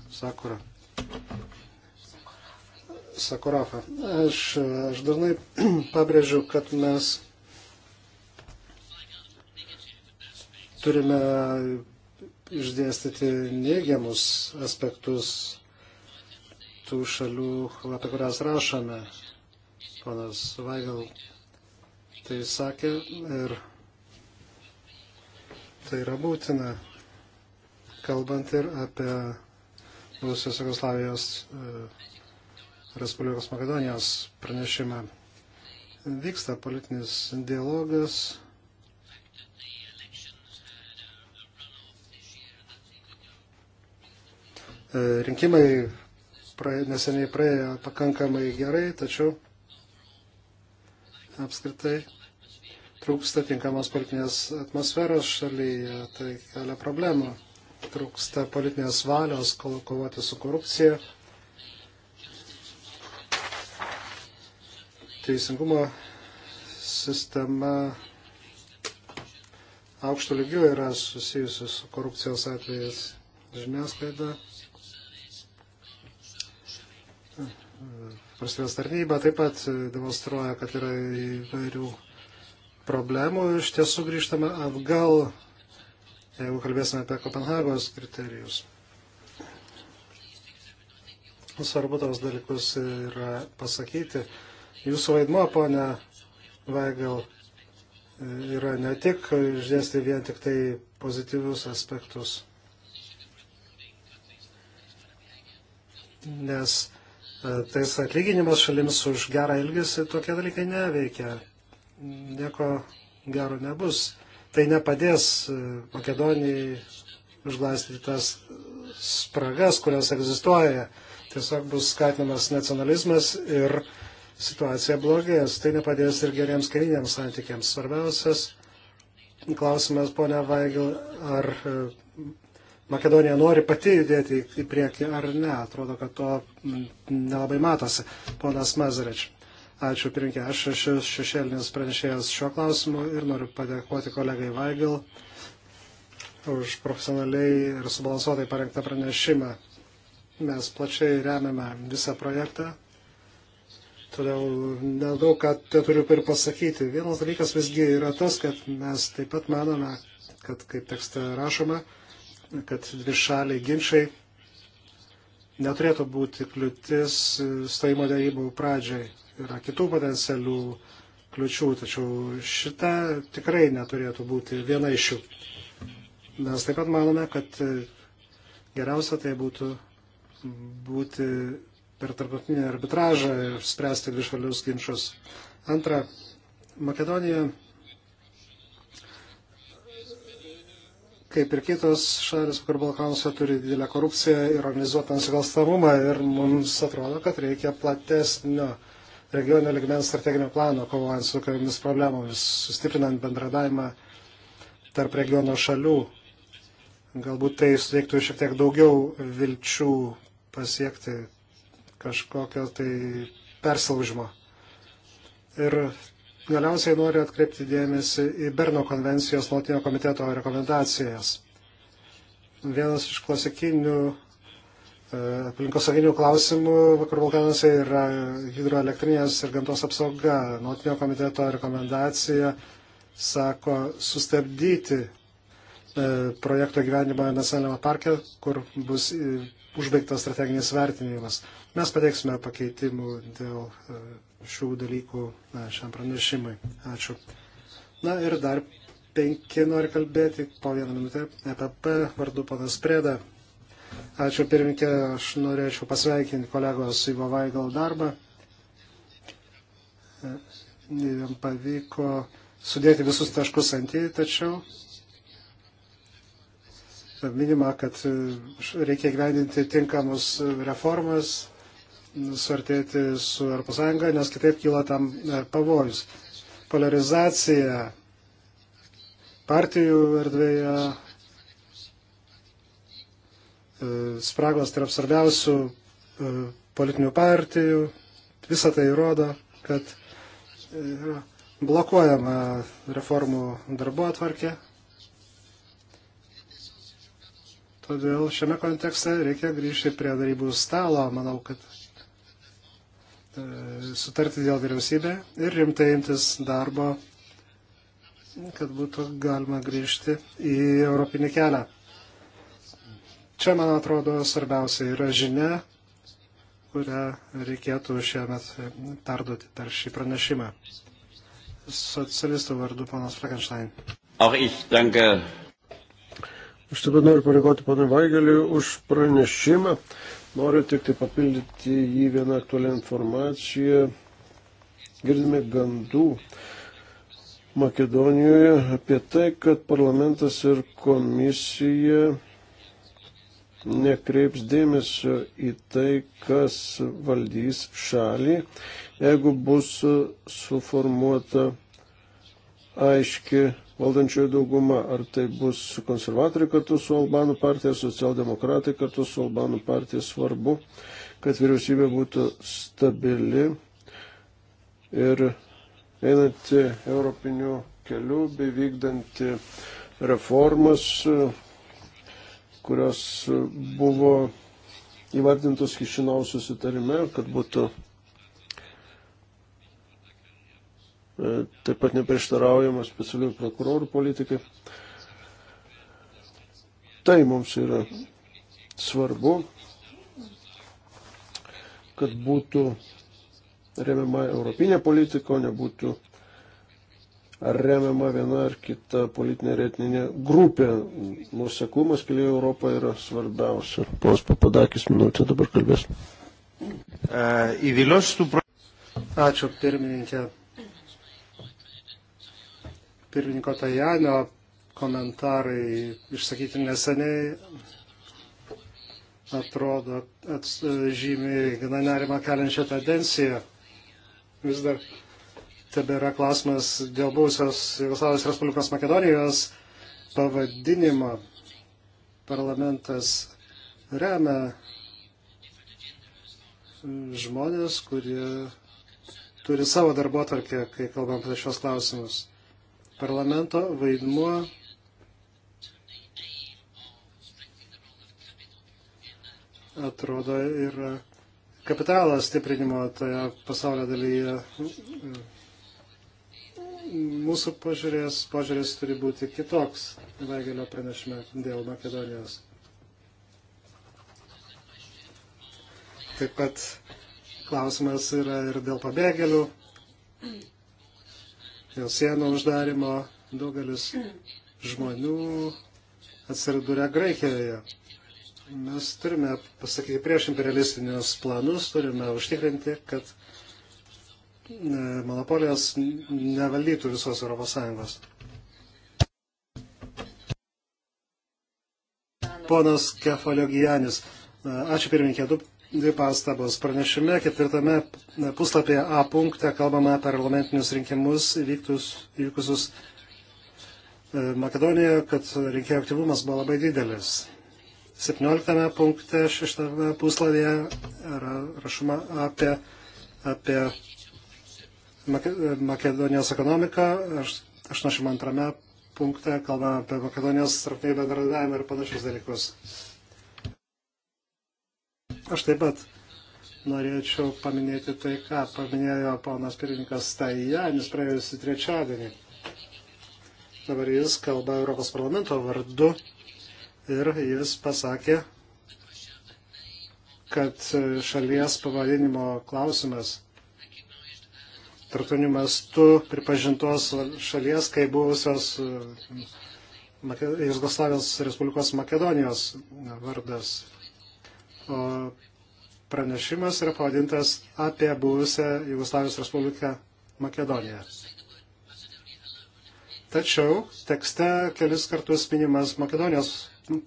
B: Sakura. Sakurafą. Aš, aš dažnai pabrėžiu, kad mes turime išdėstyti neigiamus aspektus tų šalių, apie kurias rašome. Ponas Vaigal tai sakė ir tai yra būtina, kalbant ir apie Rusijos Jugoslavijos uh, Respublikos Makedonijos pranešimą. Vyksta politinis dialogas. E, rinkimai praė, neseniai praėjo pakankamai gerai, tačiau apskritai trūksta tinkamos politinės atmosferos šalyje, tai kelia problemų. Trūksta politinės valios kovoti su korupcija. teisingumo sistema aukšto lygių yra susijusi su korupcijos atvejais žiniasklaida, prasidės tarnyba taip pat demonstruoja, kad yra įvairių problemų. Iš tiesų grįžtame atgal, jeigu kalbėsime apie Kopenhagos kriterijus. Svarbu tos dalykus yra pasakyti. Jūsų vaidmo, ponia Vaigel, yra ne tik išdėsti vien tik tai pozityvius aspektus, nes e, tais atlyginimas šalims už gerą ilgesį tokie dalykai neveikia. Nieko gero nebus. Tai nepadės e, Makedonijai užglaistyti tas spragas, kurios egzistuoja. Tiesiog bus skatinamas nacionalizmas ir uh, situacija blogės. Tai nepadės ir geriems kairiniams santykiams. Svarbiausias klausimas, ponia Vaigil, ar e, Makedonija nori pati judėti į priekį ar ne. Atrodo, kad to nelabai matosi. Ponas Mazarič. Ačiū, pirinkė. Aš esu šešėlinis pranešėjas šiuo klausimu ir noriu padėkoti kolegai Vaigil už profesionaliai ir subalansuotai parengtą pranešimą. Mes plačiai remiame visą projektą Todėl nedaug ką te turiu ir pasakyti. Vienas dalykas visgi yra tas, kad mes taip pat manome, kad kaip tekste rašoma, kad dvišaliai ginčiai neturėtų būti kliūtis stojimo dėrybų pradžiai. Yra kitų potencialių kliučių, tačiau šita tikrai neturėtų būti viena iš jų. Mes taip pat manome, kad geriausia tai būtų būti per tarptautinį arbitražą ir spręsti dvišalius ginčius. Antra, Makedonija, kaip ir kitos šalis, kur Balkanuose turi didelę korupciją ir organizuotą nusikalstamumą ir mums atrodo, kad reikia platesnio regioninio ligmens strateginio plano kovojant su tokiamis problemomis, sustiprinant bendradavimą tarp regiono šalių. Galbūt tai suteiktų šiek tiek daugiau vilčių pasiekti kažkokio tai persilaužimo. Ir galiausiai noriu atkreipti dėmesį į Berno konvencijos nuotinio komiteto rekomendacijas. Vienas iš klasikinių e, aplinkosauginių klausimų vakarų Balkanuose yra hidroelektrinės ir gamtos apsauga. Nuotinio komiteto rekomendacija sako sustabdyti e, projekto gyvenimą nacionalinėme parke, kur bus e, užbaigtas strateginis vertinimas. Mes pateiksime pakeitimų dėl e, šių dalykų na, e, šiam pranešimui. Ačiū. Na ir dar penki nori kalbėti po vieną minutę. EPP vardu panas Prėda. Ačiū pirminkė, aš norėčiau pasveikinti kolegos Ivo Vaigal darbą. E, jam pavyko sudėti visus taškus ant į, tačiau minima, kad e, reikia gyvendinti tinkamus e, reformas, suartėti su ES, nes kitaip kyla tam e, pavojus. Polarizacija partijų erdvėje, spragos tarp svarbiausių politinių partijų, visą tai rodo, kad blokuojama reformų darbo atvarkė Todėl šiame kontekste reikia grįžti prie darybų stalo, manau, kad e, sutarti dėl vyriausybė ir rimtai imtis darbo, kad būtų galima grįžti į europinį kelią. Čia, man atrodo, svarbiausia yra žinia, kurią reikėtų šiemet perduoti per šį pranešimą. Socialistų vardu, panas Frankenstein. Auch ich
C: danke
A: Aš taip pat noriu pareigoti pana Vaigelį už pranešimą. Noriu tik tai papildyti jį vieną aktualią informaciją. Girdime gandų Makedonijoje apie tai, kad parlamentas ir komisija nekreips dėmesio į tai, kas valdys šalį, jeigu bus suformuota aiški valdančioje dauguma, ar tai bus konservatoriai kartu su Albanų partija, socialdemokratai kartu su Albanų partija, svarbu, kad vyriausybė būtų stabili ir einanti europinių kelių bei vykdanti reformas, kurios buvo įvardintos Kišinau susitarime, kad būtų E, taip pat neprieštaraujama specialiųjų prokurorų politikai. Tai mums yra svarbu, kad būtų remiama europinė politika, o nebūtų remiama viena ar kita politinė ir etninė grupė. Nuseklumas kelyje Europoje yra svarbiausia. Pos papadakis minutę dabar kalbės.
B: E, Ačiū pirmininkė pirmininko Tajanio komentarai išsakyti neseniai atrodo žymi gana nerima keliančią tendenciją. Vis dar tebėra klausimas dėl buvusios Jugoslavijos Respublikos Makedonijos pavadinimo. Parlamentas remia žmonės, kurie turi savo darbo tarkę, kai kalbam apie šios klausimus. Parlamento vaidmuo atrodo yra kapitalo stiprinimo toje pasaulio dalyje. Mūsų požiūrės, požiūrės turi būti kitoks Vagelio pranešime dėl Makedonijos. Taip pat klausimas yra ir dėl pabėgėlių dėl sienų uždarimo daugelis žmonių atsidūrė Graikijoje. Mes turime pasakyti prieš imperialistinius planus, turime užtikrinti, kad e, monopolijos nevaldytų visos ES. Ponas Kefaliogijanis, e, ačiū pirmininkė, du dvi pastabos. Pranešime ketvirtame puslapyje A punkte kalbama apie parlamentinius rinkimus vyktus, vykusius e, Makedonijoje, kad rinkėjų aktyvumas buvo labai didelis. 17 punkte, 6 puslapyje yra rašoma apie, apie Makedonijos ekonomiką, 82 punkte kalbame apie Makedonijos tarptautinį bendradavimą ir panašius dalykus. Aš taip pat norėčiau paminėti tai, ką paminėjo ponas pirmininkas Stajanis praėjusį trečiadienį. Dabar jis kalba Europos parlamento vardu ir jis pasakė, kad šalies pavadinimo klausimas tartuniu mastu pripažintos šalies, kai buvusios eh, Jugoslavijos Respublikos Makedonijos vardas O pranešimas yra pavadintas apie buvusią Jugoslavijos Respubliką Makedoniją. Tačiau tekste kelis kartus minimas Makedonijos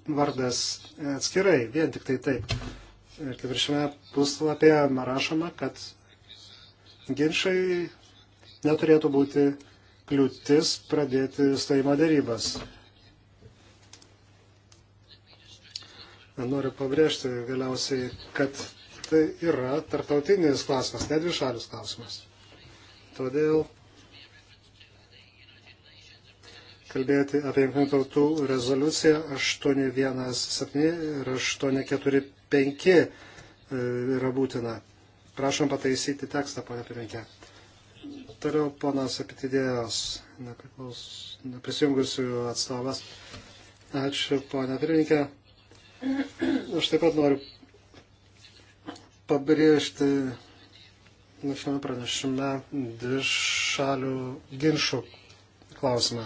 B: vardas atskirai, vien tik tai taip. Ir kaip ir šiame puslapyje rašoma, kad ginčiai neturėtų būti kliūtis pradėti stojimo darybas. Noriu pabrėžti galiausiai, kad tai yra tartautinis klausimas, ne dvišalius klausimas. Todėl kalbėti apie jungtinių tautų rezoliuciją 817 ir 845 e, yra būtina. Prašom pataisyti tekstą, ponia pirmininkė. Toliau ponas Apitidėjos, neprisijungusių atstovas. Ačiū, ponia pirmininkė. Aš taip pat noriu pabrėžti šiame pranešime dvišalių ginčių klausimą.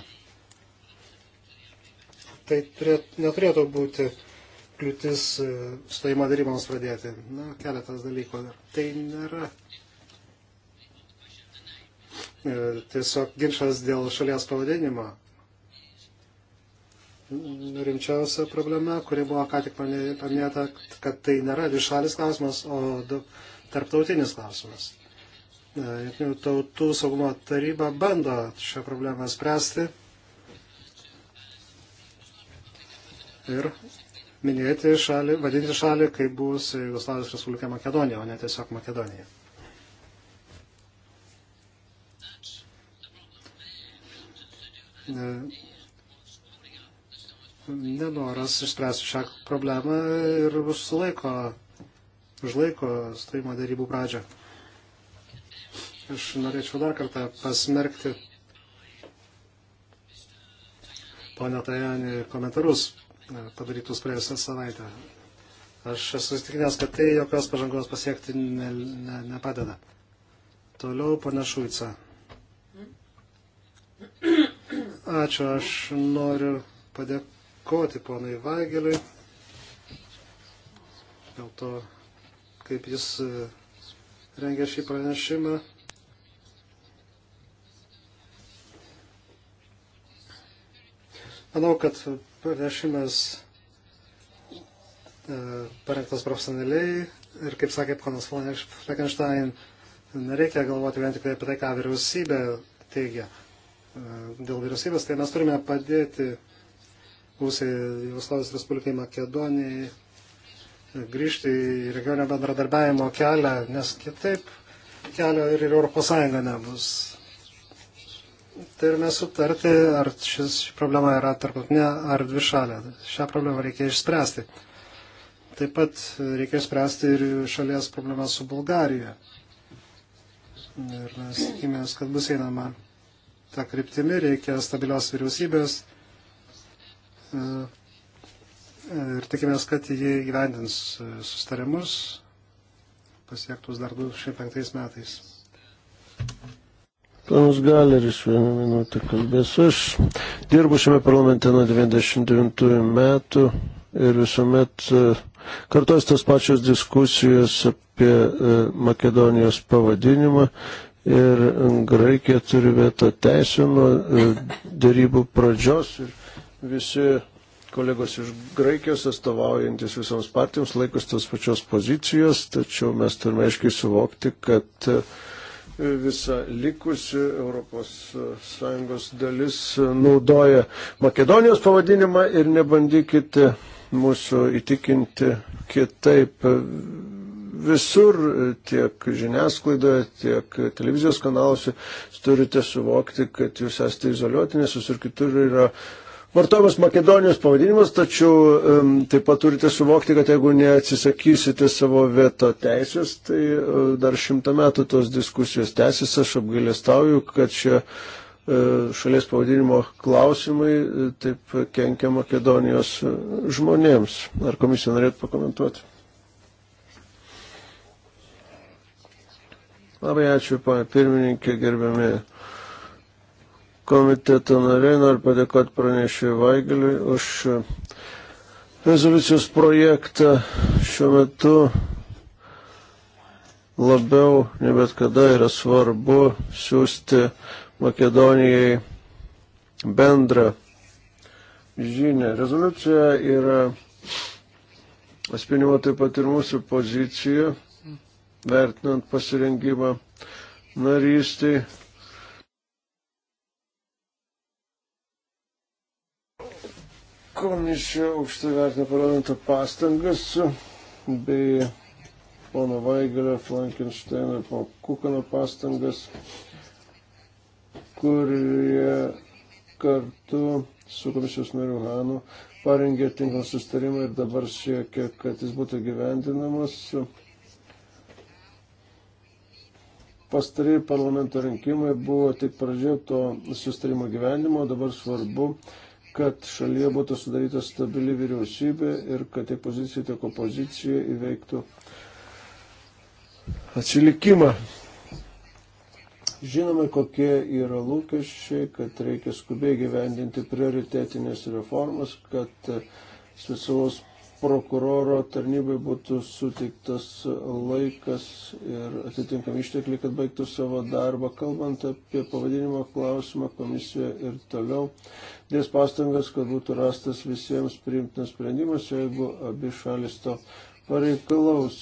B: Tai turėt, neturėtų būti kliūtis e, stojimo darybams pradėti. Na, keletas dalykų dar. Tai nėra e, tiesiog ginčas dėl šalies pavadinimo rimčiausia problema, kuri buvo ką tik paminėta, kad tai nėra dvišalis klausimas, o tarptautinis klausimas. E, Jungtinių tautų saugumo taryba bando šią problemą spręsti ir minėti šalį, vadinti šalį, kaip bus Jugoslavijos Respublika Makedonija, o ne tiesiog Makedonija. Ne, nenoras išspręsti šią problemą ir užsilaiko, užlaiko stojimo darybų pradžią. Aš norėčiau dar kartą pasmerkti ponio Tajani komentarus e, padarytus praėjusią savaitę. Aš esu įstikinęs, kad tai jokios pažangos pasiekti ne, ne, nepadeda. Toliau pana Šuica. Ačiū, aš noriu padėkoti padėkoti ponui Vageliui dėl to, kaip jis e, rengia šį pranešimą. Manau, kad pranešimas e, parengtas profesionaliai ir, kaip sakė ponas Fleckenstein, nereikia galvoti vien tik apie tai, ką vyriausybė teigia. E, dėl vyriausybės, tai mes turime padėti Rusijai, Jugoslavijos Respublikai, Makedonijai grįžti į regionio bendradarbiavimo kelią, nes kitaip kelio ir Europos Sąjunga nebus. Turime tai sutarti, ar šis problema yra tarptautinė ar dvišalė. Šią problemą reikia išspręsti. Taip pat reikia išspręsti ir šalies problemą su Bulgarija. Ir mes tikimės, kad bus einama tą kryptimį, reikia stabilios vyriausybės E, ir tikimės, kad jie gyvendins e, sustarimus pasiektus dar 2005 metais.
A: Panas Galeris vieną minutę kalbės. Aš dirbu šiame parlamente nuo 99 metų ir visuomet e, kartos tas pačios diskusijos apie Makedonijos pavadinimą ir Graikija turi veto teisę nuo darybų pradžios. Ir visi kolegos iš Graikijos atstovaujantis visoms partijoms laikus tos pačios pozicijos, tačiau mes turime aiškiai suvokti, kad e, visa likusi ES e, dalis e, naudoja Makedonijos pavadinimą ir nebandykite mūsų įtikinti kitaip. Visur, tiek žiniasklaidoje, tiek televizijos kanaluose, turite suvokti, kad jūs esate izoliuoti, nes visur kitur yra uh, vartojamas Makedonijos pavadinimas, tačiau um, taip pat turite suvokti, kad jeigu neatsisakysite savo veto teisės, tai uh, dar šimtą metų tos diskusijos tęsis. Aš apgailestauju, kad čia uh, e, šalies pavadinimo klausimai uh, taip kenkia Makedonijos žmonėms. Ar komisija norėtų pakomentuoti? Labai ačiū, pane pirmininkė, gerbiami komiteto nariai, noriu padėkoti pranešėjui Vaigeliui už rezoliucijos projektą. Šiuo metu labiau, ne bet kada yra svarbu siūsti Makedonijai bendrą žinę. Rezoliucija yra aspinimo taip pat ir mūsų pozicija, vertinant pasirengimą narystį Komisija aukštai vertina parlamento pastangas bei pono Vaigelio, Frankensteino ir pono Kukano pastangas, kurie kartu su komisijos nariu Hanu parengė tinklą sustarimą ir dabar siekia, kad jis būtų gyvendinamas. Pastarėjai parlamento rinkimai buvo tik pradžia to sustarimo gyvenimo, dabar svarbu kad šalyje būtų sudaryta stabili vyriausybė ir kad tiek pozicija, tiek opozicija įveiktų atsilikimą. Žinome, kokie yra lūkesčiai, kad reikia skubiai gyvendinti prioritetinės reformas, kad specialaus prokuroro tarnybai būtų suteiktas laikas ir atitinkami ištekliai, kad baigtų savo darbą. Kalbant apie pavadinimo klausimą, komisija ir toliau dės pastangas, kad būtų rastas visiems priimtinas sprendimas, jeigu abi šalis to pareikalaus.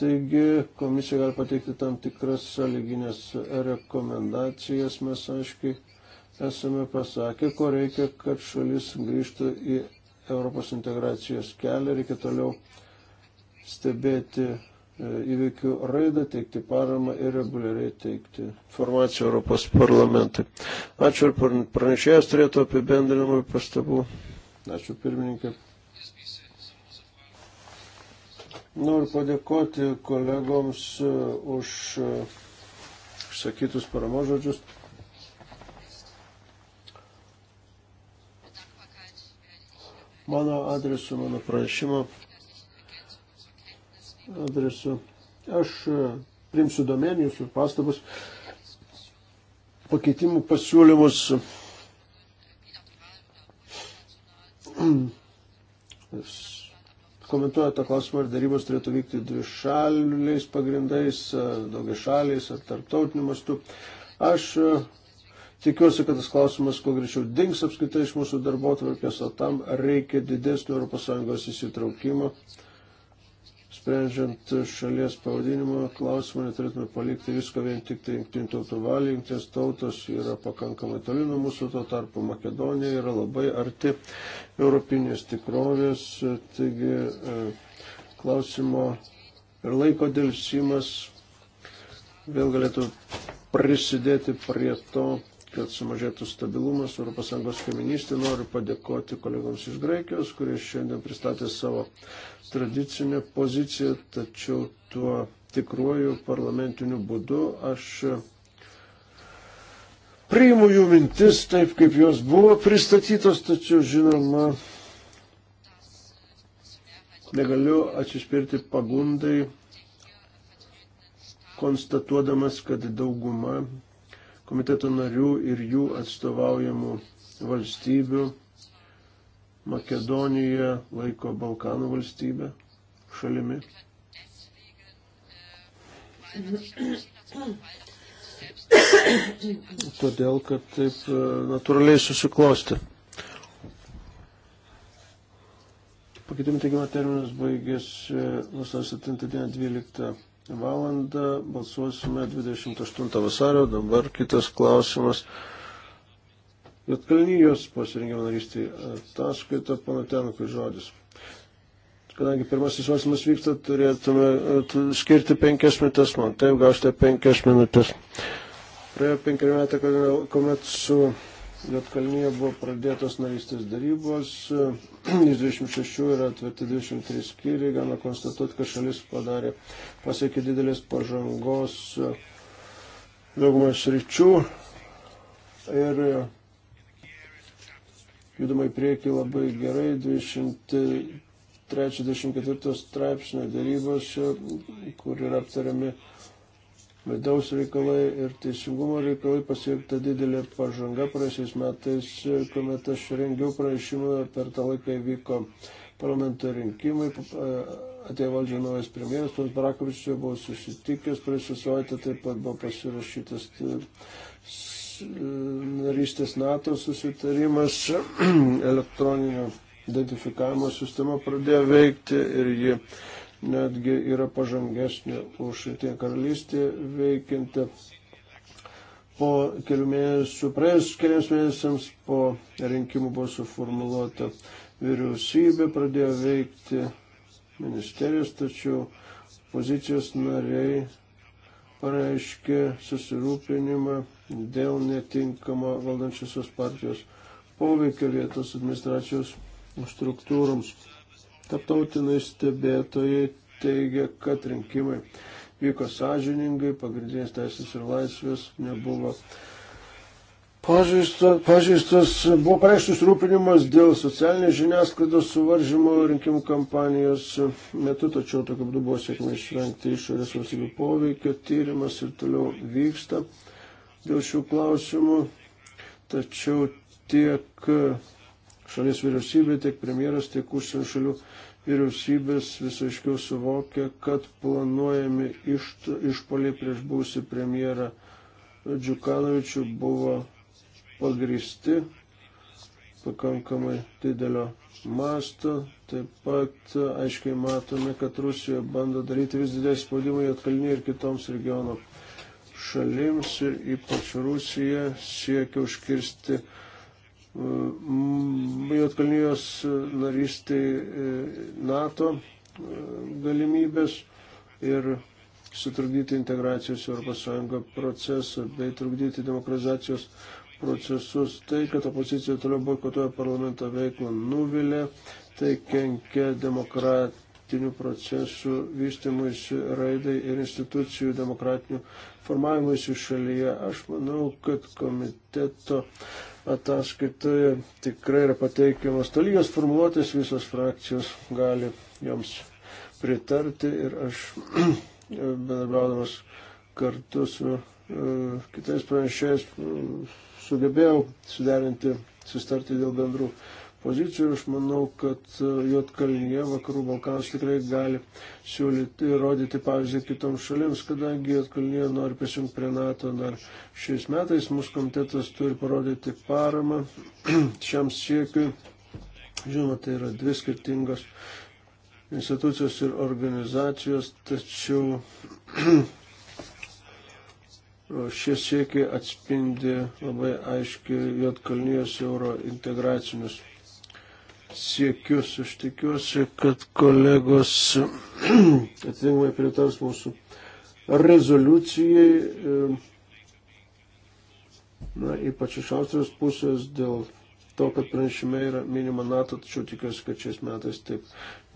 A: Taigi komisija gali pateikti tam tikras sąlyginės rekomendacijas, mes aiškiai esame pasakę, ko reikia, kad šalis grįžtų į Europos integracijos kelią, reikia toliau stebėti e, įvykių raidą, teikti paramą ir reguliariai teikti informaciją Europos parlamentui. Ačiū ir pranešėjas turėtų apibendrinamų pastabų. Ačiū pirmininkė. Noriu padėkoti kolegoms e, už e, išsakytus paramos žodžius. mano adresu, mano prašymo adresu. Aš e, primsiu domenį jūsų pastabus, pakeitimų pasiūlymus. Komentuoja tą klausimą, ar darybos turėtų vykti dvišaliais pagrindais, e, daugiašaliais ar tarptautiniu mastu. Aš e, Tikiuosi, kad tas klausimas kuo greičiau dings apskaitai iš mūsų darbo tvarkės, o tam reikia didesnio ES įsitraukimo. Sprendžiant šalies pavadinimo klausimą, neturėtume palikti viską vien tik tai jungtinių tautų valiai. Jungtinės tautos yra pakankamai toli nuo mūsų, tuo tarpu Makedonija yra labai arti europinės tikrovės. Taigi e, klausimo ir laiko dėlsimas vėl galėtų prisidėti prie to, kad sumažėtų stabilumas ES kaiminystė. Noriu padėkoti kolegoms iš Graikijos, kurie šiandien pristatė savo tradicinę poziciją, tačiau tuo tikruoju parlamentiniu būdu aš priimu jų mintis taip, kaip jos buvo pristatytos, tačiau žinoma, negaliu atsispirti pagundai konstatuodamas, kad dauguma komiteto narių ir jų atstovaujamų valstybių. Makedonija laiko Balkanų valstybę šalimi. Todėl, kad taip e, natūraliai susiklosti. Pakeitimų teikimo terminas baigėsi e, 27.12 valandą, balsuosime 28 vasario, dabar kitas klausimas. Jotkalnyjos pasirinkimo narystį ataskaita, pana Tenukui žodis. Kadangi pirmasis svarstymas vyksta, turėtume e, skirti penkias minutės man. Taip, gausite penkias minutės. Praėjo penkeri metai, kuomet su Jotkalnyje buvo pradėtos narystės darybos, iš 26 yra atverti 23 skyriai, galima konstatuoti, kad šalis padarė, pasiekė didelės pažangos daugumą sričių ir judama į priekį labai gerai, 23-24 straipsnio darybos, kur yra aptariami vidaus reikalai ir teisingumo reikalai pasiekta didelė pažanga praeisiais metais, kuomet aš rengiau pranešimą, per tą laiką įvyko parlamento rinkimai, atėjo valdžia naujas premjeras, tuos Barakovičius jau buvo susitikęs, praėjusią savaitę taip pat buvo pasirašytas narystės NATO susitarimas, elektroninio identifikavimo sistema pradėjo veikti ir ji netgi yra pažangesnė už Jungtinę karalystę veikianti. Po kelių mėnesių, praėjus keliams mėnesiams po rinkimų buvo suformuoluota vyriausybė, pradėjo veikti ministerijos, tačiau pozicijos nariai pareiškė susirūpinimą dėl netinkamo valdančiosios partijos poveikio vietos administracijos struktūroms. Tarptautiniai stebėtojai teigia, kad rinkimai vyko sąžiningai, pagrindinės teisės ir laisvės nebuvo. Pažįstas buvo pareikštas rūpinimas dėl socialinės žiniasklaidos suvaržymo rinkimų kampanijos metu, tačiau tokiu būdu buvo sėkmė išvengti išorės valstybių poveikio. Tyrimas ir toliau vyksta dėl šių klausimų, tačiau tiek šalies vyriausybė, tiek premjeras, tiek užsienio šalių vyriausybės vis aiškiau suvokia, kad planuojami išpoliai prieš būsį premjerą Džiukanovičių buvo pagristi pakankamai didelio masto. Taip pat aiškiai matome, kad Rusija bando daryti vis didesnį spaudimą Jotkalnyje ir kitoms regiono šalims ir ypač Rusija siekia užkirsti Mm, Jotkalnijos narystė e, NATO e, galimybės ir sutrukdyti integracijos Europos Sąjungą procesą bei trukdyti demokratizacijos procesus. Tai, kad opozicija toliau boikotuoja parlamento veiklą, nuvilė, tai kenkia demokratinių procesų vystimuisi raidai ir institucijų demokratinių formavimuisi šalyje. Aš manau, kad komiteto ataskaitoje tikrai yra pateikiamas tolygios formuluotės, visos frakcijos gali joms pritarti ir aš bendraudamas kartu su e, kitais pranešėjais e, sugebėjau suderinti, sustarti dėl bendrų pozicijų ir aš manau, kad e, Jotkalnyje, Vakarų Balkanas tikrai gali siūlyti ir rodyti pavyzdį kitoms šalims, kadangi Jotkalnyje nori prisijungti prie NATO dar šiais metais. Mūsų komitetas turi parodyti paramą šiam siekiui. Žinoma, tai yra dvi skirtingos institucijos ir organizacijos, tačiau šie siekiai atspindi labai aiškiai Jotkalnijos euro integracinius siekius. Aš tikiuosi, kad kolegos atitinkamai pritars mūsų rezoliucijai, e, na, ypač iš Austrijos pusės dėl to, kad pranešime yra minima NATO, tačiau tikiuosi, kad šiais metais taip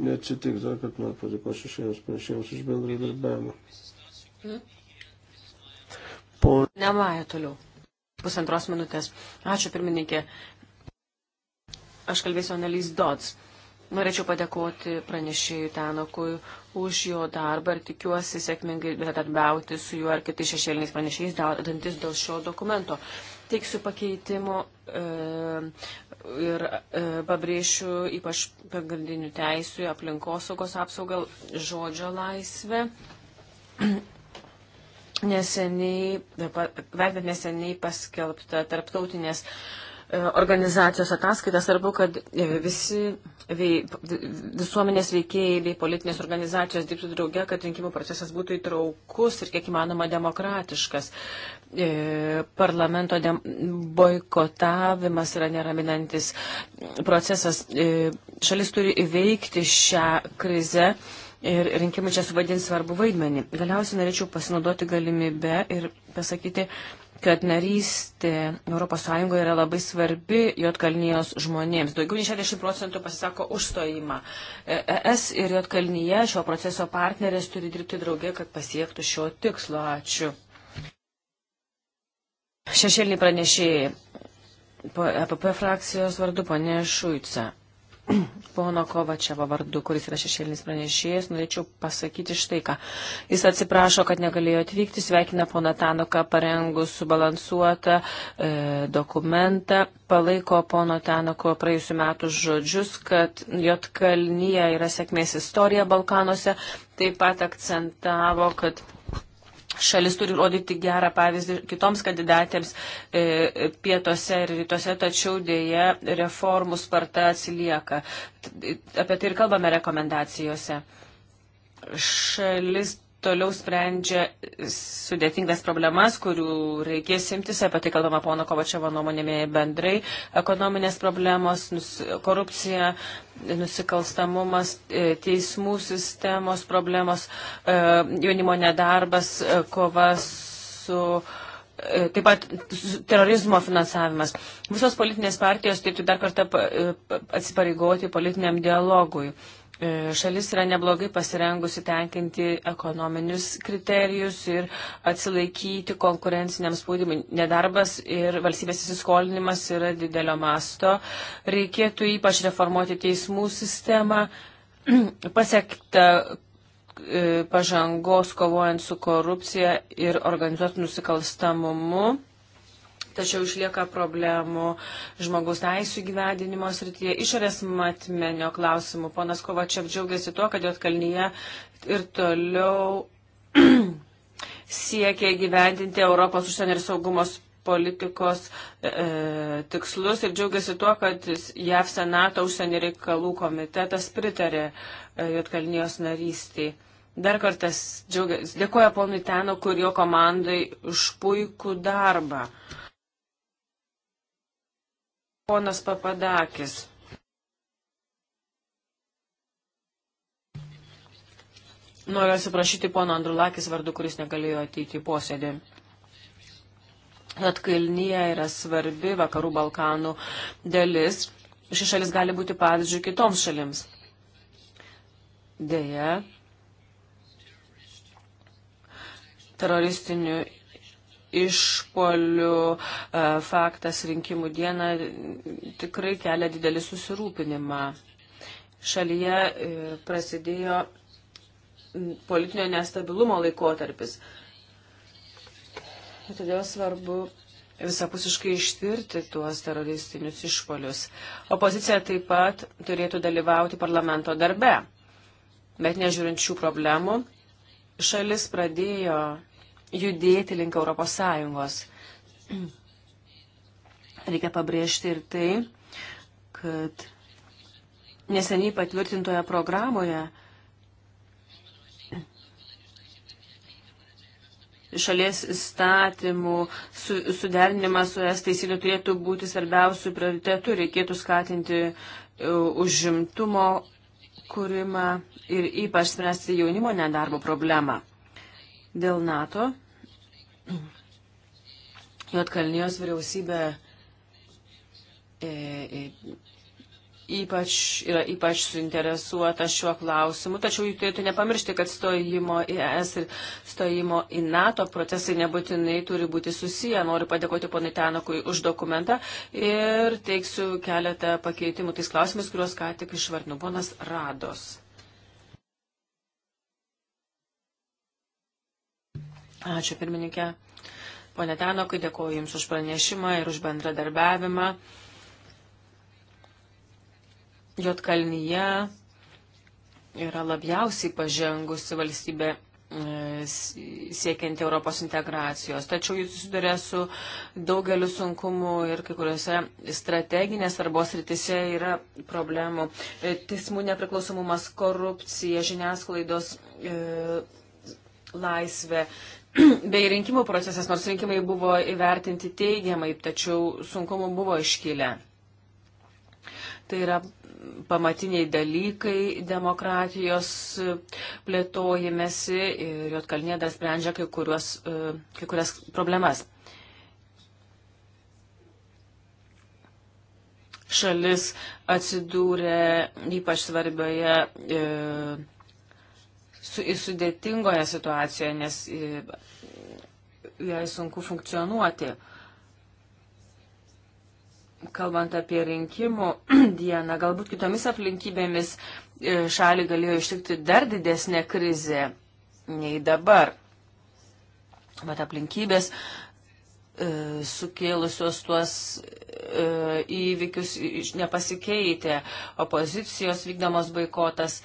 A: neatsitiks, dar kad man padėkosiu šiems pranešėjams už bendradarbiavimą. Hmm? Po...
C: Nemaja toliau. Pusantros minutės. Ačiū pirmininkė. Aš kalbėsiu Annelys Dots. Norėčiau padėkoti pranešėjui Tanokui už jo darbą ir tikiuosi sėkmingai bendradarbiauti su juo ar kitais šešėliniais pranešėjais dantis dėl šio dokumento. Teiksiu pakeitimo e, ir e, pabrėšiu ypač pagrindinių teisų, aplinkosaugos apsaugą, žodžio laisvę. Neseniai, vertinant neseniai paskelbta tarptautinės E, organizacijos ataskaitas, svarbu, kad e, visi vei, visuomenės veikėjai bei politinės organizacijos dirbtų drauge, kad rinkimų procesas būtų įtraukus ir kiek įmanoma demokratiškas. E, parlamento de boikotavimas yra neraminantis procesas. E, šalis turi įveikti šią krizę. Ir rinkimai čia suvadins svarbu vaidmenį. Galiausiai norėčiau pasinaudoti galimybę ir pasakyti, kad narystė ES yra labai svarbi Jotkalnyjos žmonėms. Daugiau nei 60 procentų pasisako užstojimą. ES e ir Jotkalnyje šio proceso partnerės turi dirbti draugė, kad pasiektų šio tikslo. Ačiū. Šešėlį pranešėjai. EPP frakcijos vardu ponė Šuica. pono Kovačevo vardu, kuris yra šešėlinis pranešėjas, norėčiau pasakyti štai ką. Jis atsiprašo, kad negalėjo atvykti, sveikina poną Tanuką parengus subalansuotą e, dokumentą, palaiko pono Tanuko praėjusiu metu žodžius, kad Jotkalnyje yra sėkmės istorija Balkanuose, taip pat akcentavo, kad šalis turi rodyti gerą pavyzdį kitoms kandidatėms e, pietuose ir rytuose, tačiau dėje reformų sparta atsilieka. Apie tai ir kalbame rekomendacijose. Šalis toliau sprendžia sudėtingas problemas, kurių reikės imtis, apie tai kalbama pono Kovačiovo nuomonėme bendrai, ekonominės problemos, nus, korupcija, nusikalstamumas, e, teismų sistemos problemos, e, jaunimo nedarbas, e, kova su taip pat terorizmo finansavimas. Visos politinės partijos turėtų dar kartą atsipareigoti politiniam dialogui. E, šalis yra neblogai pasirengusi tenkinti ekonominius kriterijus ir atsilaikyti konkurenciniam spaudimui. Nedarbas ir valstybės įsiskolinimas yra didelio masto. Reikėtų ypač reformuoti teismų sistemą, pasiekta e, pažangos kovojant su korupcija ir organizuotų nusikalstamumu tačiau išlieka problemų žmogaus teisų gyvendinimo srityje, išorės matmenio klausimų. Ponas Kovačiap džiaugiasi tuo, kad Jotkalnyje ir toliau siekia gyvendinti Europos užsienio ir saugumos politikos e, e, tikslus ir džiaugiasi tuo, kad JAV Senato užsienio reikalų komitetas pritarė e, Jotkalnijos narystiai. Dar kartas džiaugiasi. Dėkuoju ponui Teno, kur jo komandai už puikų darbą. Ponas Papadakis. Noriu atsiprašyti pono Andrulakis vardu, kuris negalėjo ateiti į posėdį. Atkalnyje yra svarbi vakarų Balkanų dalis. Ši šalis gali būti pavyzdžių kitoms šalims. Deja, teroristinių išpolių e, faktas rinkimų dieną tikrai kelia didelį susirūpinimą. Šalyje e, prasidėjo politinio nestabilumo laikotarpis. Ir todėl svarbu visapusiškai ištirti tuos teroristinius išpolius. Opozicija taip pat turėtų dalyvauti parlamento darbe. Bet nežiūrint šių problemų, šalis pradėjo judėti link Europos Sąjungos. Reikia pabrėžti ir tai, kad neseniai patvirtintoje programoje šalies įstatymų su, suderinimas su es taisyklių nu turėtų būti svarbiausių prioritetų. Reikėtų skatinti e, užimtumo kūrimą ir ypač spręsti jaunimo nedarbo problemą. Dėl NATO Jotkalnijos vyriausybė e, e, ypač, yra ypač suinteresuota šiuo klausimu, tačiau jūs turėtų nepamiršti, kad stojimo į ES ir stojimo į NATO procesai nebūtinai turi būti susiję. Noriu padėkoti ponai Tenokui už dokumentą ir teiksiu keletą pakeitimų tais klausimais, kuriuos ką tik išvardinu. Ponas Rados. Ačiū pirmininkė. Pone Tenokai, dėkuoju Jums už pranešimą ir už bendradarbiavimą. Jotkalnyje yra labiausiai pažengusi valstybė e, siekianti Europos integracijos. Tačiau jis susiduria su daugeliu sunkumu ir kai kuriuose strateginės svarbos rytise yra problemų. E, teismų nepriklausomumas, korupcija, žiniasklaidos e, laisvė. bei rinkimų procesas, nors rinkimai buvo įvertinti teigiamai, tačiau sunkumų buvo iškilę. Tai yra pamatiniai dalykai demokratijos e, plėtojimėsi ir Jotkalnė dar sprendžia kai, kuriuos, e, kai kurias problemas. Šalis atsidūrė ypač svarbioje. E, su, sudėtingoje situacijoje, nes e, jai sunku funkcionuoti. Kalbant apie rinkimų dieną, galbūt kitomis aplinkybėmis e, šalį galėjo ištikti dar didesnė krizė nei dabar. Bet aplinkybės e, sukėlusios tuos įvykius nepasikeitė. Opozicijos vykdomas boikotas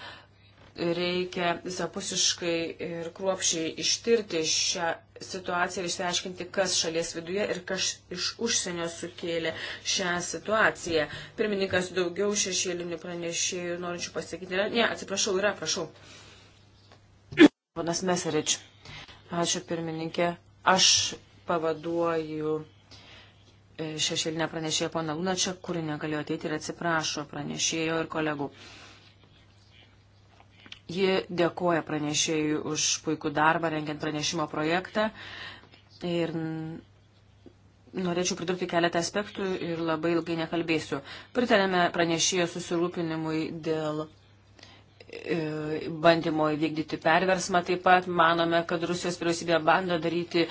C: reikia visapusiškai ir kruopšiai ištirti šią situaciją ir išsiaiškinti, kas šalies viduje ir kas iš užsienio sukėlė šią situaciją. Pirmininkas daugiau šešėlinių pranešėjų norinčių pasakyti. Ne, atsiprašau, yra, prašau. Ponas Meserič, ačiū pirmininkė. Aš pavaduoju e, šešėlinę pranešėją poną Lunačią, kuri negalėjo ateiti ir atsiprašo pranešėjo ir kolegų. Uh, Ji dėkoja pranešėjui už puikų darbą rengiant pranešimo projektą ir norėčiau pridurti keletą aspektų ir labai ilgai nekalbėsiu. Pritarėme pranešėjo susirūpinimui dėl e, bandymo įvykdyti perversmą taip pat. Manome, kad Rusijos vyriausybė bando daryti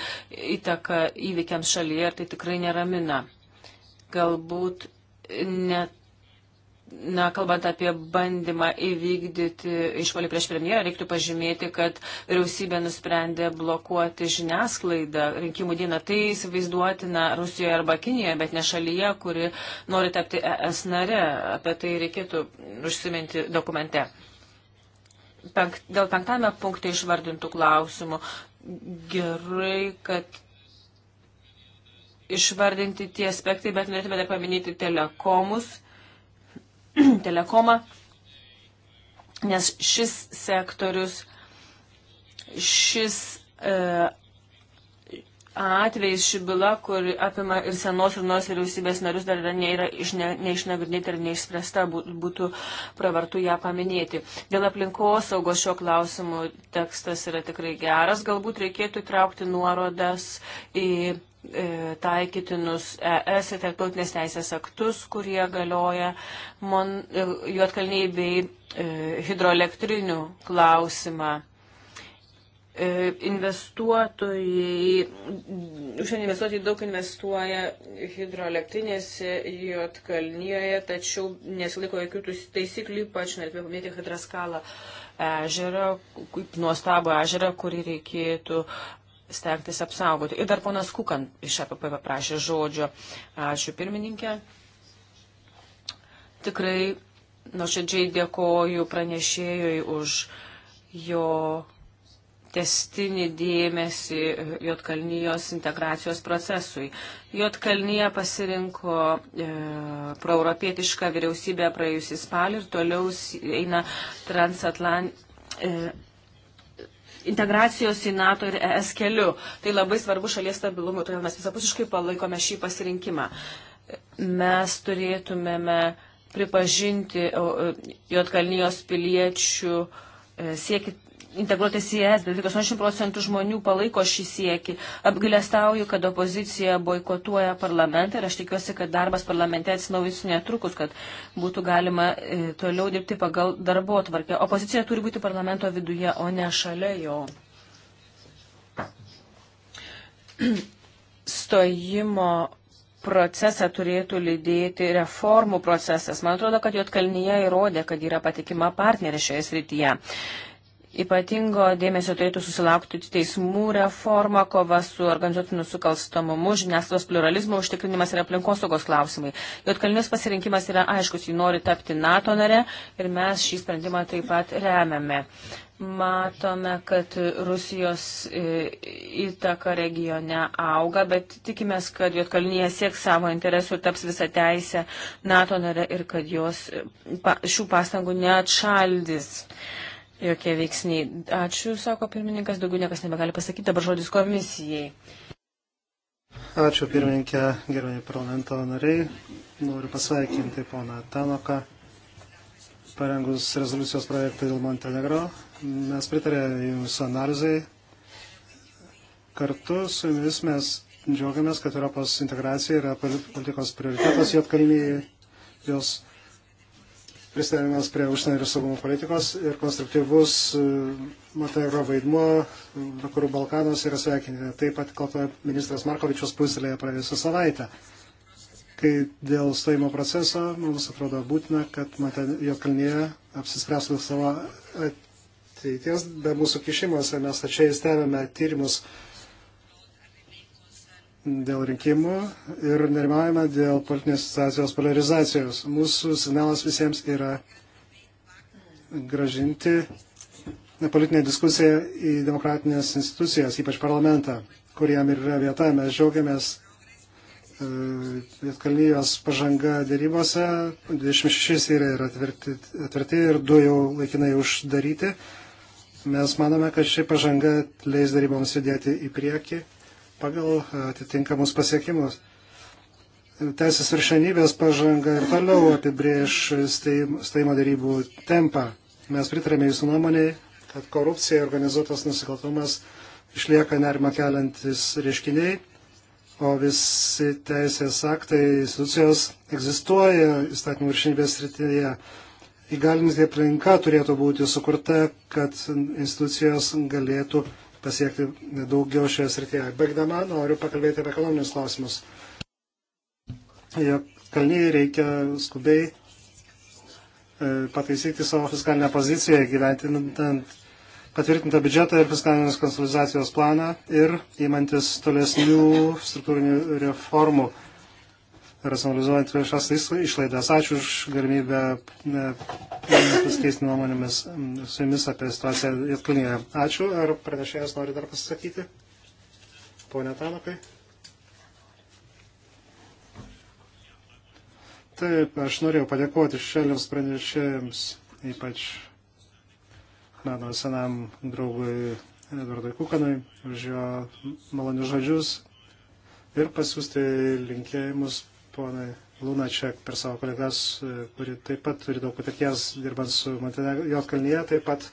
C: įtaką įvykiams šalyje ir tai tikrai neramina. Galbūt net na, kalbant apie bandymą įvykdyti išpolį prieš premjerą, reiktų pažymėti, kad vyriausybė nusprendė blokuoti žiniasklaidą rinkimų dieną. Tai įsivaizduotina Rusijoje arba Kinijoje, bet ne šalyje, kuri nori tapti ES nare. Apie tai reikėtų užsiminti dokumente. Penk, dėl penktame punkte išvardintų klausimų. Gerai, kad išvardinti tie aspektai, bet norėtume dar paminėti telekomus telekomą, nes šis sektorius, šis e, atvejais ši byla, kur apima ir senos ir nors vyriausybės narius dar yra, nėra ne, neišnagrinėta ir neišspręsta, būtų pravartu ją paminėti. Dėl aplinkos saugos šio klausimų tekstas yra tikrai geras, galbūt reikėtų traukti nuorodas į E, taikytinus ES ir tarptautinės teisės aktus, kurie galioja mon, e, juotkalniai bei e, hidroelektrinių klausimą. E, investuotojai, užsienio investuotojai daug investuoja hidroelektrinėse juotkalnyje, tačiau nesilaiko jokių taisyklių, ypač norėtume paminėti hidraskalą ežerą, nuostabų ežerą, kurį reikėtų stengtis apsaugoti. Ir dar ponas Kukan iš APP paprašė žodžio. Ačiū pirmininkė. Tikrai nuoširdžiai dėkoju pranešėjui už jo testinį dėmesį Jotkalnyjos integracijos procesui. Jotkalnyje pasirinko e, proeuropietišką vyriausybę praėjusį spalį ir toliau eina transatlant, e, integracijos į NATO ir ES keliu. Tai labai svarbu šalies stabilumui, todėl mes visapusiškai palaikome šį pasirinkimą. Mes turėtumėme pripažinti e, Jotkalnijos piliečių e, siekit integruotis į ES, bet 80 procentų žmonių palaiko šį siekį. Apgailestauju, kad opozicija boikotuoja parlamentą ir aš tikiuosi, kad darbas parlamente atsinaujins netrukus, kad būtų galima e, toliau dirbti pagal darbo tvarkę. Opozicija turi būti parlamento viduje, o ne šalia jo. Stojimo procesą turėtų lydėti reformų procesas. Man atrodo, kad Jotkalnyje įrodė, kad yra patikima partnerė šioje srityje. Ypatingo dėmesio turėtų susilaukti teismų reforma, kova su organizuotiniu nusikalstamumu, žiniasklaidos pluralizmo užtikrinimas ir aplinkosaugos klausimai. Jotkalnius pasirinkimas yra aiškus, ji nori tapti NATO nare ir mes šį sprendimą taip pat remiame. Matome, kad Rusijos e, įtaka regione auga, bet tikimės, kad Jotkalnyje sieks savo interesų ir taps visą teisę NATO nare ir kad jos e, šių pastangų neatšaldys. Uh, jokie veiksniai. Ačiū, sako pirmininkas, daugiau niekas nebegali pasakyti, dabar žodis komisijai.
B: Ačiū pirmininkė, gerbėjai parlamento nariai. Noriu pasveikinti poną Tanoką, parengus rezoliucijos projektą dėl Montenegro. Mes pritarėme jūsų analizai. Kartu su jumis mes džiaugiamės, kad Europos integracija yra politikos prioritetas, jotkalnyje jos prisidėjimas prie užsienio ir saugumo politikos ir konstruktyvus e, Matero vaidmuo vakarų Balkanos yra sveikinti. Taip pat kalba ministras Markovičius Puzelėje praėjusią savaitę, kai dėl stojimo proceso mums atrodo būtina, kad Jotkalnyje apsispręstų savo ateities be mūsų kišimuose. Mes tačiai stebėme tyrimus dėl rinkimų ir nerimavime dėl politinės situacijos polarizacijos. Mūsų signalas visiems yra gražinti politinę diskusiją į demokratinės institucijas, ypač parlamentą, kuriam ir yra vieta. Mes džiaugiamės Vietkalnyjos e, pažanga dėrybose, 26 yra, yra atverti, atverti ir du jau laikinai uždaryti. Mes manome, kad ši pažanga leis dėryboms judėti į priekį pagal e, atitinkamus pasiekimus. Teisės viršenybės pažanga ir toliau apibrėž steimo darybų tempą. Mes pritarėme jūsų nuomonėje, kad korupcija ir organizuotas nusikaltumas išlieka nerima keliantis reiškiniai, o visi teisės aktai institucijos egzistuoja įstatymų viršinybės srityje įgalinti aplinka turėtų būti sukurta, kad institucijos galėtų pasiekti daugiau šioje srityje. Baigdama noriu pakalbėti apie ekonominius klausimus. Kalniai reikia skubiai e, pataisyti savo fiskalinę poziciją, gyventinant patvirtintą biudžetą ir fiskalinės konsolizacijos planą ir įmantis tolesnių struktūrinių reformų racionalizuojant viešas išlaidas. Ačiū už galimybę e, pasikeisti nuomonėmis su jumis apie situaciją Jatkalnyje. Ačiū. Ar pranešėjas nori dar pasisakyti? Pone Tanokai. Taip, aš norėjau padėkoti šaliams pranešėjams, ypač mano senam draugui Edvardui Kukanui už jo malonius žodžius ir pasiūsti linkėjimus ponai Lunačiak per savo kolegas, e, kuri taip pat turi daug patirties dirbant su Jotkalnyje, taip pat e,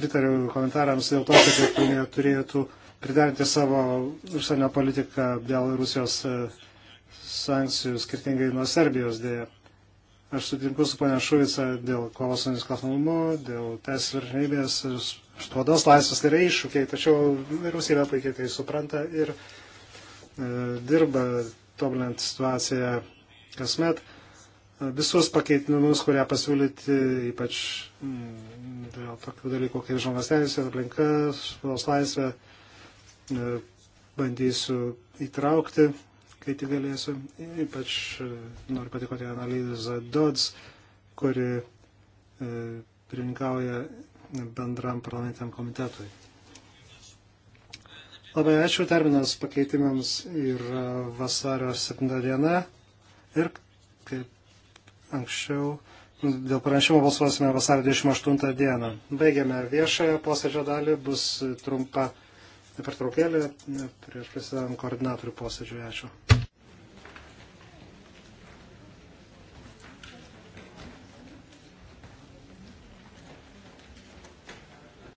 B: pritariu komentarams dėl to, kad Jotkalnyje turėtų pridarinti savo užsienio politiką dėl Rusijos e, sankcijų skirtingai nuo Serbijos dėja. Aš sutinku su ponia Šuvica dėl kovos su nesklafumu, dėl teisės viršinybės, spaudos laisvės tai yra iššūkiai, tačiau vyriausybė puikiai tai supranta ir e, dirba tobulinant situaciją kasmet. Visus pakeitinimus, kurie pasiūlyti, ypač mm, dėl tokių dalykų kaip žmogas teisė, aplinka, spaudos laisvė, e, bandysiu įtraukti, kai tik galėsiu. Ypač e, noriu patikoti analizą Dodds, kuri e, pirmininkauja bendram parlamentiniam komitetui. Labai ačiū, terminas pakeitimams yra vasario 7 diena ir kaip anksčiau dėl pranešimo balsuosime vasario 28 dieną. Baigiame viešąją posėdžio dalį, bus trumpa pertraukėlė prieš prasidedant koordinatorių posėdžiui. Ačiū.